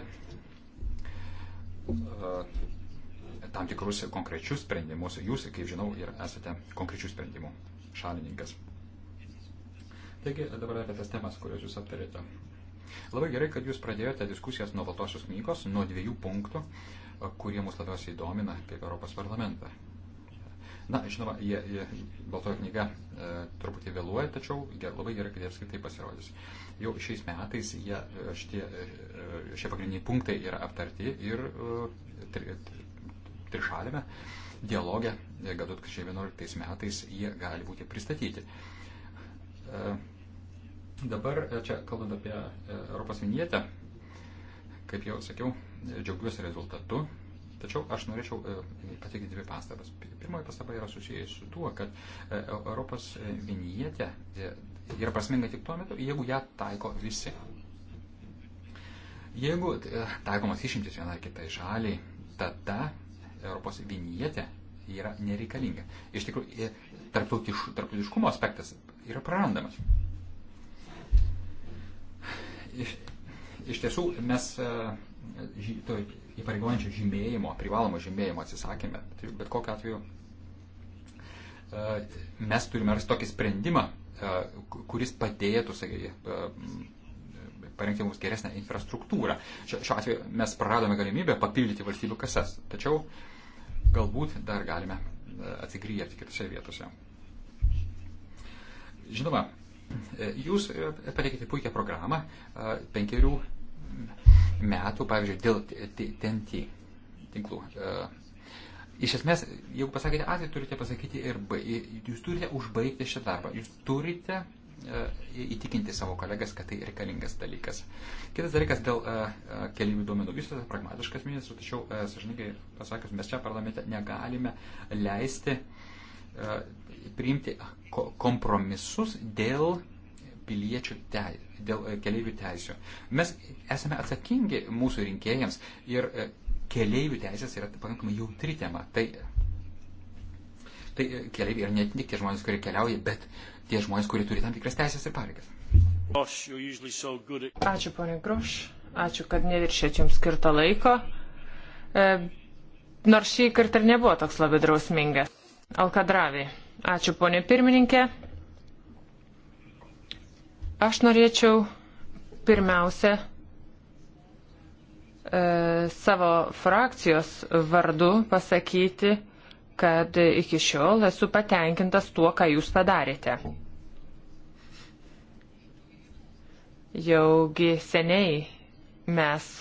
e, tam tikrus konkrečius sprendimus. Jūs, kaip žinau, ir esate konkrečių sprendimų šalininkas. Taigi dabar apie tas temas, kurias jūs aptarėte. Labai gerai, kad jūs pradėjote diskusijas nuo Valtosios knygos, nuo dviejų punktų, kurie mus labiausiai domina kaip Europos parlamentą. Na, žinoma, jie, jie, Baltoji knyga e, truputį vėluoja, tačiau ger, labai gerai, kad jie apskritai pasirodys. Jau šiais metais jie, e, šitie, e, e, šie pagrindiniai punktai yra aptarti ir tri, trišalėme dialogę, kad 2011 metais jie gali būti pristatyti. E, Dabar e, čia kalbant apie e, Europos vinietę, kaip jau sakiau, e, džiaugiuosi rezultatu, tačiau aš norėčiau pateikti dvi pastabas. Pirmoji pastaba yra susijęs su tuo, kad Europos vinietė yra prasminga tik tuo metu, jeigu ją taiko visi. Jeigu taikomas išimtis vienai kitai šaliai, tada Europos vinietė yra nereikalinga. Iš tikrųjų, tarptautiškumo aspektas yra prarandamas iš, iš tiesų mes e, to įpareigojančio žymėjimo, privalomo žymėjimo atsisakėme. Tai bet kokiu atveju e, mes turime rasti tokį sprendimą, e, kuris padėtų, sakai, parengti mums geresnę infrastruktūrą. Šiuo atveju mes praradome galimybę papildyti valstybių kasas, tačiau galbūt dar galime atsigriebti kitose vietose. Žinoma, E, jūs e, pateikite puikią programą e, penkerių metų, pavyzdžiui, dėl TNT tinklų. Iš esmės, jeigu pasakėte A, tai turite pasakyti ir B. Jūs turite užbaigti šitą darbą. Jūs turite įtikinti savo kolegas, kad tai reikalingas dalykas. Kitas dalykas dėl kelių duomenų. Jūs esate pragmatiškas ministras, tačiau, sažininkai pasakius, mes čia parlamente negalime leisti priimti kompromisus dėl piliečių teisų, dėl e, keliaivių teisų. Mes esame atsakingi mūsų rinkėjams ir e, keliaivių teisės yra pakankamai jautri tema. Tai, tai e, keliaiviai yra ne tik tie žmonės, kurie keliauja, bet tie žmonės, kurie turi tam tikras teisės ir pareigas. Ačiū, ponė Groš. Ačiū, kad neviršėt jums skirto laiko. E, nors šį kartą ir nebuvo toks labai drausmingas. Alkadraviai. Ačiū, ponė pirmininkė. Aš norėčiau pirmiausia e, savo frakcijos vardu pasakyti, kad iki šiol esu patenkintas tuo, ką jūs padarėte. Jaugi seniai mes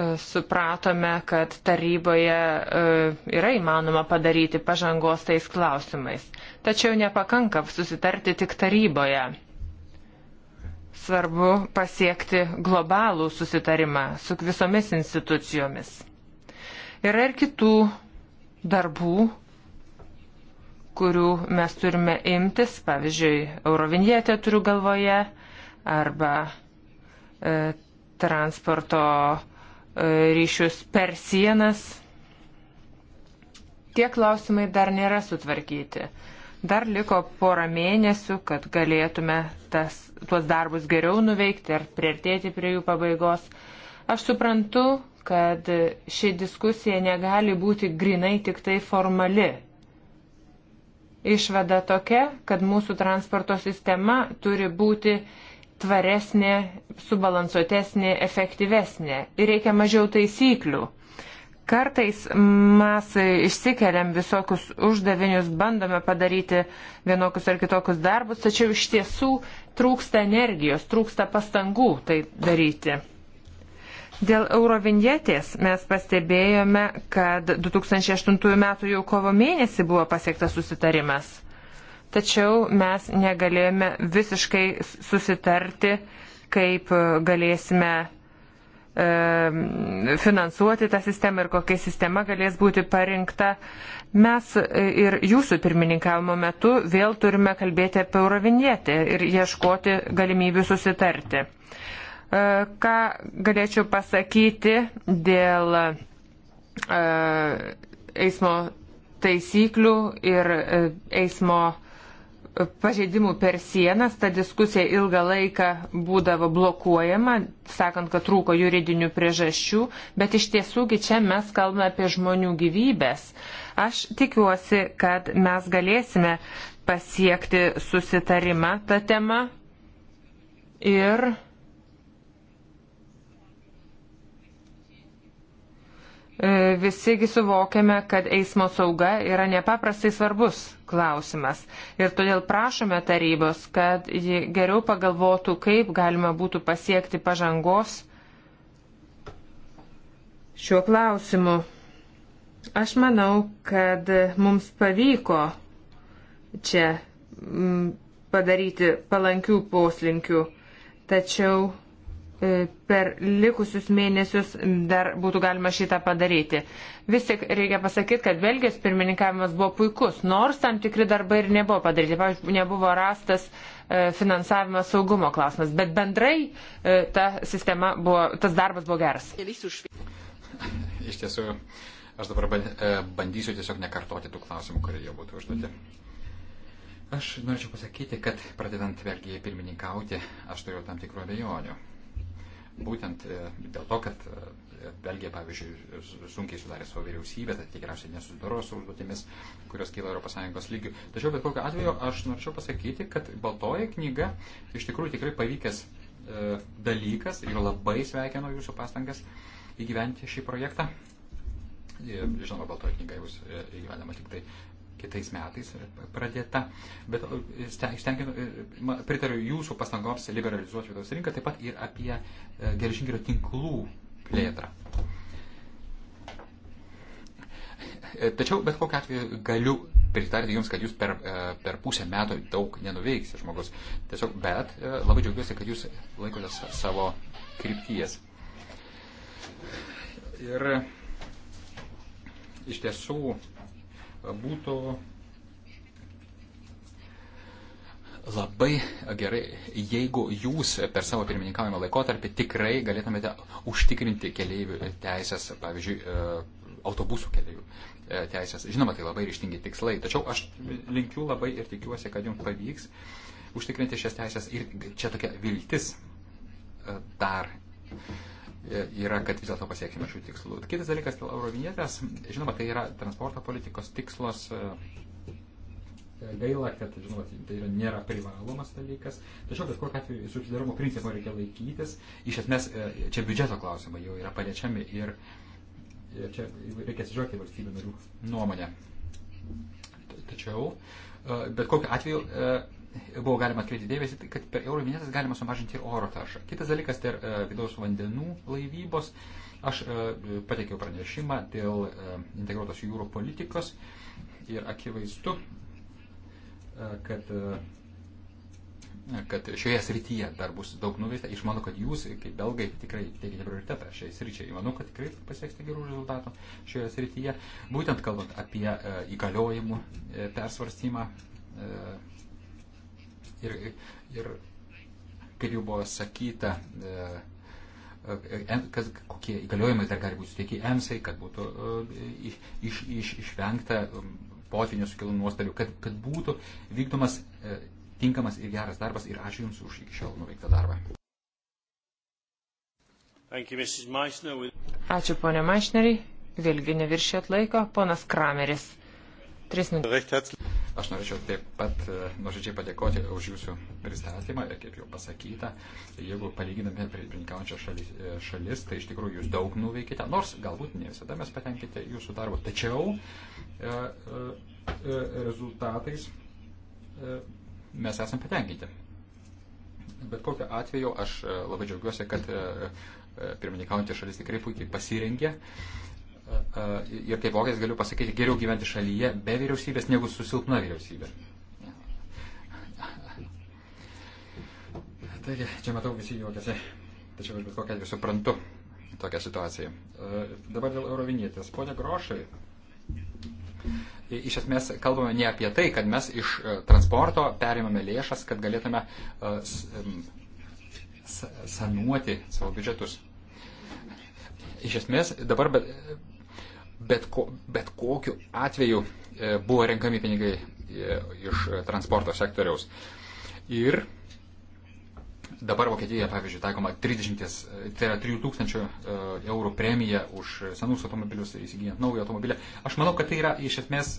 E, supratome, kad taryboje e, yra įmanoma padaryti pažangos tais klausimais. Tačiau nepakanka susitarti tik taryboje. Svarbu pasiekti globalų susitarimą su visomis institucijomis. Yra ir kitų darbų, kurių mes turime imtis, pavyzdžiui, Eurovinietė turiu galvoje, arba e, transporto E, ryšius per sienas. Tie klausimai dar nėra sutvarkyti. Dar liko porą mėnesių, kad galėtume tas, tuos darbus geriau nuveikti ir priartėti prie jų pabaigos. Aš suprantu, kad ši diskusija negali būti grinai tik tai formali. Išvada tokia, kad mūsų transporto sistema turi būti uh, tvaresnė, subalansuotesnė, efektyvesnė ir reikia mažiau taisyklių. Kartais mes išsikeliam visokius uždavinius, bandome padaryti vienokius ar kitokius darbus, tačiau iš tiesų trūksta energijos, trūksta pastangų tai daryti. Dėl eurovinjetės mes pastebėjome, kad 2008 m. jau kovo mėnesį buvo pasiektas susitarimas tačiau mes negalėjome visiškai susitarti, kaip e, galėsime e, finansuoti tą sistemą ir kokia sistema galės būti parinkta. Mes e, ir jūsų pirmininkavimo metu vėl turime kalbėti apie eurovinietę ir ieškoti galimybių susitarti. Ką galėčiau pasakyti dėl eismo taisyklių ir eismo pažeidimų per sienas, ta diskusija ilgą laiką būdavo blokuojama, sakant, kad trūko juridinių priežasčių, bet iš tiesųgi čia mes kalbame apie žmonių gyvybės. Aš tikiuosi, kad mes galėsime pasiekti susitarimą tą temą ir E, visigi suvokiame, kad eismo sauga yra nepaprastai svarbus klausimas. Ir todėl prašome tarybos, kad ji geriau pagalvotų, kaip galima būtų pasiekti pažangos šiuo klausimu. Aš manau, kad mums pavyko čia mm, padaryti palankių poslinkių, tačiau E, per likusius mėnesius dar būtų galima šitą padaryti. Vis tik reikia pasakyti, kad Belgijos pirmininkavimas buvo puikus, nors tam tikri darbai ir nebuvo padaryti. Pavyzdžiui, nebuvo rastas e, finansavimas saugumo klausimas, bet bendrai e, ta sistema buvo, tas darbas buvo geras. Iš tiesų, aš dabar bandysiu tiesiog nekartoti tų klausimų, kurie jau būtų užduoti. Aš norėčiau pasakyti, kad pradedant Belgijai pirmininkauti, aš turėjau tam tikrų abejonių būtent e, dėl to, kad e, Belgija, pavyzdžiui, sunkiai sudarė savo vyriausybę, tai tikriausiai nesusidoro su užduotėmis, kurios kyla ES lygių. Tačiau bet kokiu atveju aš norėčiau pasakyti, kad Baltoji knyga iš tikrųjų tikrai pavykęs e, dalykas ir labai sveikinu jūsų pastangas įgyventi šį projektą. Žinoma, Baltoji knyga bus įgyvenama tik tai kitais metais pradėta, bet stengiu, pritariu jūsų pastangoms liberalizuoti vidaus rinką, taip pat ir apie e, geležinkelio tinklų plėtrą. Tačiau bet kokiu atveju galiu pritarti Jums, kad Jūs per, e, per pusę metų daug nenuveiksite žmogus. Tiesiog, bet e, labai džiaugiuosi, kad Jūs laikote savo krypties. Ir iš tiesų būtų labai gerai, jeigu jūs per savo pirmininkavimo laikotarpį tikrai galėtumėte užtikrinti keleivių teisės, pavyzdžiui, e, autobusų keleivių e, teisės. Žinoma, tai labai ryštingi tikslai, tačiau aš linkiu labai ir tikiuosi, kad jums pavyks užtikrinti šias teisės ir čia tokia viltis e, dar yra, kad vis dėlto pasieksime šių tikslų. Kitas dalykas dėl eurovinietės, žinoma, tai yra transporto politikos tikslas. E, gaila, kad žinoma, tai yra, nėra privalomas dalykas. Tačiau bet kokiu atveju subsidarumo principo reikia laikytis. Iš esmės, e, čia biudžeto klausimai jau yra paliečiami ir, ir čia reikia atsižvelgti valstybių narių nuomonę. Tačiau, e, bet kokiu atveju buvo galima atkreipti dėmesį, tai kad per euro vinėtas galima sumažinti oro taršą. Kitas dalykas tai yra e, vidaus vandenų laivybos. Aš e, pateikiau pranešimą dėl e, integruotos jūrų politikos ir akivaizdu, kad, kad šioje srityje dar bus daug nuveikta. Iš manau, kad jūs, kaip belgai, tikrai teikite prioritetą šiai sričiai. Manau, kad tikrai pasieksite gerų rezultatų šioje srityje. Būtent kalbant apie įgaliojimų persvarstymą Ir, ir kaip jau buvo sakyta, e, e, e, kas, kokie įgaliojimai dar gali būti suteikti EMSai, kad būtų iš, iš, išvengta um, potvinio sukilų nuostolių, kad, kad būtų vykdomas tinkamas ir geras darbas ir ačiū Jums už iki šiol nuveiktą darbą. Ačiū, ponė Maišneriai. Vėlgi neviršėt laiko, ponas Krameris. Tris minutės. Aš norėčiau taip pat e, nuoširdžiai padėkoti už jūsų pristatymą ir kaip jau pasakyta, jeigu palyginame pirmininkaujančias šalis, e, šalis, tai iš tikrųjų jūs daug nuveikite, nors galbūt ne visada mes patenkinti jūsų darbu, tačiau e, e, e, rezultatais e, mes esame patenkinti. Bet kokiu atveju aš labai džiaugiuosi, kad pirmininkaujantys šalis tikrai puikiai pasirengė. E, ir kaip vokietis galiu pasakyti, geriau gyventi šalyje be vyriausybės negu su silpna vyriausybė. Taigi, čia matau visi juokiasi, tačiau aš bet kokią atveju suprantu tokią situaciją. Dabar dėl eurovinėtės. Pone Grošai, iš esmės kalbame ne apie tai, kad mes iš e, transporto perimame lėšas, kad galėtume e, sanuoti savo biudžetus. Iš esmės, dabar bet, bet, ko, bet kokiu atveju e, buvo renkami pinigai e, iš transporto sektoriaus. Ir dabar Vokietijoje, pavyzdžiui, taikoma 30, e, tai yra 3000 eurų premija už senus automobilius įsigijant naują automobilį. Aš manau, kad tai yra iš esmės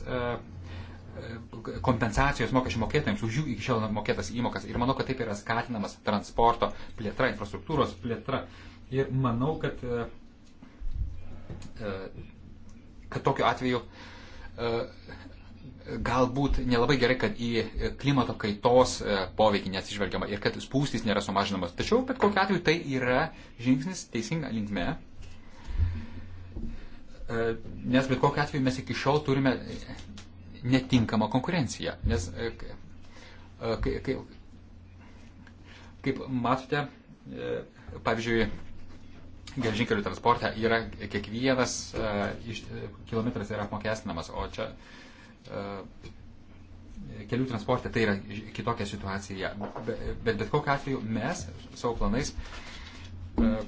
kompensacijos mokesčių mokėtojams už jų iki šiol mokėtas įmokas. Ir manau, kad taip yra skatinamas transporto plėtra, infrastruktūros plėtra. Ir manau, kad kad tokiu atveju e, galbūt nelabai gerai, kad į klimato kaitos e, poveikį neatsižvelgiama ir kad spūstys nėra sumažinamas. Tačiau, bet kokiu atveju, tai yra žingsnis teisinga linkme. E, nes bet kokiu atveju mes iki šiol turime netinkamą konkurenciją. Nes, kaip, kaip matote, pavyzdžiui, geležinkelių transporte yra kiekvienas uh, iš, e, kilometras yra apmokestinamas, o čia uh, kelių transporte tai yra kitokia situacija. Bet bet, bet kokiu atveju mes savo planais uh,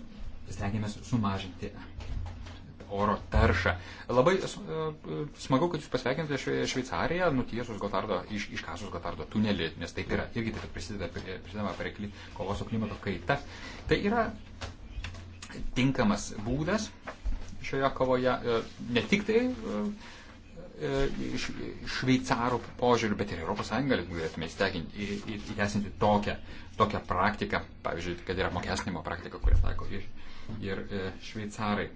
stengiamės sumažinti oro taršą. Labai smagu, kad jūs pasveikinate Šveicariją, nutiesus Gotardo, iš, iškasus Gotardo tunelį, nes taip yra irgi taip pat prisideda prie, prisidama prie kovos su klimato kaita. Tai yra tinkamas būdas šioje kovoje e, ne tik tai e, e, šveicarų požiūrių, bet ir ES galėtume įteisinti tokią, tokią praktiką, pavyzdžiui, kad yra mokestinimo praktika, kurią taiko ir, ir šveicarai.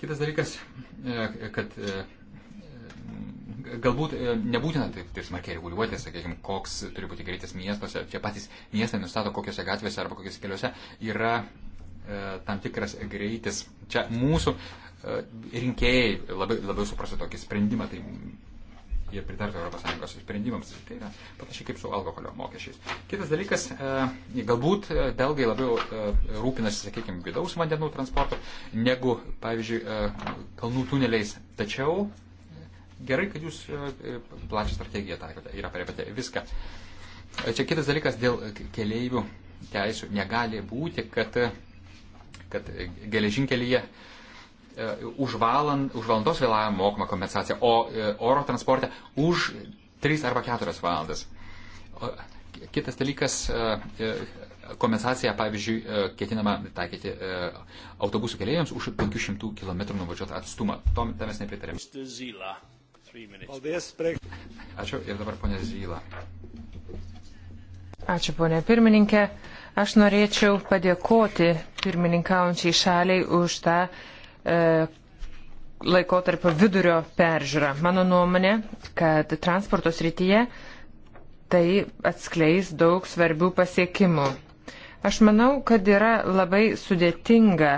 Kitas dalykas, kad Galbūt e, nebūtina taip, taip smarkiai reguliuoti, sakykime, koks turi būti greitis miestuose. Čia patys miestai nustato, kokiuose gatvėse arba kokiuose keliuose yra e, tam tikras greitis. Čia mūsų e, rinkėjai labai, labai suprastų tokį sprendimą, tai jie pritartų ES sprendimams. Tai yra panašiai kaip su alkoholio mokesčiais. Kitas dalykas, e, galbūt e, belgai labiau e, rūpinasi, sakykime, vidaus vandenų transportu negu, pavyzdžiui, e, kalnų tuneliais. Tačiau Gerai, kad jūs e, e, plačią strategiją taikote ir aprėpėte viską. E, čia kitas dalykas dėl keleivių teisų. Negali būti, kad, kad geležinkelyje už, valand, už valandos vėlavimą mokama kompensacija, o oro transporte už 3 arba 4 valandas. Kitas dalykas, kompensacija, pavyzdžiui, ketinama taikyti autobusų keliaiviams už 500 km nuvažiuotą atstumą. Tom mes nepritarėm. Ačiū ir dabar ponė Zyla. Ačiū ponė pirmininkė. Aš norėčiau padėkoti pirmininkaujančiai šaliai už tą e, laikotarpio vidurio peržiūrą. Mano nuomonė, kad transporto srityje tai atskleis daug svarbių pasiekimų. Aš manau, kad yra labai sudėtinga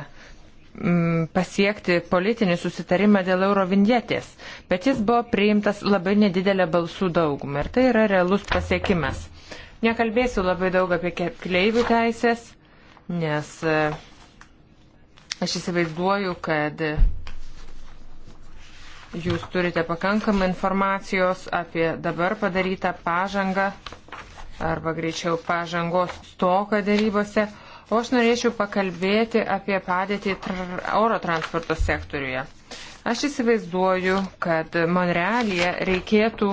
Mm, pasiekti politinį susitarimą dėl eurovindėtės, bet jis buvo priimtas labai nedidelę balsų daugumą ir tai yra realus pasiekimas. Nekalbėsiu labai daug apie kleivių teisės, nes e, aš įsivaizduoju, kad jūs turite pakankamai informacijos apie dabar padarytą pažangą arba greičiau pažangos stoką dėrybose. O aš norėčiau pakalbėti apie padėtį tr oro transporto sektoriuje. Aš įsivaizduoju, kad Monrealyje reikėtų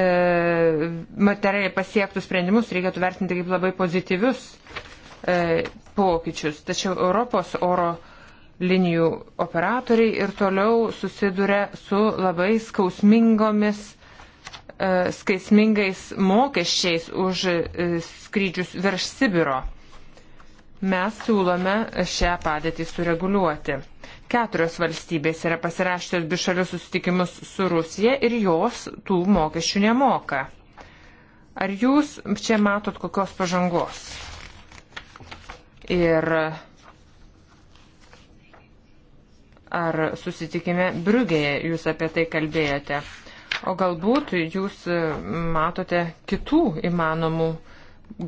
e, materialiai pasiektų sprendimus, reikėtų vertinti kaip labai pozityvius e, pokyčius. Tačiau Europos oro linijų operatoriai ir toliau susiduria su labai skausmingomis E, skaismingais mokesčiais už e, skrydžius virš Sibiro. Mes siūlome šią padėtį sureguliuoti. Keturios valstybės yra pasirašytos bišalius susitikimus su Rusija ir jos tų mokesčių nemoka. Ar jūs čia matot kokios pažangos? Ir ar susitikime Briugėje jūs apie tai kalbėjote? O galbūt jūs e, matote kitų įmanomų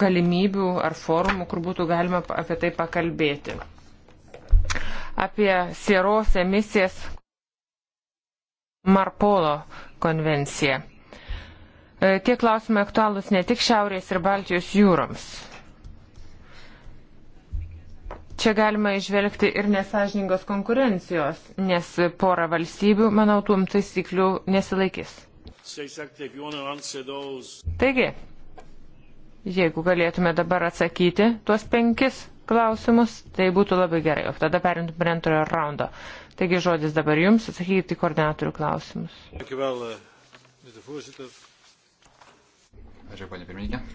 galimybių ar formų, kur būtų galima apie tai pakalbėti. Apie sieros emisijas Marpolo konvenciją. E, tie klausimai aktualūs ne tik Šiaurės ir Baltijos jūroms. Čia galima išvelgti ir nesažiningos konkurencijos, nes pora valstybių, manau, tuom taisyklių nesilaikys. Taigi, jeigu galėtume dabar atsakyti tuos penkis klausimus, tai būtų labai gerai. O tada perintum prie antrojo raundo. Taigi žodis dabar jums atsakyti koordinatorių klausimus. Ačiū, ponė pirmininkė.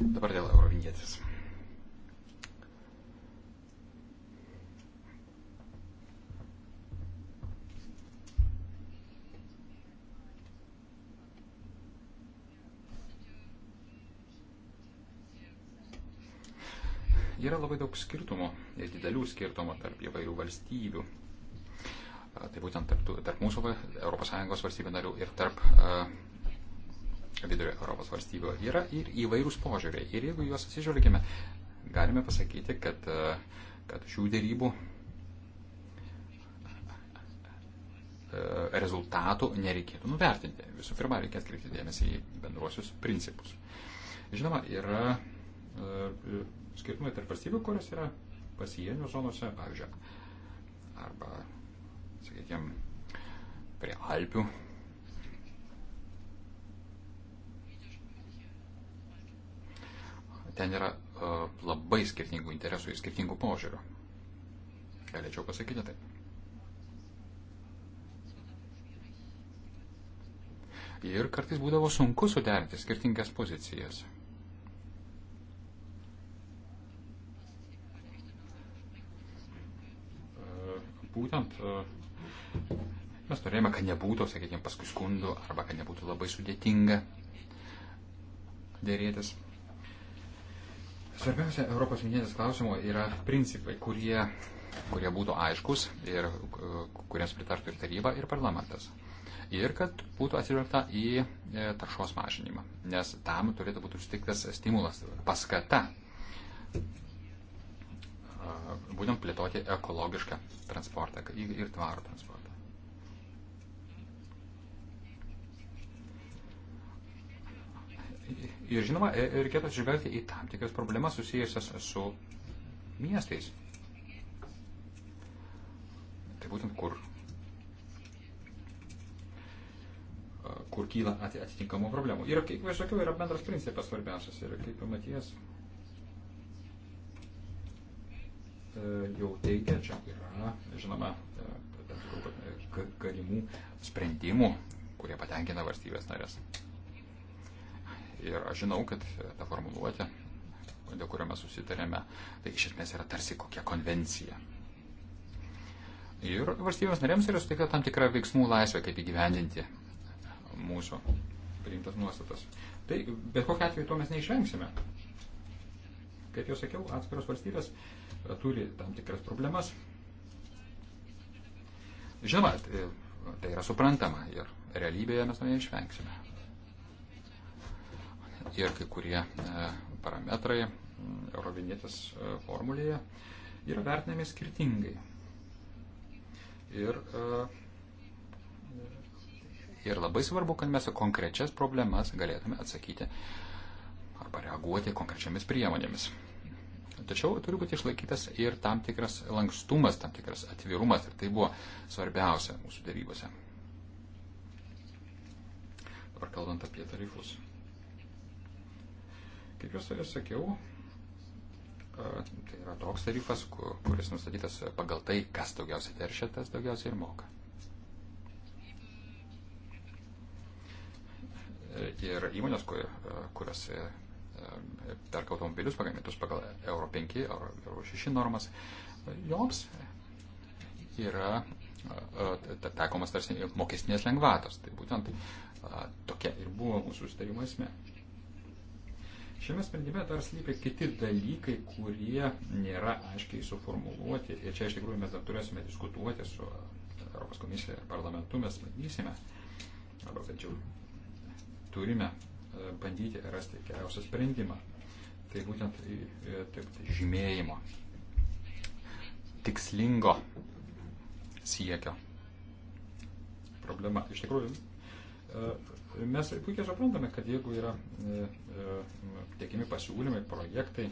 Dabar dėl eurovinietės. Yra labai daug skirtumų ir didelių skirtumų tarp įvairių valstybių. Tai būtent tarp, tarp mūsų ES valstybių narių ir tarp uh, vidurio Europos valstybių yra ir įvairūs požiūriai. Ir jeigu juos atsižvelgime, galime pasakyti, kad, e, kad šių dėrybų e, rezultatų nereikėtų nuvertinti. Visų pirma, reikia atkreipti dėmesį į bendruosius principus. Žinoma, yra e, skirtumai tarp valstybių, kurios yra pasienio zonose, pavyzdžiui, arba, sakykime, prie Alpių ten yra e, labai skirtingų interesų ir skirtingų požiūrių. Galėčiau pasakyti tai. Ir kartais būdavo sunku suderinti skirtingas pozicijas. E, būtent e, mes norėjome, kad nebūtų, sakykime, paskui skundų arba kad nebūtų labai sudėtinga dėrėtis. Svarbiausia Europos vienybės klausimo yra principai, kurie, kurie būtų aiškus ir e, kuriems pritartų ir taryba, ir parlamentas. Ir kad būtų atsižvelgta į e, taršos mažinimą, nes tam turėtų būti užtiktas stimulas, paskata e, būtent plėtoti ekologišką transportą ir tvarų transportą. Ir žinoma, e, reikėtų atsižvelgti į tam tikras problemas susijusias su miestais. Tai būtent kur, e, kur kyla atitinkamų problemų. Ir kaip aš sakiau, yra bendras principas svarbiausias. Ir kaip Matijas e, jau teigia, čia yra, žinoma, galimų sprendimų, kurie patenkina valstybės narės. Ir aš žinau, kad ta formuluotė, dėl kurio mes susitarėme, tai iš esmės yra tarsi kokia konvencija. Ir valstybės narėms yra suteikta tam tikra veiksmų laisvė, kaip įgyvendinti mūsų priimtas nuostatas. Tai bet kokia atveju to mes neišvengsime. Kaip jau sakiau, atskiros valstybės e, turi tam tikras problemas. Žinoma, e, tai yra suprantama ir realybėje mes to neišvengsime ir kai kurie e, parametrai eurovinėtės e, formulėje yra vertinami skirtingai. Ir, e, ir labai svarbu, kad mes konkrečias problemas galėtume atsakyti arba reaguoti konkrečiamis priemonėmis. Tačiau turi būti išlaikytas ir tam tikras lankstumas, tam tikras atvirumas. Ir tai buvo svarbiausia mūsų darybose. Dabar kalbant apie tarifus. Kaip jūs ir sakiau, tai yra toks tarifas, kuris nustatytas pagal tai, kas daugiausiai teršia, tas daugiausiai ir moka. Ir įmonės, kurios perka automobilius pagamintus pagal Euro 5, Euro 6 normas, joms yra taikomas tarsi mokestinės lengvatos. Tai būtent tokia ir buvo mūsų sustarimo esmė. Šiame sprendime dar slypi kiti dalykai, kurie nėra aiškiai suformuluoti. Ir čia iš tikrųjų mes dar turėsime diskutuoti su e, Europos komisija ir parlamentu, mes bandysime, arba bent jau turime e, bandyti rasti geriausią sprendimą. Tai būtent e, taip, tai žymėjimo, tikslingo siekio problema. Iš tikrųjų, Mes puikiai suprantame, kad jeigu yra e, e, teikiami pasiūlymai, projektai,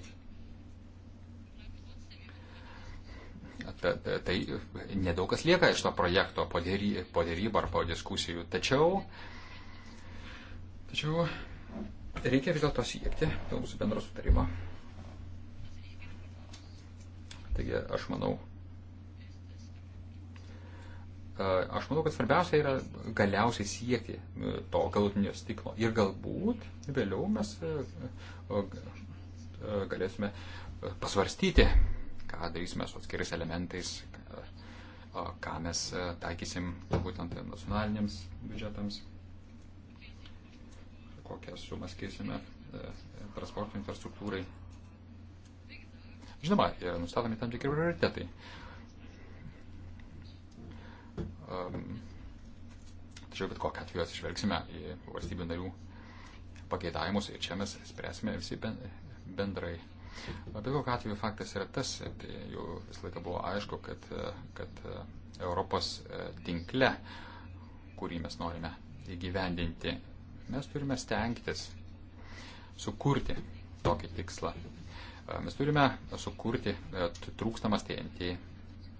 tai nedaug kas lieka iš to projekto po dėrybą ar po diskusijų. Tačiau, tačiau reikia vis dėlto siekti mūsų bendro sutarimo. Taigi aš manau, E, aš manau, kad svarbiausia yra galiausiai siekti e, to galutinio stiklo. Ir galbūt vėliau mes e, galėsime pasvarstyti, ką darysime su atskirais elementais, ką mes taikysim būtent nacionaliniams biudžetams, kokias sumas keisime transporto infrastruktūrai. Žinoma, nustatomi tam tikri prioritetai. Ehm, tačiau bet kokią atveju atsižvelgsime į valstybių narių pageidavimus ir čia mes spręsime visi bendrai. Bet kokiu atveju faktas yra tas, tai jau visą laiką buvo aišku, kad, kad Europos e, tinkle, kurį mes norime įgyvendinti, mes turime stengtis sukurti tokį tikslą. E, mes turime sukurti e, trūkstamas TNT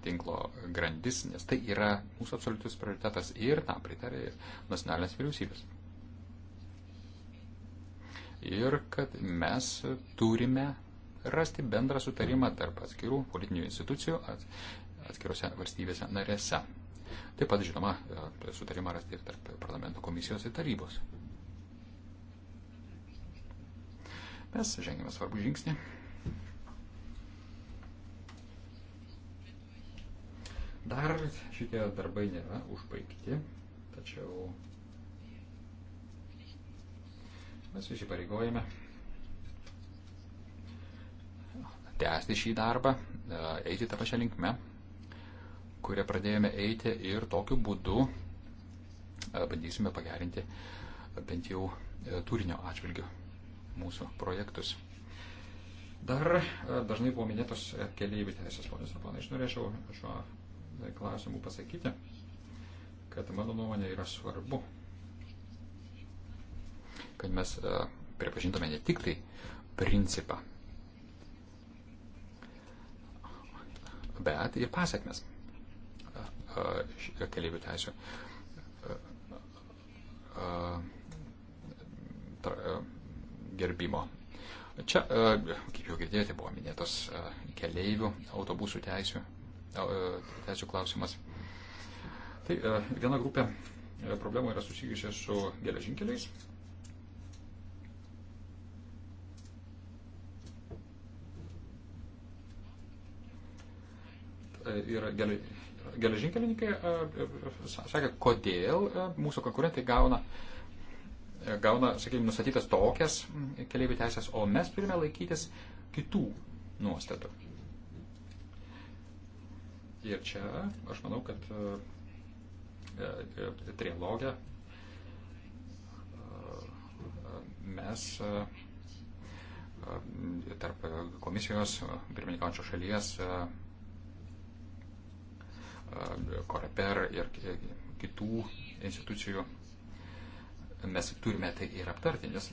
tinklo grandis, nes tai yra mūsų absoliutus prioritetas ir tam pritarė nacionalinės vyriausybės. Ir kad mes turime rasti bendrą sutarimą tarp atskirų politinių institucijų atskirose valstybėse narėse. Taip pat, žinoma, sutarimą rasti ir tarp parlamento komisijos ir tarybos. Mes žengėme svarbų žingsnį. Dar šitie darbai nėra užbaigti, tačiau mes visi pareigojame tęsti šį darbą, eiti tą pačią linkmę, kurią pradėjome eiti ir tokiu būdu e, bandysime pagerinti bent jau e, turinio atžvilgiu mūsų projektus. Dar e, dažnai buvo minėtos keliaivių teisės, ponės ir ponai, aš norėčiau šiuo E, klausimų pasakyti, kad mano nuomonė yra svarbu, kad mes e, pripažintume ne tik tai principą, bet ir pasiekmes e, keliaivių teisų gerbimo. Čia, kaip jau girdėjote, buvo minėtos keliaivių autobusų teisų teisų klausimas. Tai e, viena grupė e, problemų yra susijusi su geležinkeliais. Ir e, geležinkelininkai sakė, kodėl mūsų konkurentai gauna, gauna sakykime, nustatytas tokias keliaivių teisės, o mes turime laikytis kitų nuostatų. Ir čia aš manau, kad e, e, e, trilogė mes tarp komisijos pirmininkančio šalies Koreper ir kitų institucijų mes turime tai ir aptarti, nes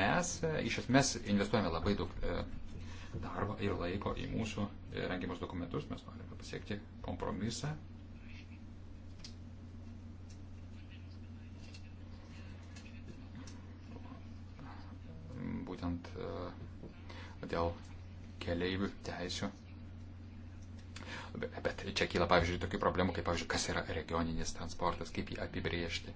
mes iš esmės investuojame labai daug darbo ir laiko į mūsų e, rengiamus dokumentus. Mes norime pasiekti kompromisą. Būtent e, dėl keleivių teisų. Bet čia kyla, pavyzdžiui, tokių problemų, kaip, pavyzdžiui, kas yra regioninis transportas, kaip jį apibriežti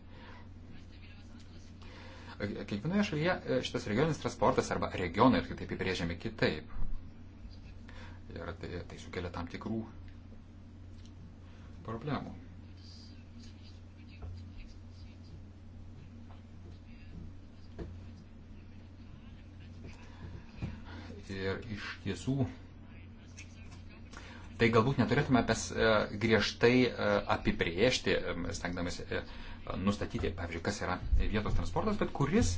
e, kiekvienoje šalyje šitas regioninis transportas arba regionai ir kitaip apibrėžiami kitaip ir tai, tai sukelia tam tikrų problemų. Ir iš tiesų, tai galbūt neturėtume mes e, griežtai e, apibriežti, e, stengdamės nustatyti, pavyzdžiui, kas yra vietos transportas, bet kuris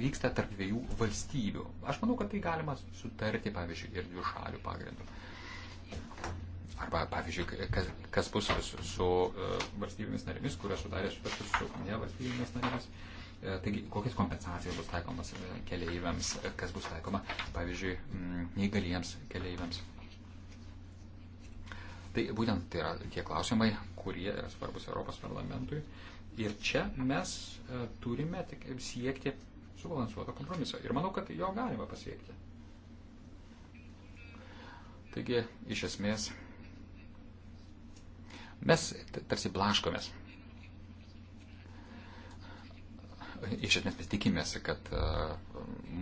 vyksta tarp dviejų valstybių. Aš manau, kad tai galima sutarti, pavyzdžiui, ir dviejų šalių pagrindu. Arba, pavyzdžiui, kas, kas bus su, su e, valstybėmis narėmis, kurios sudarė sutartis su ne valstybėmis narėmis. E, taigi, kokias kompensacijas bus taikomas e, keleiviams, kas bus taikoma, pavyzdžiui, neįgaliems keleiviams. Tai būtent tai yra tie klausimai, kurie yra svarbus Europos parlamentui. Ir čia mes turime tik siekti subalansuoto kompromiso. Ir manau, kad jo galima pasiekti. Taigi, iš esmės, mes tarsi blaškomės. Iš esmės mes tikimės, kad e,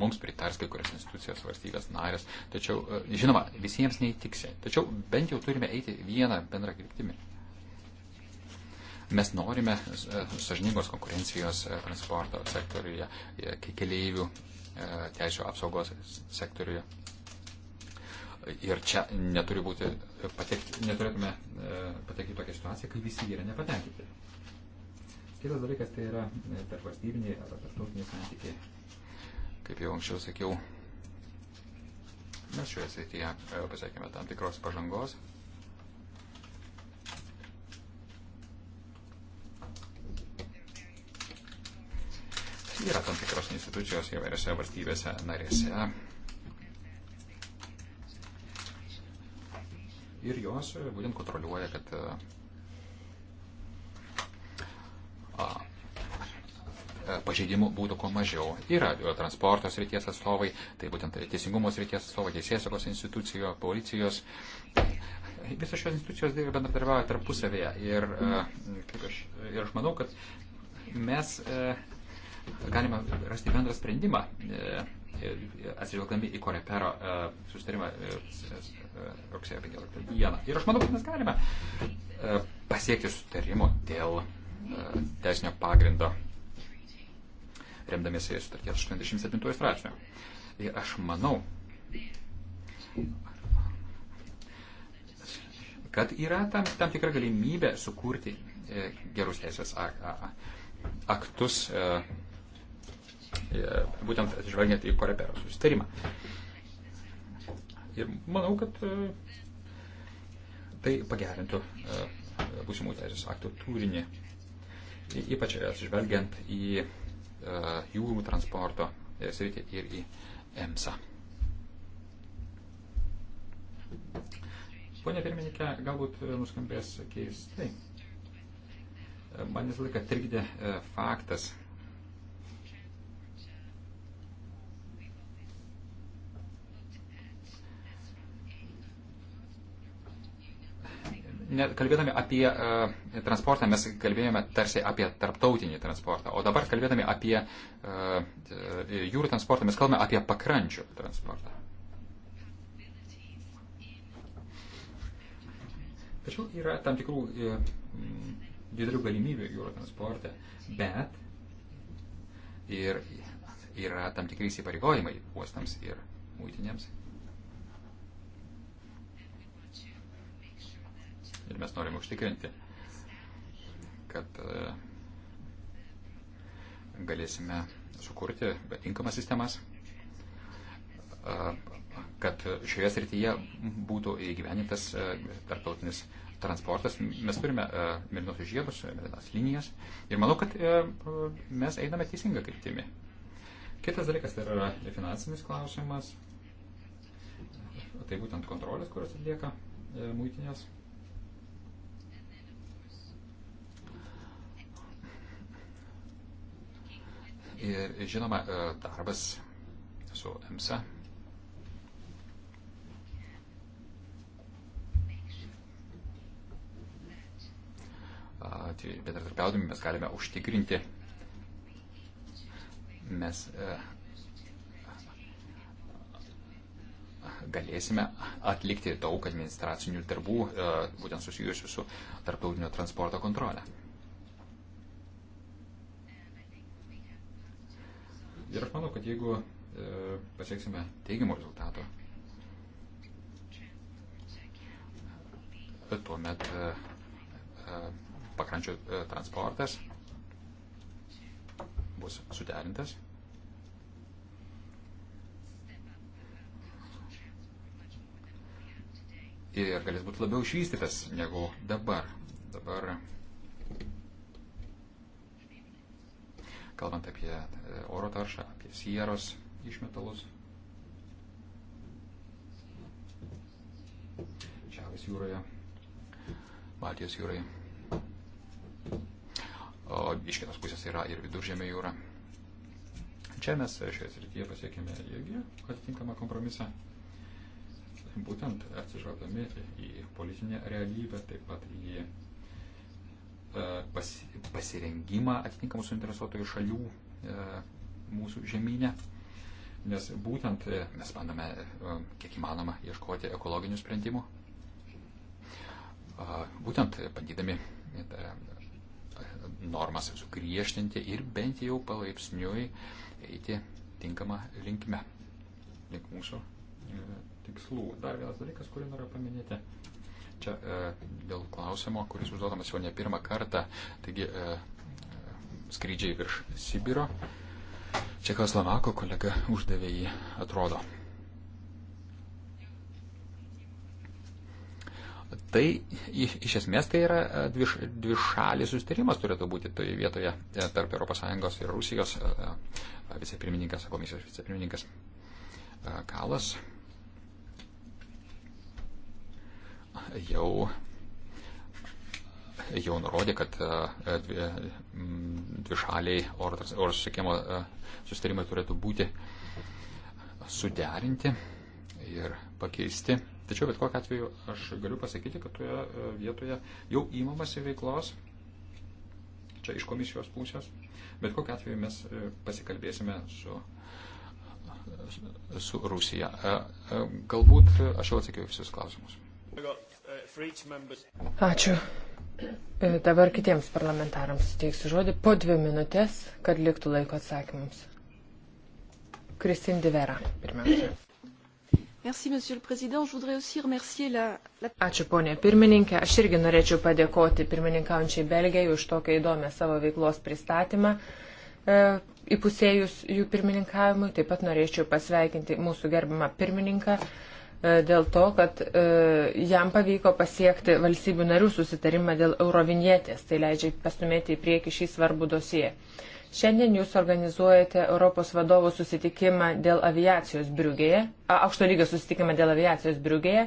mums pritars kai kurias institucijos valstybės narės, tačiau, e, žinoma, visiems neįtiksi. Tačiau bent jau turime eiti vieną bendrą kryptimį. Mes norime e, sažiningos konkurencijos e, transporto sektoriuje, e, keleivių teisų apsaugos sektoriuje. Ir čia neturi būti, patekti, neturėtume patekti tokią situaciją, kai visi yra nepatenkinti. Kitas dalykas tai yra tarp valstybiniai ar tarptautiniai santykiai. Kaip jau anksčiau sakiau, mes šioje srityje pasiekėme tam tikros pažangos, Yra tam tikros institucijos įvairiose valstybėse narėse. Ir jos būtent kontroliuoja, kad a, pažeidimų būtų kuo mažiau. Yra transporto srities atstovai, tai būtent teisingumo srities atstovai, teisėsaugos institucijų, policijos. Visos šios institucijos bendradarbiauja tarpusavėje ir, kaip aš, ir aš manau, kad mes galima rasti bendrą sprendimą, e, e, atsižvelgdami į Korepero e, susitarimą rugsėjo 15 dieną. Ir aš manau, kad mes galime pasiekti sutarimo dėl teisinio pagrindo, remdamiesi sutarties 87 straipsnio. Ir aš manau, kad yra tam, tam tikra galimybė sukurti gerus teisės aktus. Ak, ak, ak, E, būtent atsižvelgiant į korepero susitarimą. Ir manau, kad e, tai pagerintų e, būsimų teisės aktų turinį, ypač atsižvelgiant į jūrų transporto sritį ir į EMSA. Pone pirmininkė, galbūt nuskambės keistai. Man visą laiką trikdė faktas, kalbėdami apie uh, transportą, mes kalbėjome tarsi apie tarptautinį transportą, o dabar kalbėdami apie uh, jūrų transportą, mes kalbame apie pakrančių transportą. Tačiau yra tam tikrų didelių galimybių jūrų transporte, bet ir yra tam tikrai įsipareigojimai uostams ir muitinėms. Ir mes norim užtikrinti, kad e, galėsime sukurti tinkamas sistemas, e, kad šioje srityje būtų įgyvenintas e, tarptautinis transportas. Mes turime mirnosius žiedus, mirnas linijas ir manau, kad mes einame teisingą kryptimį. Kitas dalykas tai yra finansinis klausimas, tai būtent kontrolės, kurios atlieka muitinės. Ir žinoma, e, darbas su EMSA tai bendradarbiaudami mes galime užtikrinti, mes e, galėsime atlikti daug administracinių darbų, e, būtent susijusių su tarptautinio transporto kontrolė. Ir aš manau, kad jeigu e, pasieksime teigiamų rezultatų, tuomet e, e, pakrančių transportas bus suderintas. Ir galės būti labiau išvystytas negu dabar. Dabar kalbant apie e, oro taršą, apie sieros išmetalus. Šiaurės jūroje, Baltijos jūroje. O iš kitos pusės yra ir viduržėmė jūra. Čia mes šioje srityje pasiekėme irgi atitinkamą kompromisą būtent atsižvelgdami į politinę realybę, taip pat į E, pasirengimą atitinkamų suinteresuotojų šalių e, mūsų žemynę, nes būtent e, mes bandome kiek įmanoma ieškoti ekologinių sprendimų, būtent bandydami normas sugriežtinti ir bent jau palaipsniui eiti tinkamą linkme, link mūsų tikslų. Dar vienas dalykas, kurį noriu paminėti čia e, dėl klausimo, kuris užduodamas jau ne pirmą kartą. Taigi, e, e, skrydžiai virš Sibiro. Čekoslovako kolega uždavė jį, atrodo. Tai iš esmės tai yra dviš, dvišalis sustarimas turėtų būti toje vietoje tarp ES ir Rusijos vicepirmininkas, komisijos vicepirmininkas Kalas jau, jau nurodė, kad e, dvi, mm, dvišaliai oro susisiekimo e, sustarimai turėtų būti suderinti ir pakeisti. Tačiau bet kokiu atveju aš galiu pasakyti, kad toje e, vietoje jau įmamasi veiklos, čia iš komisijos pusės, bet kokiu atveju mes pasikalbėsime su, su Rusija. Galbūt aš jau atsakiau visus klausimus. Ačiū. E, dabar kitiems parlamentarams suteiksiu žodį po dvi minutės, kad liktų laiko atsakymams. Kristin Divera, pirmiausia. Merci, Monsieur le Président. Je voudrais aussi remercier la, la... Ačiū, ponė pirmininkė. Aš irgi norėčiau padėkoti pirmininkaujančiai Belgijai už tokią įdomią savo veiklos pristatymą. E, įpusėjus jų pirmininkavimui, taip pat norėčiau pasveikinti mūsų gerbimą pirmininką. E, E, dėl to, kad e, jam pavyko pasiekti valstybių narių susitarimą dėl eurovinietės, tai leidžia pastumėti į priekį šį svarbų dosiją. Šiandien jūs organizuojate Europos vadovų susitikimą dėl aviacijos briugėje, aukšto lygio susitikimą dėl aviacijos briugėje.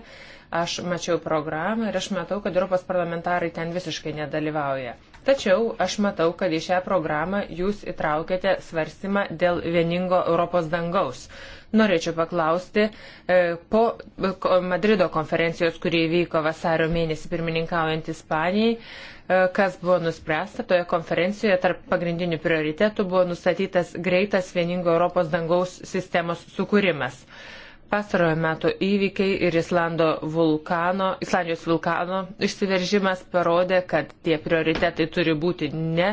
Aš mačiau programą ir aš matau, kad Europos parlamentarai ten visiškai nedalyvauja. Tačiau aš matau, kad į šią programą jūs įtraukėte svarstymą dėl vieningo Europos dangaus, Norėčiau paklausti, e, po Madrido konferencijos, kurį vyko vasario mėnesį pirmininkaujant Ispanijai, e, kas buvo nuspręsta toje konferencijoje, tarp pagrindinių prioritetų buvo nustatytas greitas vieningo Europos dangaus sistemos sukūrimas. Pastarojo metų įvykiai ir Islando vulkano, Islandijos vulkano išsiveržimas parodė, kad tie prioritetai turi būti ne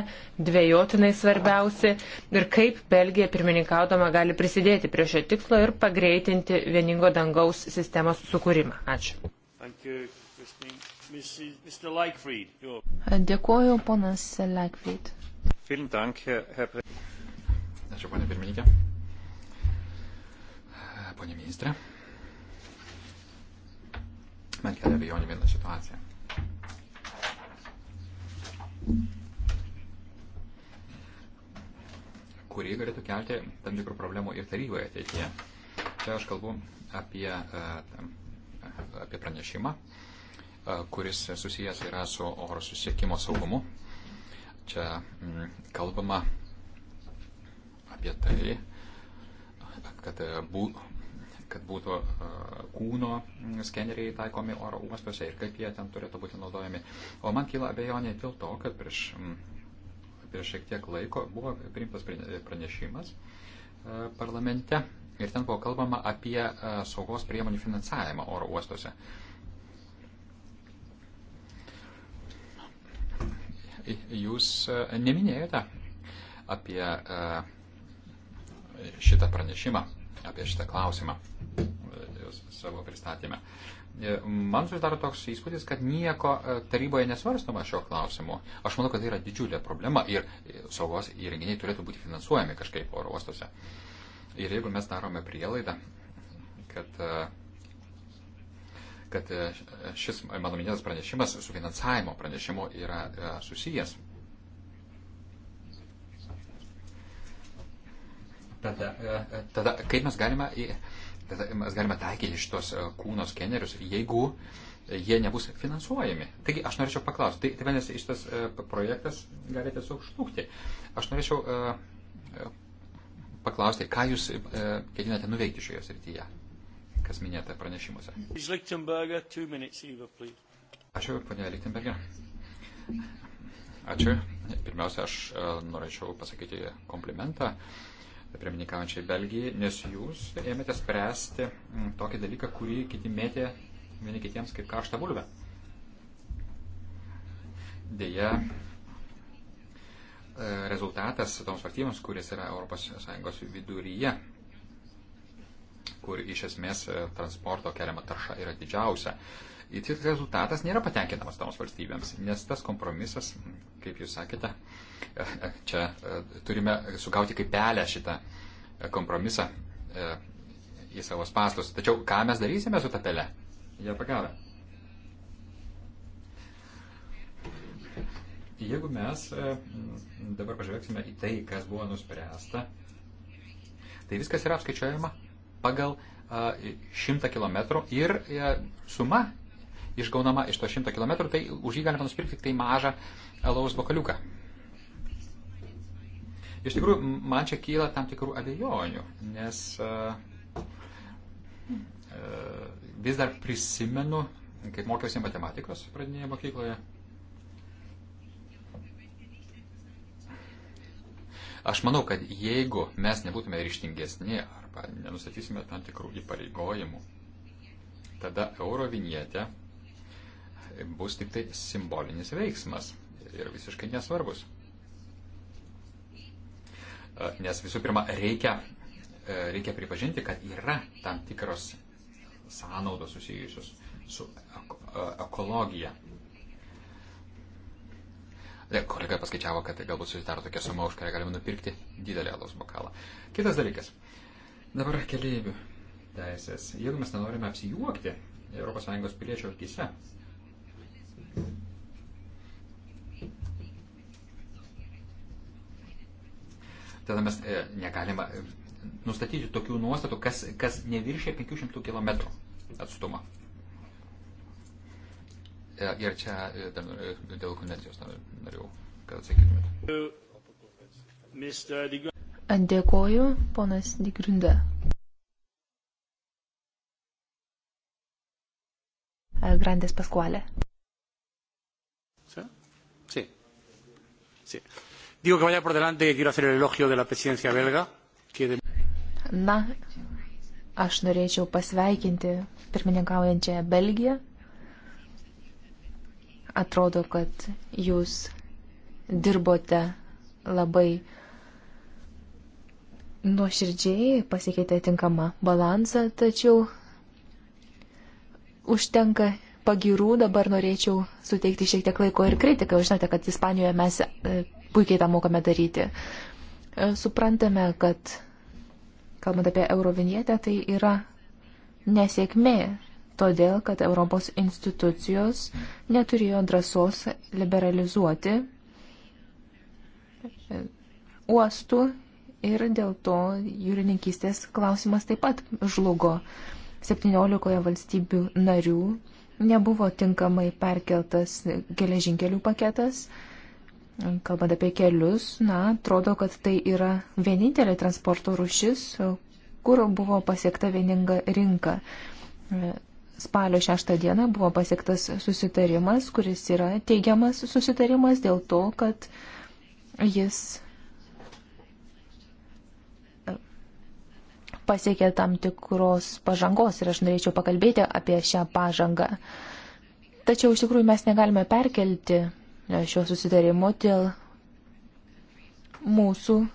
dviejotinai svarbiausi ir kaip Belgija pirmininkaudama gali prisidėti prie šio tikslo ir pagreitinti vieningo dangaus sistemos sukūrimą. Ačiū. Dėkuoju, ponas Lekfried. Ačiū, ponė pirmininkė ponė ministrė. Man kelia abejonė viena situacija. kurie galėtų kelti tam tikrų problemų ir taryboje ateityje. Čia aš kalbu apie, e, apie pranešimą, e, kuris susijęs yra su oro susiekimo saugumu. Čia mm, kalbama apie tai, kad e, bū, kad būtų kūno skeneriai taikomi oro uostuose ir kaip jie ten turėtų būti naudojami. O man kyla abejonė dėl to, kad prieš, prieš šiek tiek laiko buvo priimtas pranešimas parlamente ir ten buvo kalbama apie saugos priemonių finansavimą oro uostuose. Jūs neminėjote apie šitą pranešimą apie šitą klausimą savo pristatymę. E, man susidaro toks įspūdis, kad nieko e, taryboje nesvarstama šio klausimu. Aš manau, kad tai yra didžiulė problema ir e, saugos įrenginiai turėtų būti finansuojami kažkaip oro uostuose. Ir jeigu mes darome prielaidą, kad, kad šis mano minėtas pranešimas su finansavimo pranešimu yra susijęs Tada, e, tada kaip mes galime, tada mes galime taikyti šitos e, kūno skenerius, jeigu jie nebus finansuojami. Taigi aš norėčiau paklausti, tai, tai vadinasi, šitas e, projektas gali tiesiog šlūkti. Aš norėčiau paklausti, ką jūs ketinate nuveikti šioje srityje, kas minėta pranešimuose. Ačiū, ponia Lichtenberger. Ačiū. Pirmiausia, aš norėčiau pasakyti komplimentą. Uh, pirmininkaujančiai Belgijai, nes jūs ėmėte spręsti mm, tokį dalyką, kurį kiti mėtė vieni kitiems kaip karštą bulvę. Deja, e, rezultatas toms valstybėms, kuris yra ES viduryje, kur iš esmės e, transporto keliama tarša yra didžiausia, Ir tas rezultatas nėra patenkinamas toms valstybėms, nes tas kompromisas, kaip jūs sakėte, (laughs) čia e, turime sugauti kaip pelę šitą e, kompromisą e, į savo spastus. Tačiau ką mes darysime su ta pelė? Jie pagavę. Jeigu mes dabar pažvelgsime į tai, kas buvo nuspręsta, tai viskas yra apskaičiuojama pagal 100 km ir suma išgaunama iš to 100 km, tai už jį galima nusipirkti tik tai mažą alaus bokaliuką. Iš tikrųjų, man čia kyla tam tikrų abejonių, nes e, e, vis dar prisimenu, kaip mokiausi matematikos pradinėje mokykloje. Aš manau, kad jeigu mes nebūtume ryštingesni arba nenustatysime tam tikrų įpareigojimų, tada euro vinietė bus tik tai simbolinis veiksmas ir visiškai nesvarbus. E, nes visų pirma, reikia, e, reikia pripažinti, kad yra tam tikros sąnaudos susijusios su e, ekologija. Kolega paskaičiavo, kad galbūt susidaro tokia suma, už kurią galime nupirkti didelį alaus bokalą. Kitas dalykas. Dabar keleivių teisės. Jeigu mes nenorime apsijuokti ES piliečių akise, tada mes e, negalima e, nustatyti tokių nuostatų, kas, kas neviršia 500 km atstumą. E, ir čia dėl konvencijos norėjau, kad atsakytumėte. Dėkoju, ponas Digrinde. Grandes Pascuale. Sì. Sì. Sì. Digo que vaya por delante que quiero hacer el elogio de la presidencia belga. Que de... Na, aš norėčiau pasveikinti pirmininkaujančią Belgiją. Atrodo, kad jūs dirbote labai nuoširdžiai, pasikeitė tinkamą balansą, tačiau užtenka pagirų, dabar norėčiau suteikti šiek tiek laiko ir kritiką. Žinote, kad Ispanijoje mes e, puikiai tą mokame daryti. E, suprantame, kad, kalbant apie Eurovinietę, tai yra nesėkmė, todėl kad Europos institucijos neturėjo drąsos liberalizuoti e, uostų ir dėl to jūrininkystės klausimas taip pat žlugo. 17 valstybių narių nebuvo tinkamai perkeltas geležinkelių paketas kalbant apie kelius, na, atrodo, kad tai yra vienintelė transporto rušis, kur buvo pasiekta vieninga rinka. Spalio 6 dieną buvo pasiektas susitarimas, kuris yra teigiamas susitarimas dėl to, kad jis pasiekė tam tikros pažangos ir aš norėčiau pakalbėti apie šią pažangą. Tačiau iš tikrųjų mes negalime perkelti E, šio susitarimo dėl mūsų e,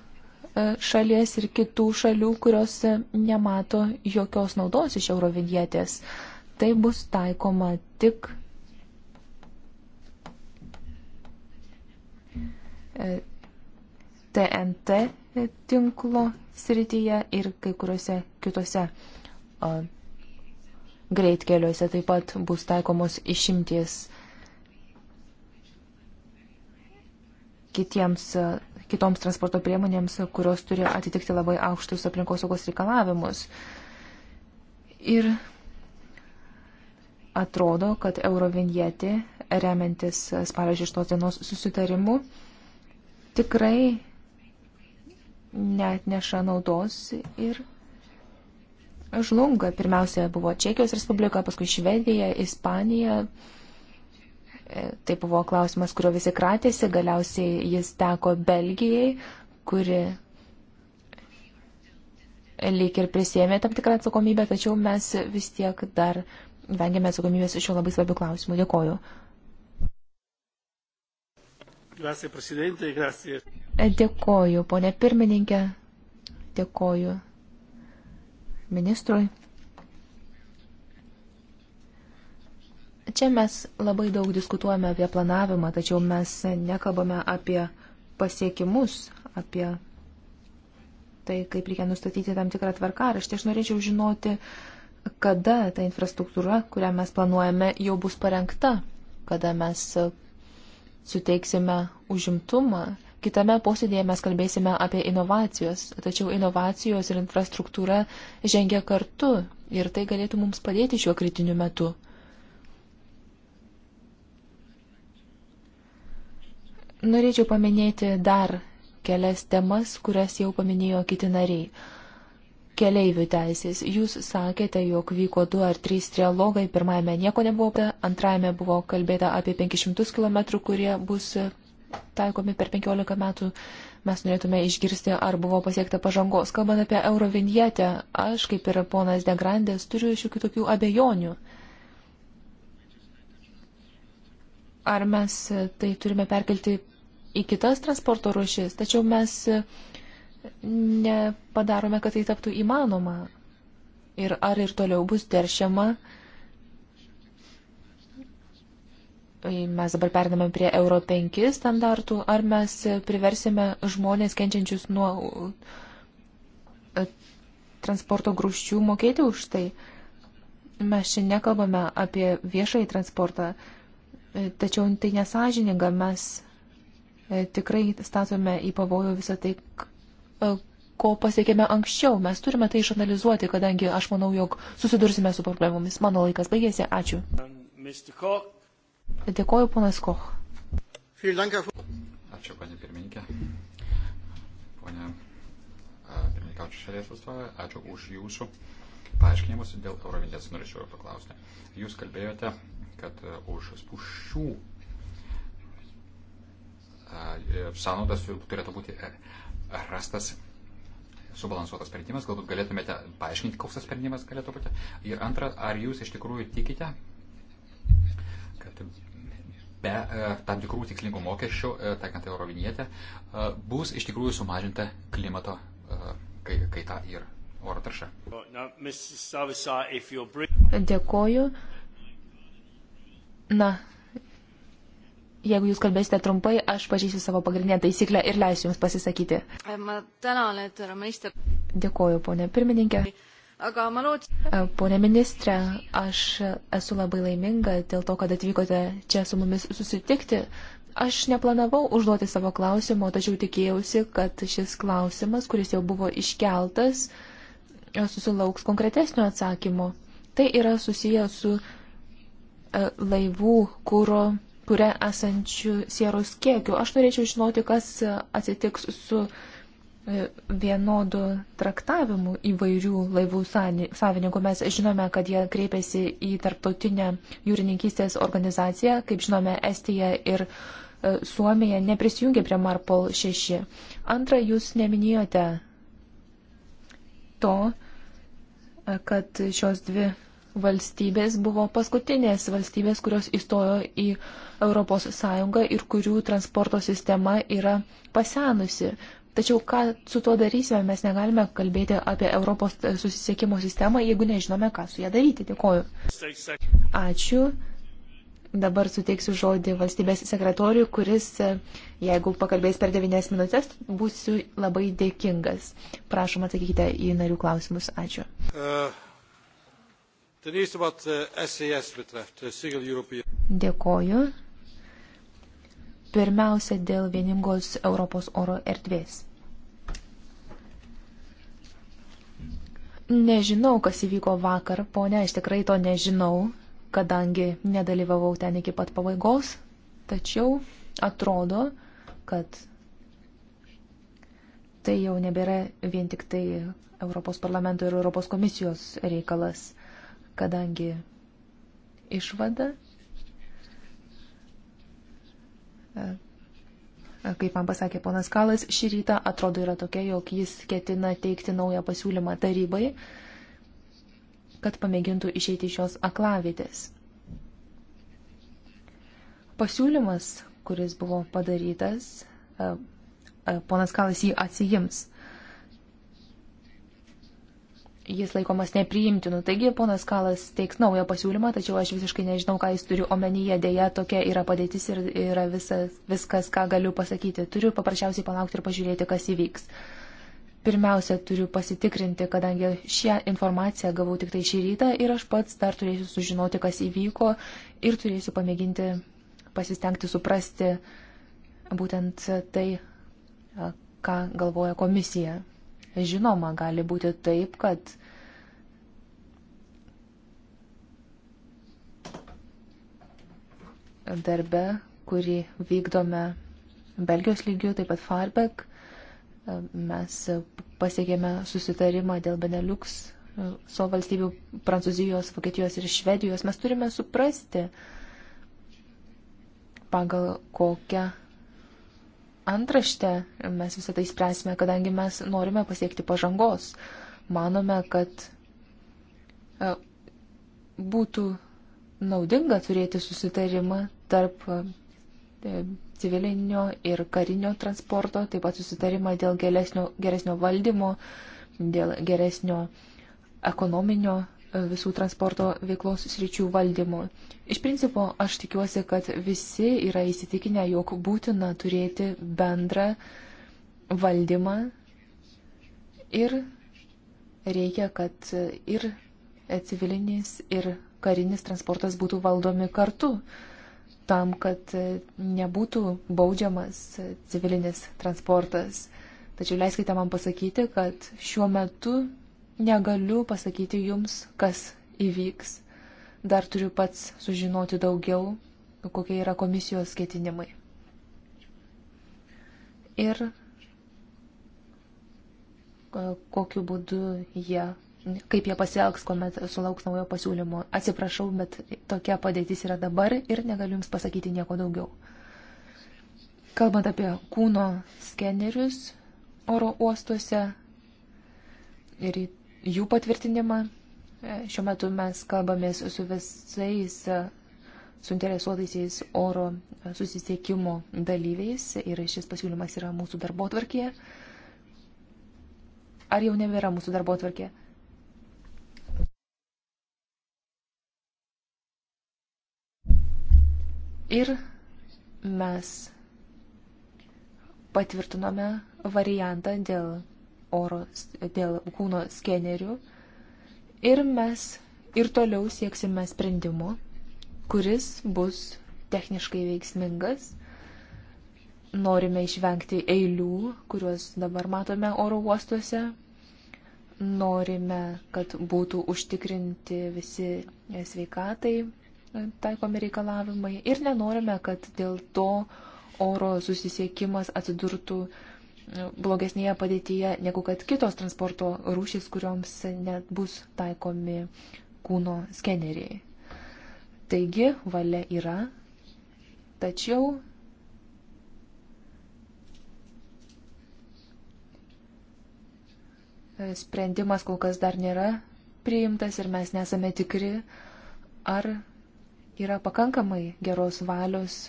šalies ir kitų šalių, kurios e, nemato jokios naudos iš eurovinietės. Tai bus taikoma tik TNT tinklo srityje ir kai kuriuose kitose greitkeliuose taip pat bus taikomos išimties kitiems, kitoms transporto priemonėms, kurios turi atitikti labai aukštus aplinkosaugos reikalavimus. Ir atrodo, kad Eurovinietė, remiantis spalio 6 dienos susitarimu, tikrai net neša naudos ir žlunga. Pirmiausia buvo Čekijos Respublika, paskui Švedija, Ispanija, E, tai buvo klausimas, kurio visi kratėsi, galiausiai jis teko Belgijai, kuri lyg ir prisėmė tam tikrą atsakomybę, tačiau mes vis tiek dar vengiame atsakomybės šiuo labai svarbiu klausimu. Dėkoju. Grazie, prezidentė, grazie. E, dėkoju, ponė pirmininkė. Dėkoju ministrui. Čia mes labai daug diskutuojame apie planavimą, tačiau mes nekalbame apie pasiekimus, apie tai, kaip reikia nustatyti tam tikrą tvarkaraštį. Aš norėčiau žinoti, kada ta infrastruktūra, kurią mes planuojame, jau bus parengta, kada mes suteiksime užimtumą. Kitame posėdėje mes kalbėsime apie inovacijos, tačiau inovacijos ir infrastruktūra žengia kartu ir tai galėtų mums padėti šiuo kritiniu metu. Norėčiau paminėti dar kelias temas, kurias jau paminėjo kiti nariai. Keleivių teisės. Jūs sakėte, jog vyko du ar trys trialogai. Pirmajame nieko nebuvo, antrajame buvo kalbėta apie 500 km, kurie bus taikomi per 15 metų. Mes norėtume išgirsti, ar buvo pasiekta pažangos. Kalbant apie eurovinietę, aš, kaip ir ponas Degrandės, turiu šiokių tokių abejonių. Ar mes tai turime perkelti į kitas transporto rušis, tačiau mes nepadarome, kad tai taptų įmanoma. Ir ar ir toliau bus teršiama? Tai mes dabar periname prie Euro 5 standartų, ar mes priversime žmonės kenčiančius nuo e, transporto grūščių mokėti už tai? Mes šiandien nekalbame apie viešai transportą, e, tačiau tai nesažininga, mes E, tikrai statome į pavojų visą tai, e, ko pasiekėme anksčiau. Mes turime tai išanalizuoti, kadangi aš manau, jog susidursime su problemomis. Mano laikas baigėsi. Ačiū. Dėkoju, ponas Koch. Ačiū, panė pirmininkė. Pone pirmininkaučių šalies atstovė, ačiū už jūsų paaiškinimus dėl Eurovindės. Norėčiau paklausti. Jūs kalbėjote, kad e, už spušių E, sąnaudas turėtų būti e, rastas subalansuotas sprendimas, galbūt galėtumėte paaiškinti, koks tas sprendimas galėtų būti. Ir antra, ar jūs iš tikrųjų tikite, kad be e, tam tikrų tikslingų mokesčių, e, taikant eurovinietę, e, bus iš tikrųjų sumažinta klimato e, kaita ir oro tarša. Dėkoju. Na, Jeigu jūs kalbėsite trumpai, aš pažįsiu savo pagrindinę taisyklę ir leisiu jums pasisakyti. Dėkoju, ponė pirmininkė. E, Pone ministrė, aš esu labai laiminga dėl to, kad atvykote čia su mumis susitikti. Aš neplanavau užduoti savo klausimo, tačiau tikėjausi, kad šis klausimas, kuris jau buvo iškeltas, e, susilauks konkretesnio atsakymo. Tai yra susijęs su e, laivų kūro kuria esančių sieros kiekių. Aš norėčiau žinoti, kas atsitiks su e, vienodu traktavimu įvairių laivų savininkų. Mes žinome, kad jie kreipėsi į tarptautinę jūrininkystės organizaciją. Kaip žinome, Estija ir e, Suomija neprisijungė prie Marpol 6. Antra, jūs neminėjote to, e, kad šios dvi valstybės buvo paskutinės valstybės, kurios įstojo į ES ir kurių transporto sistema yra pasenusi. Tačiau ką su tuo darysime, mes negalime kalbėti apie Europos susisiekimo sistemą, jeigu nežinome, ką su ją daryti. Dėkoju. Ačiū. Dabar suteiksiu žodį valstybės sekretoriui, kuris, jeigu pakalbės per devynės minutės, būsiu labai dėkingas. Prašom atsakykite į narių klausimus. Ačiū. Uh. Eh, eh, Dėkoju. Pirmiausia, dėl vieningos Europos oro erdvės. Nežinau, kas įvyko vakar, ponia, aš tikrai to nežinau, kadangi nedalyvavau ten iki pat pabaigos, tačiau atrodo, kad tai jau nebėra vien tik tai Europos parlamento ir Europos komisijos reikalas kadangi išvada, e, kaip man pasakė ponas Kalas, šį rytą atrodo yra tokia, jog jis ketina teikti naują pasiūlymą tarybai, kad pamėgintų išeiti iš šios aklavietės. Pasiūlymas, kuris buvo padarytas, e, e, ponas Kalas jį atsijims jis laikomas nepriimtinu. Taigi, ponas Kalas teiks naują pasiūlymą, tačiau aš visiškai nežinau, ką jis turi omenyje. Deja, tokia yra padėtis ir yra visas, viskas, ką galiu pasakyti. Turiu paprasčiausiai palaukti ir pažiūrėti, kas įvyks. Pirmiausia, turiu pasitikrinti, kadangi šią informaciją gavau tik tai šį rytą ir aš pats dar turėsiu sužinoti, kas įvyko ir turėsiu pamėginti pasistengti suprasti būtent tai, ką galvoja komisija Žinoma, gali būti taip, kad darbe, kurį vykdome Belgijos lygių, taip pat Farbek, mes pasiekėme susitarimą dėl Beneliuks, savo valstybių Prancūzijos, Vokietijos ir Švedijos. Mes turime suprasti, pagal kokią antraštę mes visą tai spręsime, kadangi mes norime pasiekti pažangos. Manome, kad e, būtų naudinga turėti susitarimą tarp e, civilinio ir karinio transporto, taip pat susitarimą dėl geresnio, geresnio valdymo, dėl geresnio ekonominio visų transporto veiklos sričių valdymu. Iš principo, aš tikiuosi, kad visi yra įsitikinę, jog būtina turėti bendrą valdymą ir reikia, kad ir civilinis, ir karinis transportas būtų valdomi kartu tam, kad nebūtų baudžiamas civilinis transportas. Tačiau leiskite man pasakyti, kad šiuo metu negaliu pasakyti jums, kas įvyks. Dar turiu pats sužinoti daugiau, kokie yra komisijos ketinimai. Ir e, kokiu būdu jie, kaip jie pasielgs, kuomet sulauks naujo pasiūlymo. Atsiprašau, bet tokia padėtis yra dabar ir negaliu Jums pasakyti nieko daugiau. Kalbant apie kūno skenerius oro uostuose ir į jų patvirtinimą. E, šiuo metu mes kalbamės su visais e, suinteresuotaisiais oro e, susisiekimo dalyviais ir šis pasiūlymas yra mūsų darbo tvarkėje. Ar jau nebėra mūsų darbo tvarkėje? Ir mes patvirtinome variantą dėl oro, dėl kūno skenerių. Ir mes ir toliau sieksime sprendimu, kuris bus techniškai veiksmingas. Norime išvengti eilių, kuriuos dabar matome oro uostuose. Norime, kad būtų užtikrinti visi sveikatai taikomi reikalavimai ir nenorime, kad dėl to oro susisiekimas atsidurtų uh, blogesnėje padėtyje negu kad kitos transporto rūšys, kurioms net bus taikomi kūno skeneriai. Taigi valia yra, tačiau sprendimas kol kas dar nėra priimtas ir mes nesame tikri, ar yra pakankamai geros valios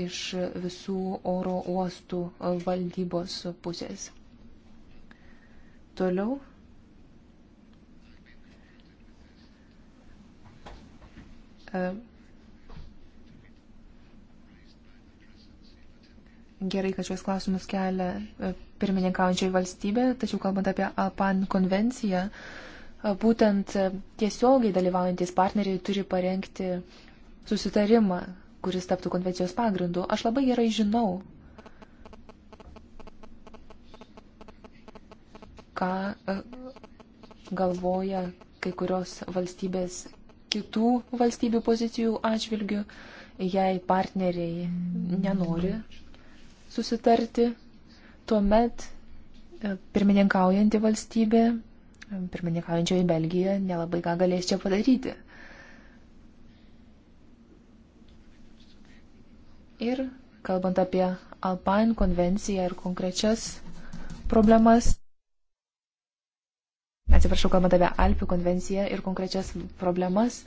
iš visų oro uostų valdybos pusės. Toliau. E, gerai, kad šios klausimus kelia e, pirmininkaujančiai valstybė, tačiau kalbant apie APAN konvenciją, e, būtent tiesiogiai dalyvaujantis partneriai turi parengti susitarimą kuris taptų konvencijos pagrindu. Aš labai gerai žinau, ką e, galvoja kai kurios valstybės kitų valstybių pozicijų atžvilgių, jei partneriai nenori susitarti, tuomet e, pirmininkaujanti valstybė, pirmininkaujančioji Belgija nelabai ką galės čia padaryti. Ir kalbant apie Alpine konvenciją ir konkrečias problemas, atsiprašau, kalbant apie Alpių konvenciją ir konkrečias problemas,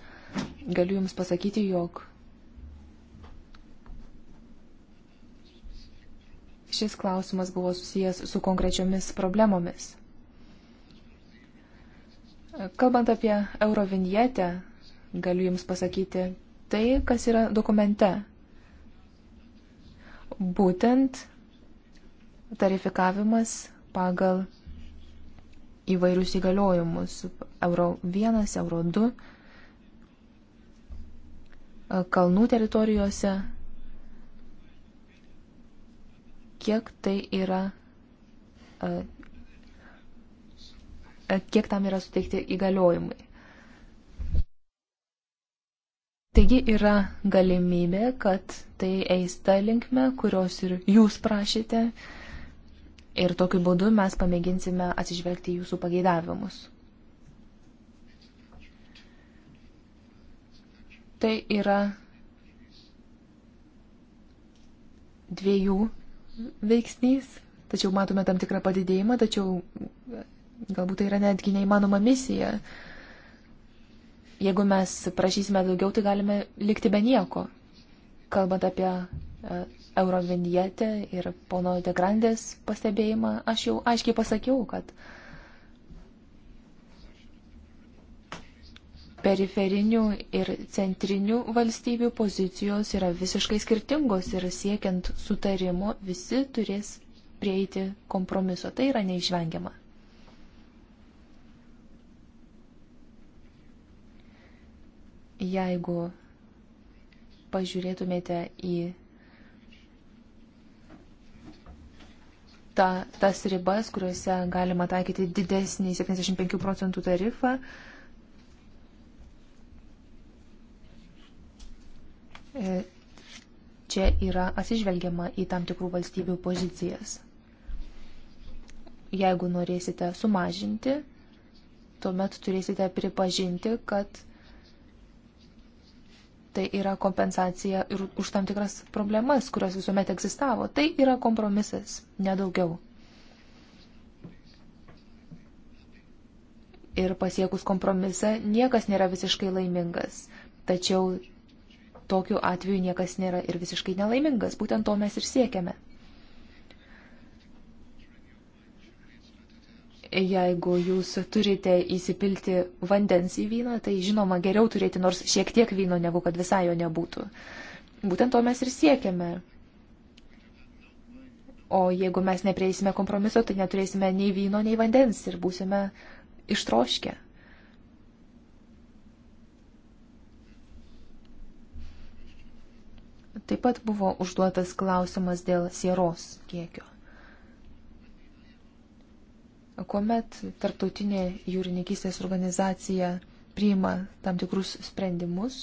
galiu Jums pasakyti, jog šis klausimas buvo susijęs su konkrečiomis problemomis. Kalbant apie eurovinietę, galiu Jums pasakyti tai, kas yra dokumente būtent tarifikavimas pagal įvairius įgaliojimus euro 1, euro 2 e, kalnų teritorijose, kiek tai yra, e, e, kiek tam yra suteikti įgaliojimai. Taigi yra galimybė, kad tai eis ta linkme, kurios ir jūs prašėte. Ir tokiu būdu mes pamėginsime atsižvelgti jūsų pageidavimus. Tai yra dviejų veiksnys, tačiau matome tam tikrą padidėjimą, tačiau galbūt tai yra netgi neįmanoma misija. Uh, Jeigu mes prašysime daugiau, tai galime likti be nieko. Kalbant apie e, Eurovinietę ir pono Degrandės pastebėjimą, aš jau aiškiai pasakiau, kad periferinių ir centrinių valstybių pozicijos yra visiškai skirtingos ir siekiant sutarimo visi turės prieiti kompromiso. Tai yra neišvengiama. Jeigu pažiūrėtumėte į ta, tas ribas, kuriuose galima taikyti didesnį 75 procentų tarifą. E, čia yra atsižvelgiama į tam tikrų valstybių pozicijas. Jeigu norėsite sumažinti, tuomet turėsite pripažinti, kad Tai yra kompensacija ir už tam tikras problemas, kurios visuomet egzistavo. Tai yra kompromisas, nedaugiau. Ir pasiekus kompromisą niekas nėra visiškai laimingas. Tačiau tokiu atveju niekas nėra ir visiškai nelaimingas. Būtent to mes ir siekiame. Jeigu jūs turite įsipilti vandens į vyną, tai žinoma geriau turėti nors šiek tiek vyno, negu kad visai jo nebūtų. Būtent to mes ir siekiame. O jeigu mes neprieisime kompromiso, tai neturėsime nei vyno, nei vandens ir būsime ištroškę. Taip pat buvo užduotas klausimas dėl sieros kiekio kuomet tarptautinė jūrininkystės organizacija priima tam tikrus sprendimus,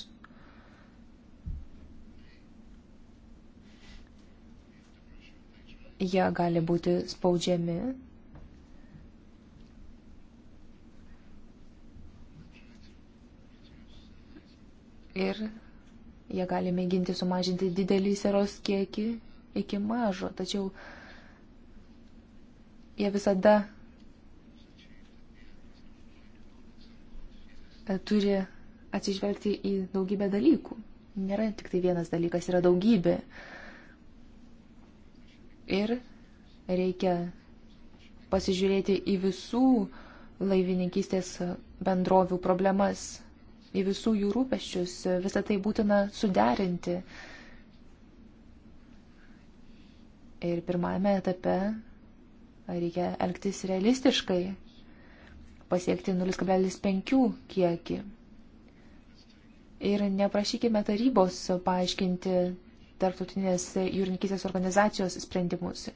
jie gali būti spaudžiami. Ir jie gali mėginti sumažinti didelį seros kiekį iki mažo, tačiau jie visada E, turi atsižvelgti į daugybę dalykų. Nėra tik tai vienas dalykas, yra daugybė. Ir reikia pasižiūrėti į visų laivininkystės bendrovių problemas, į visų jų rūpeščius. Visą tai būtina suderinti. Ir pirmajame etape reikia elgtis realistiškai, pasiekti 0,5 kiekį. Ir neprašykime tarybos paaiškinti tarptautinės jūrininkysės organizacijos sprendimus.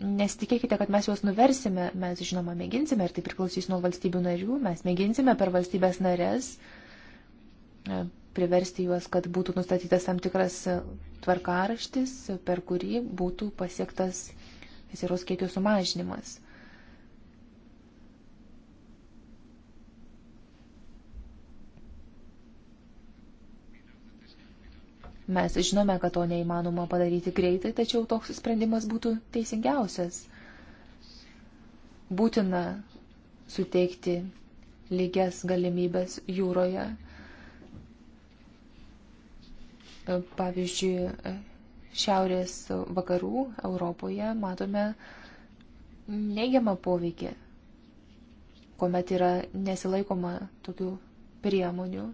Nesitikėkite, kad mes juos nuversime, mes žinoma mėginsime, ir tai priklausys nuo valstybių narių, mes mėginsime per valstybės narės e, priversti juos, kad būtų nustatytas tam tikras e, tvarkaraštis, per kurį būtų pasiektas sieros kiekio sumažinimas. Mes žinome, kad to neįmanoma padaryti greitai, tačiau toks sprendimas būtų teisingiausias. Būtina suteikti lygias galimybės jūroje. Pavyzdžiui, šiaurės vakarų Europoje matome neigiamą poveikį, kuomet yra nesilaikoma tokių priemonių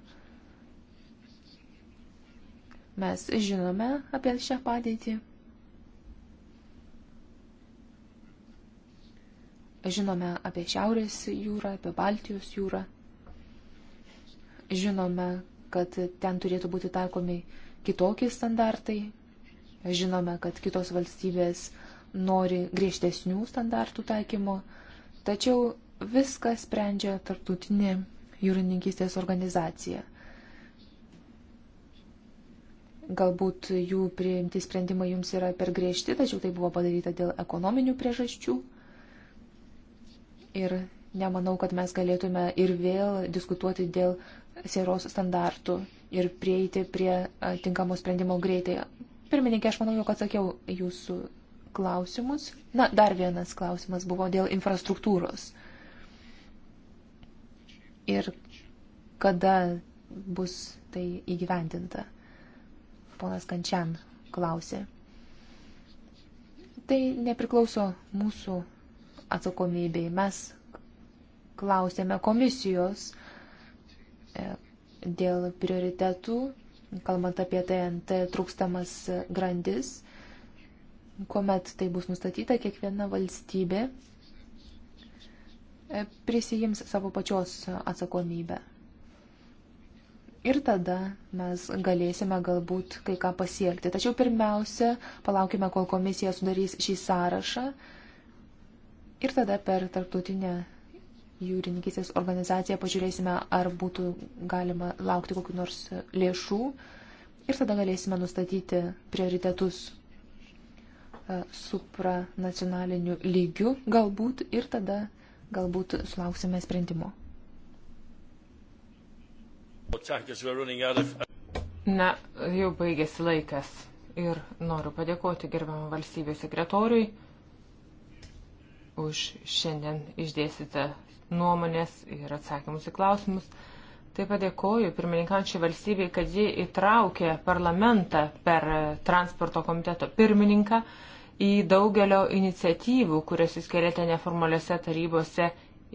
Mes žinome apie šią padėtį. Žinome apie Šiaurės jūrą, apie Baltijos jūrą. Žinome, kad ten turėtų būti taikomi kitokie standartai. Žinome, kad kitos valstybės nori griežtesnių standartų taikymo. Tačiau viską sprendžia tarptautinė jūrininkystės organizacija – Galbūt jų priimti sprendimai jums yra per griežti, tačiau tai buvo padaryta dėl ekonominių priežasčių. Ir nemanau, kad mes galėtume ir vėl diskutuoti dėl sieros standartų ir prieiti prie tinkamo sprendimo greitai. Pirmininkė, aš manau, jog atsakiau jūsų klausimus. Na, dar vienas klausimas buvo dėl infrastruktūros. Ir kada bus tai įgyvendinta? ponas Kančian klausė. Tai nepriklauso mūsų atsakomybei. Mes klausėme komisijos e, dėl prioritetų, kalbant apie TNT trūkstamas grandis, kuomet tai bus nustatyta, kiekviena valstybė e, prisijims savo pačios atsakomybę. Ir tada mes galėsime galbūt kai ką pasiekti. Tačiau pirmiausia, palaukime, kol komisija sudarys šį sąrašą. Ir tada per tarptautinę jūrininkysės organizaciją pažiūrėsime, ar būtų galima laukti kokiu nors lėšų. Ir tada galėsime nustatyti prioritetus e, supranacionaliniu lygiu galbūt. Ir tada galbūt sulauksime sprendimo. Na, jau baigėsi laikas ir noriu padėkoti gerbiamą valstybės sekretoriui už šiandien išdėstytą nuomonės ir atsakymus į klausimus. Taip pat dėkoju pirmininkančiai valstybei, kad ji įtraukė parlamentą per transporto komiteto pirmininką į daugelio iniciatyvų, kurias jūs keliate neformaliuose tarybose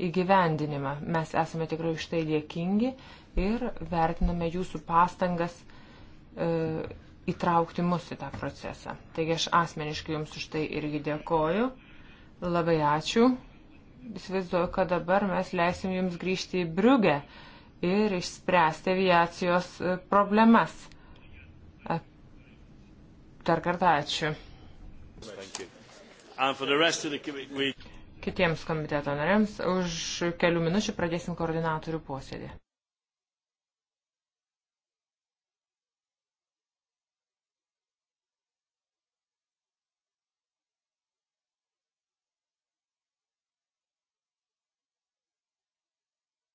įgyvendinimą. Mes esame tikrai už tai dėkingi ir vertiname jūsų pastangas e, įtraukti mus į tą procesą. Taigi aš asmeniškai jums už tai irgi dėkoju. Labai ačiū. Įsivaizduoju, kad dabar mes leisim jums grįžti į Briugę ir išspręsti aviacijos e, problemas. E, dar kartą ačiū. Kitiems komiteto nariams už kelių minučių pradėsim koordinatorių posėdį.